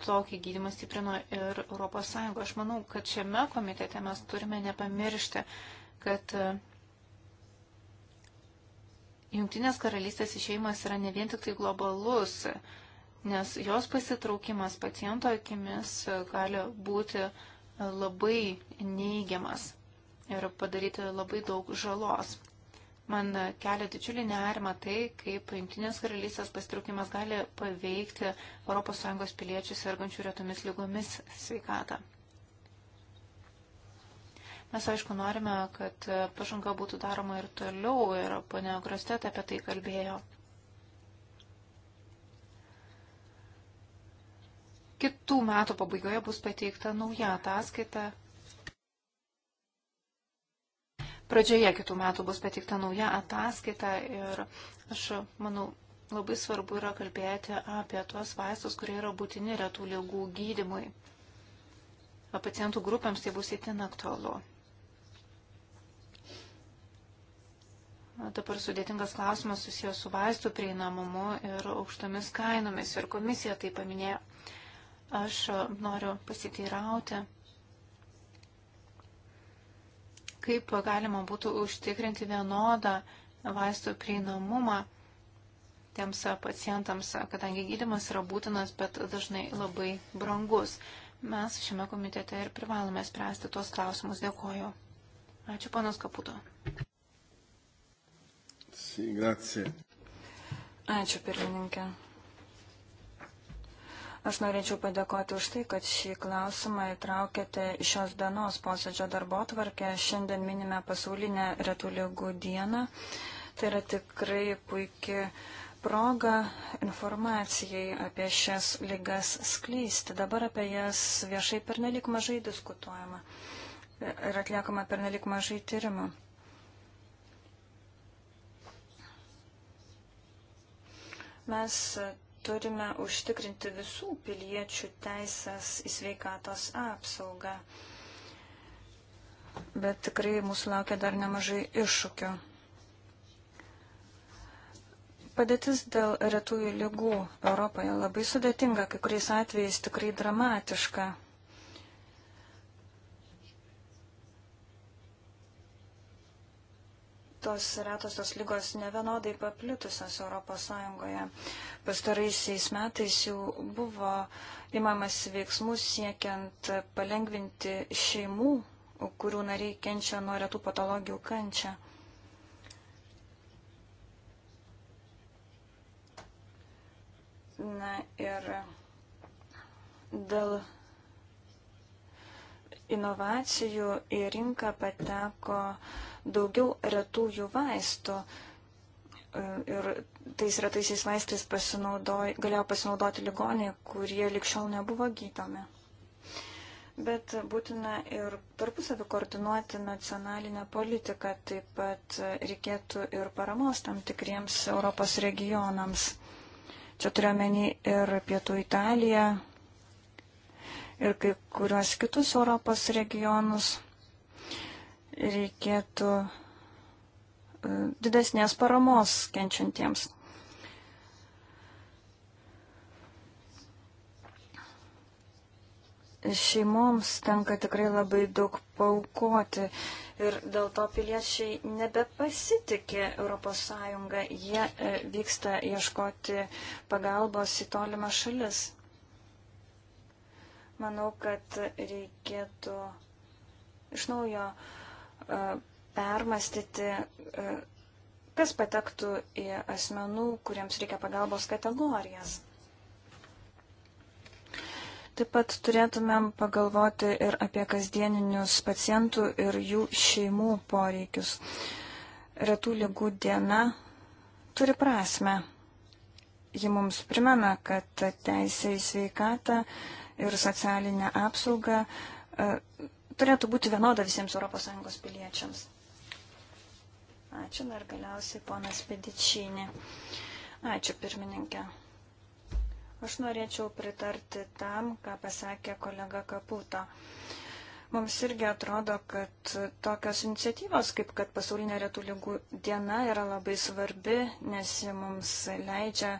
Tokį gydimą stiprino ir ES. Aš manau, kad šiame komitete mes turime nepamiršti, kad e, Jungtinės karalystės išeimas yra ne vien tik tai globalus nes jos pasitraukimas paciento akimis gali būti labai neigiamas ir padaryti labai daug žalos. Man kelia didžiulį nerimą tai, kaip Junktinės karalystės pasitraukimas gali paveikti ES piliečių sergančių retomis lygomis sveikatą. Mes aišku norime, kad pažanga būtų daroma ir toliau ir ponia Grostet apie tai kalbėjo. Kitų metų pabaigoje bus pateikta nauja ataskaita. Pradžioje kitų metų bus pateikta nauja ataskaita ir aš manau, labai svarbu yra kalbėti apie tuos vaistus, kurie yra būtini retų lygų gydimui. O pacientų grupėms tai bus įtin aktualu. Dabar sudėtingas klausimas susijęs su vaistų prieinamumu ir aukštomis kainomis ir komisija tai paminėjo. Aš noriu pasiteirauti, kaip galima būtų užtikrinti vienodą vaistų prieinamumą tiems pacientams, kadangi gydimas yra būtinas, bet dažnai labai brangus. Mes šiame komitete ir privalome spręsti tuos klausimus. Dėkoju. Ačiū, panas Kaputo. Sì, grazie. Ačiū, pirmininkė. Aš norėčiau padėkoti už tai, kad šį klausimą įtraukėte šios dienos posėdžio darbo tvarkę. Šiandien minime pasaulinę retų lygų dieną. Tai yra tikrai puikia proga informacijai apie šias lygas skleisti. Dabar apie jas viešai pernelik mažai diskutuojama ir atliekama pernelik mažai tyrimų. Mes turime užtikrinti visų piliečių teisės į sveikatos apsaugą. Bet tikrai mūsų laukia dar nemažai iššūkių. Padėtis dėl retųjų lygų Europoje labai sudėtinga, kai kuriais atvejais tikrai dramatiška. tos retosios lygos nevienodai paplitusios ES. Pastaraisiais metais jau buvo imamas veiksmų siekiant palengvinti šeimų, kurių nariai kenčia nuo retų patologijų kančią. Na ir dėl inovacijų į rinką pateko uh, daugiau retųjų vaistų. Ir tais retaisiais vaistais pasinaudoj, galėjo pasinaudoti ligoniai, kurie likščiau nebuvo gydomi. Bet būtina ir tarpusavį koordinuoti nacionalinę politiką, taip pat reikėtų ir paramos tam tikriems Europos regionams. Čia turiuomenį ir Pietų Italiją, ir kai kuriuos kitus Europos regionus reikėtų e, didesnės paramos kenčiantiems. Šeimoms tenka tikrai labai daug paukoti ir dėl to piliečiai nebepasitikė ES. Jie e, vyksta ieškoti pagalbos į tolimą šalis. Manau, kad reikėtų iš naujo uh, permastyti, kas patektų į asmenų, kuriems reikia pagalbos kategorijas. Taip pat turėtumėm pagalvoti ir apie kasdieninius pacientų ir jų šeimų poreikius. Retų lygų diena turi prasme. Ji mums primena, kad teisė į sveikatą ir socialinę apsaugą turėtų būti vienoda visiems ES piliečiams. Ačiū dar galiausiai ponas Pedičinė. Ačiū pirmininkė. Aš norėčiau pritarti tam, ką pasakė kolega Kaputo. Uh, Mums irgi atrodo, kad tokios iniciatyvos, kaip kad pasaulinė retų lygų diena, yra labai svarbi, nes ji mums leidžia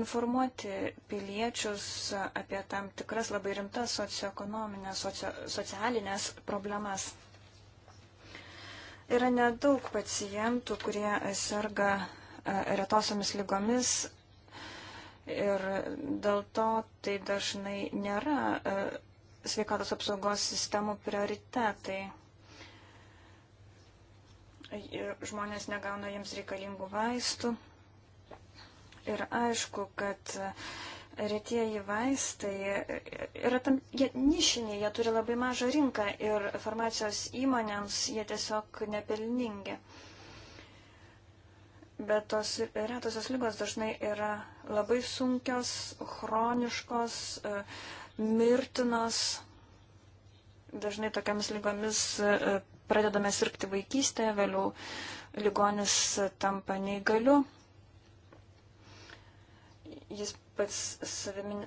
informuoti piliečius apie tam tikras labai rimtas socioekonominės, socio, socialinės problemas. Yra nedaug pacientų, kurie serga e, retosiomis lygomis ir dėl to tai dažnai nėra e, sveikatos apsaugos sistemų prioritetai. Žmonės negauna jiems reikalingų vaistų. Ir aišku, kad retieji vaistai yra tam, jie nišiniai, jie turi labai mažą rinką ir farmacijos įmonėms jie tiesiog nepelningi. Bet tos retosios lygos dažnai yra labai sunkios, chroniškos, uh, mirtinos. Dažnai tokiamis lygomis e, pradedame sirgti vaikystėje, vėliau ligonis tampa neįgaliu. Jis pats savimi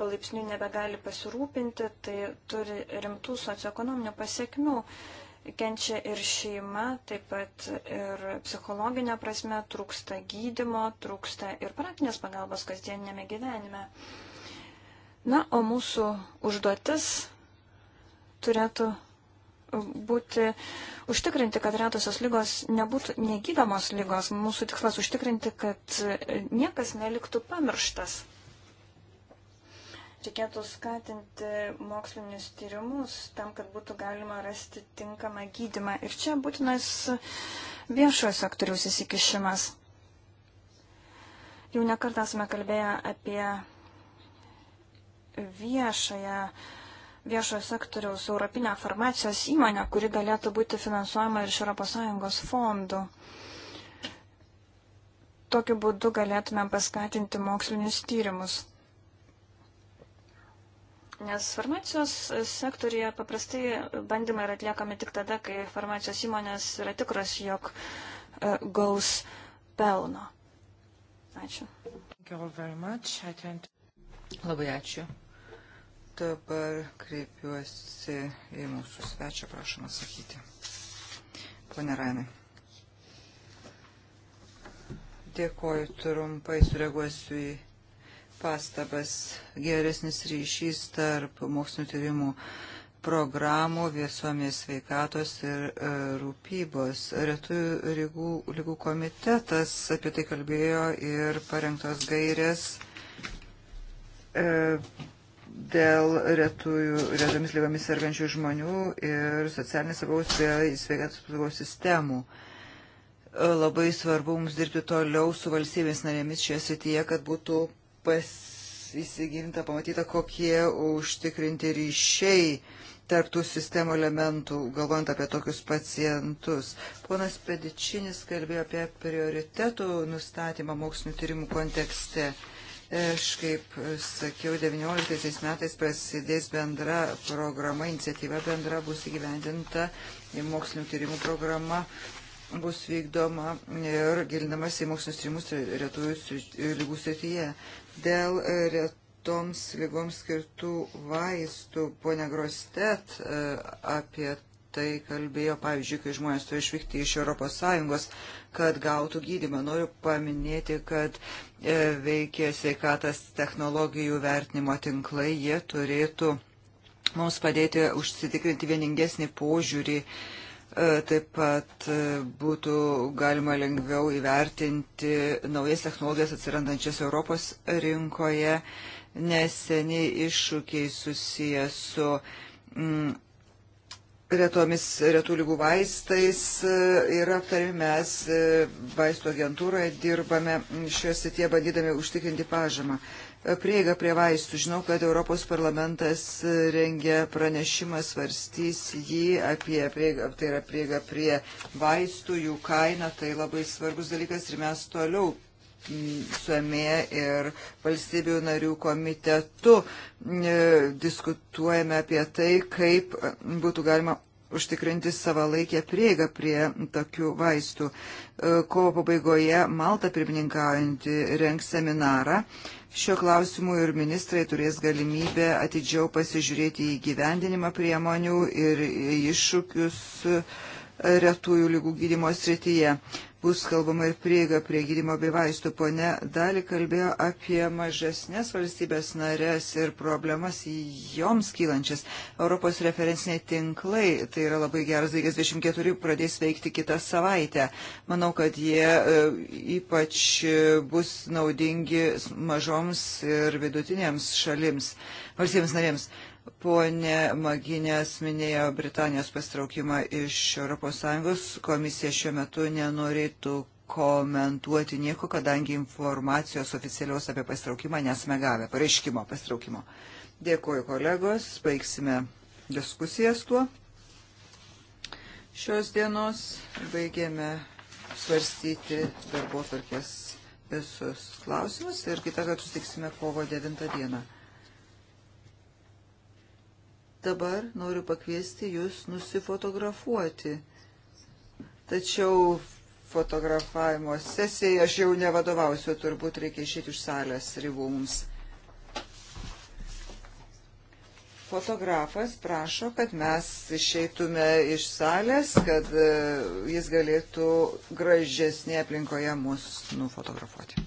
palaipsniui nebegali pasirūpinti, tai turi rimtų socioekonominių pasiekmių. Kenčia ir šeima, taip pat ir psichologinė prasme, trūksta gydimo, trūksta ir praktinės pagalbos kasdieninėme gyvenime. Uh, Na, o mūsų užduotis turėtų būti užtikrinti, kad retosios lygos nebūtų negydomos lygos. Mūsų tikslas užtikrinti, kad niekas neliktų pamirštas. Reikėtų skatinti mokslinius tyrimus tam, kad būtų galima rasti tinkamą gydimą. Ir čia būtinas viešojo sektoriaus įsikišimas. Jau nekart esame kalbėję apie viešąją, viešojo sektoriaus europinę farmacijos įmonę, kuri galėtų būti finansuojama ir iš ES fondų. Tokiu būdu galėtumėm paskatinti mokslinius tyrimus. Nes farmacijos sektorija paprastai bandymai yra atliekami tik tada, kai farmacijos įmonės yra tikros, jog e, gaus pelno. Ačiū. Labai ačiū. Dabar kreipiuosi į mūsų svečią, prašom atsakyti. Pone Rainai. Dėkoju, trumpai sureaguosiu į pastabas geresnis ryšys tarp mokslinio tyrimų programų viesuomės sveikatos ir e, rūpybos. Retų lygų, lygų komitetas apie tai kalbėjo ir parengtos gairės. E, dėl retųjų, retomis lygomis sergančių žmonių ir socialinės apsaugos bei sveikatos apsaugos sistemų. Labai svarbu mums dirbti toliau su valstybės narėmis šioje srityje, kad būtų pas, įsigilinta, pamatyta, kokie užtikrinti ryšiai tarptų sistemų elementų, galvojant apie tokius pacientus. Ponas Pedičinis kalbėjo apie prioritetų nustatymą mokslinių tyrimų kontekste. Aš kaip sakiau, 19 metais prasidės bendra programa, iniciatyva bendra bus įgyvendinta, mokslinio tyrimų programa bus vykdoma ir gilinamas į mokslinius tyrimus retųjų lygų srityje. Dėl e, retoms lygoms skirtų vaistų, ponia Grostet e, apie tai kalbėjo, pavyzdžiui, kai žmonės turi išvykti iš ES, kad gautų gydimą. Noriu paminėti, kad e, veikia sveikatas technologijų vertinimo tinklai, jie turėtų mums padėti užsitikrinti vieningesnį požiūrį e, taip pat e, būtų galima lengviau įvertinti naujas technologijas atsirandančias Europos rinkoje, neseniai iššūkiai susijęs su mm, retomis retų lygų vaistais yra e, aptarimi. Mes e, vaisto agentūroje dirbame šioje srityje bandydami užtikrinti pažamą. E, prieiga prie vaistų. Žinau, kad Europos parlamentas rengia pranešimą, svarstys jį apie prieigą, tai yra prieiga prie vaistų, jų kaina, tai labai svarbus dalykas ir mes toliau Suomija ir valstybių narių komitetu e, diskutuojame apie tai, kaip būtų galima užtikrinti savalaikę prieigą prie tokių vaistų. E, kovo pabaigoje Malta pirmininkaujantį renks seminarą. Šio klausimu ir ministrai turės galimybę atidžiau pasižiūrėti į gyvendinimą priemonių ir iššūkius retųjų lygų gydimo srityje. Bus kalbama ir prieiga prie gydimo bei vaistų. Pone Dali kalbėjo apie mažesnės valstybės narės ir problemas joms kylančias. Europos referenciniai tinklai, tai yra labai geras dalykas, 24 pradės veikti kitą savaitę. Manau, kad jie e, ypač e, bus naudingi mažoms ir vidutinėms šalims, valstybėms narėms. Pone Maginės minėjo Britanijos pastraukimą iš ES. Komisija šiuo metu nenorėtų komentuoti nieko, kadangi informacijos oficialios apie pastraukimą nesame gavę. Pareiškimo pastraukimo. Dėkuoju kolegos. Baigsime diskusijas tuo. Šios dienos baigėme svarstyti darbo tvarkės visus klausimus ir kitą kartą susitiksime kovo 9 dieną. Dabar noriu pakviesti jūs nusifotografuoti. Tačiau fotografavimo sesijai aš jau nevadovausiu, turbūt reikia išėti iš salės ribų mums. Fotografas prašo, kad mes išeitume iš salės, kad e, jis galėtų gražesnė aplinkoje mus nufotografuoti.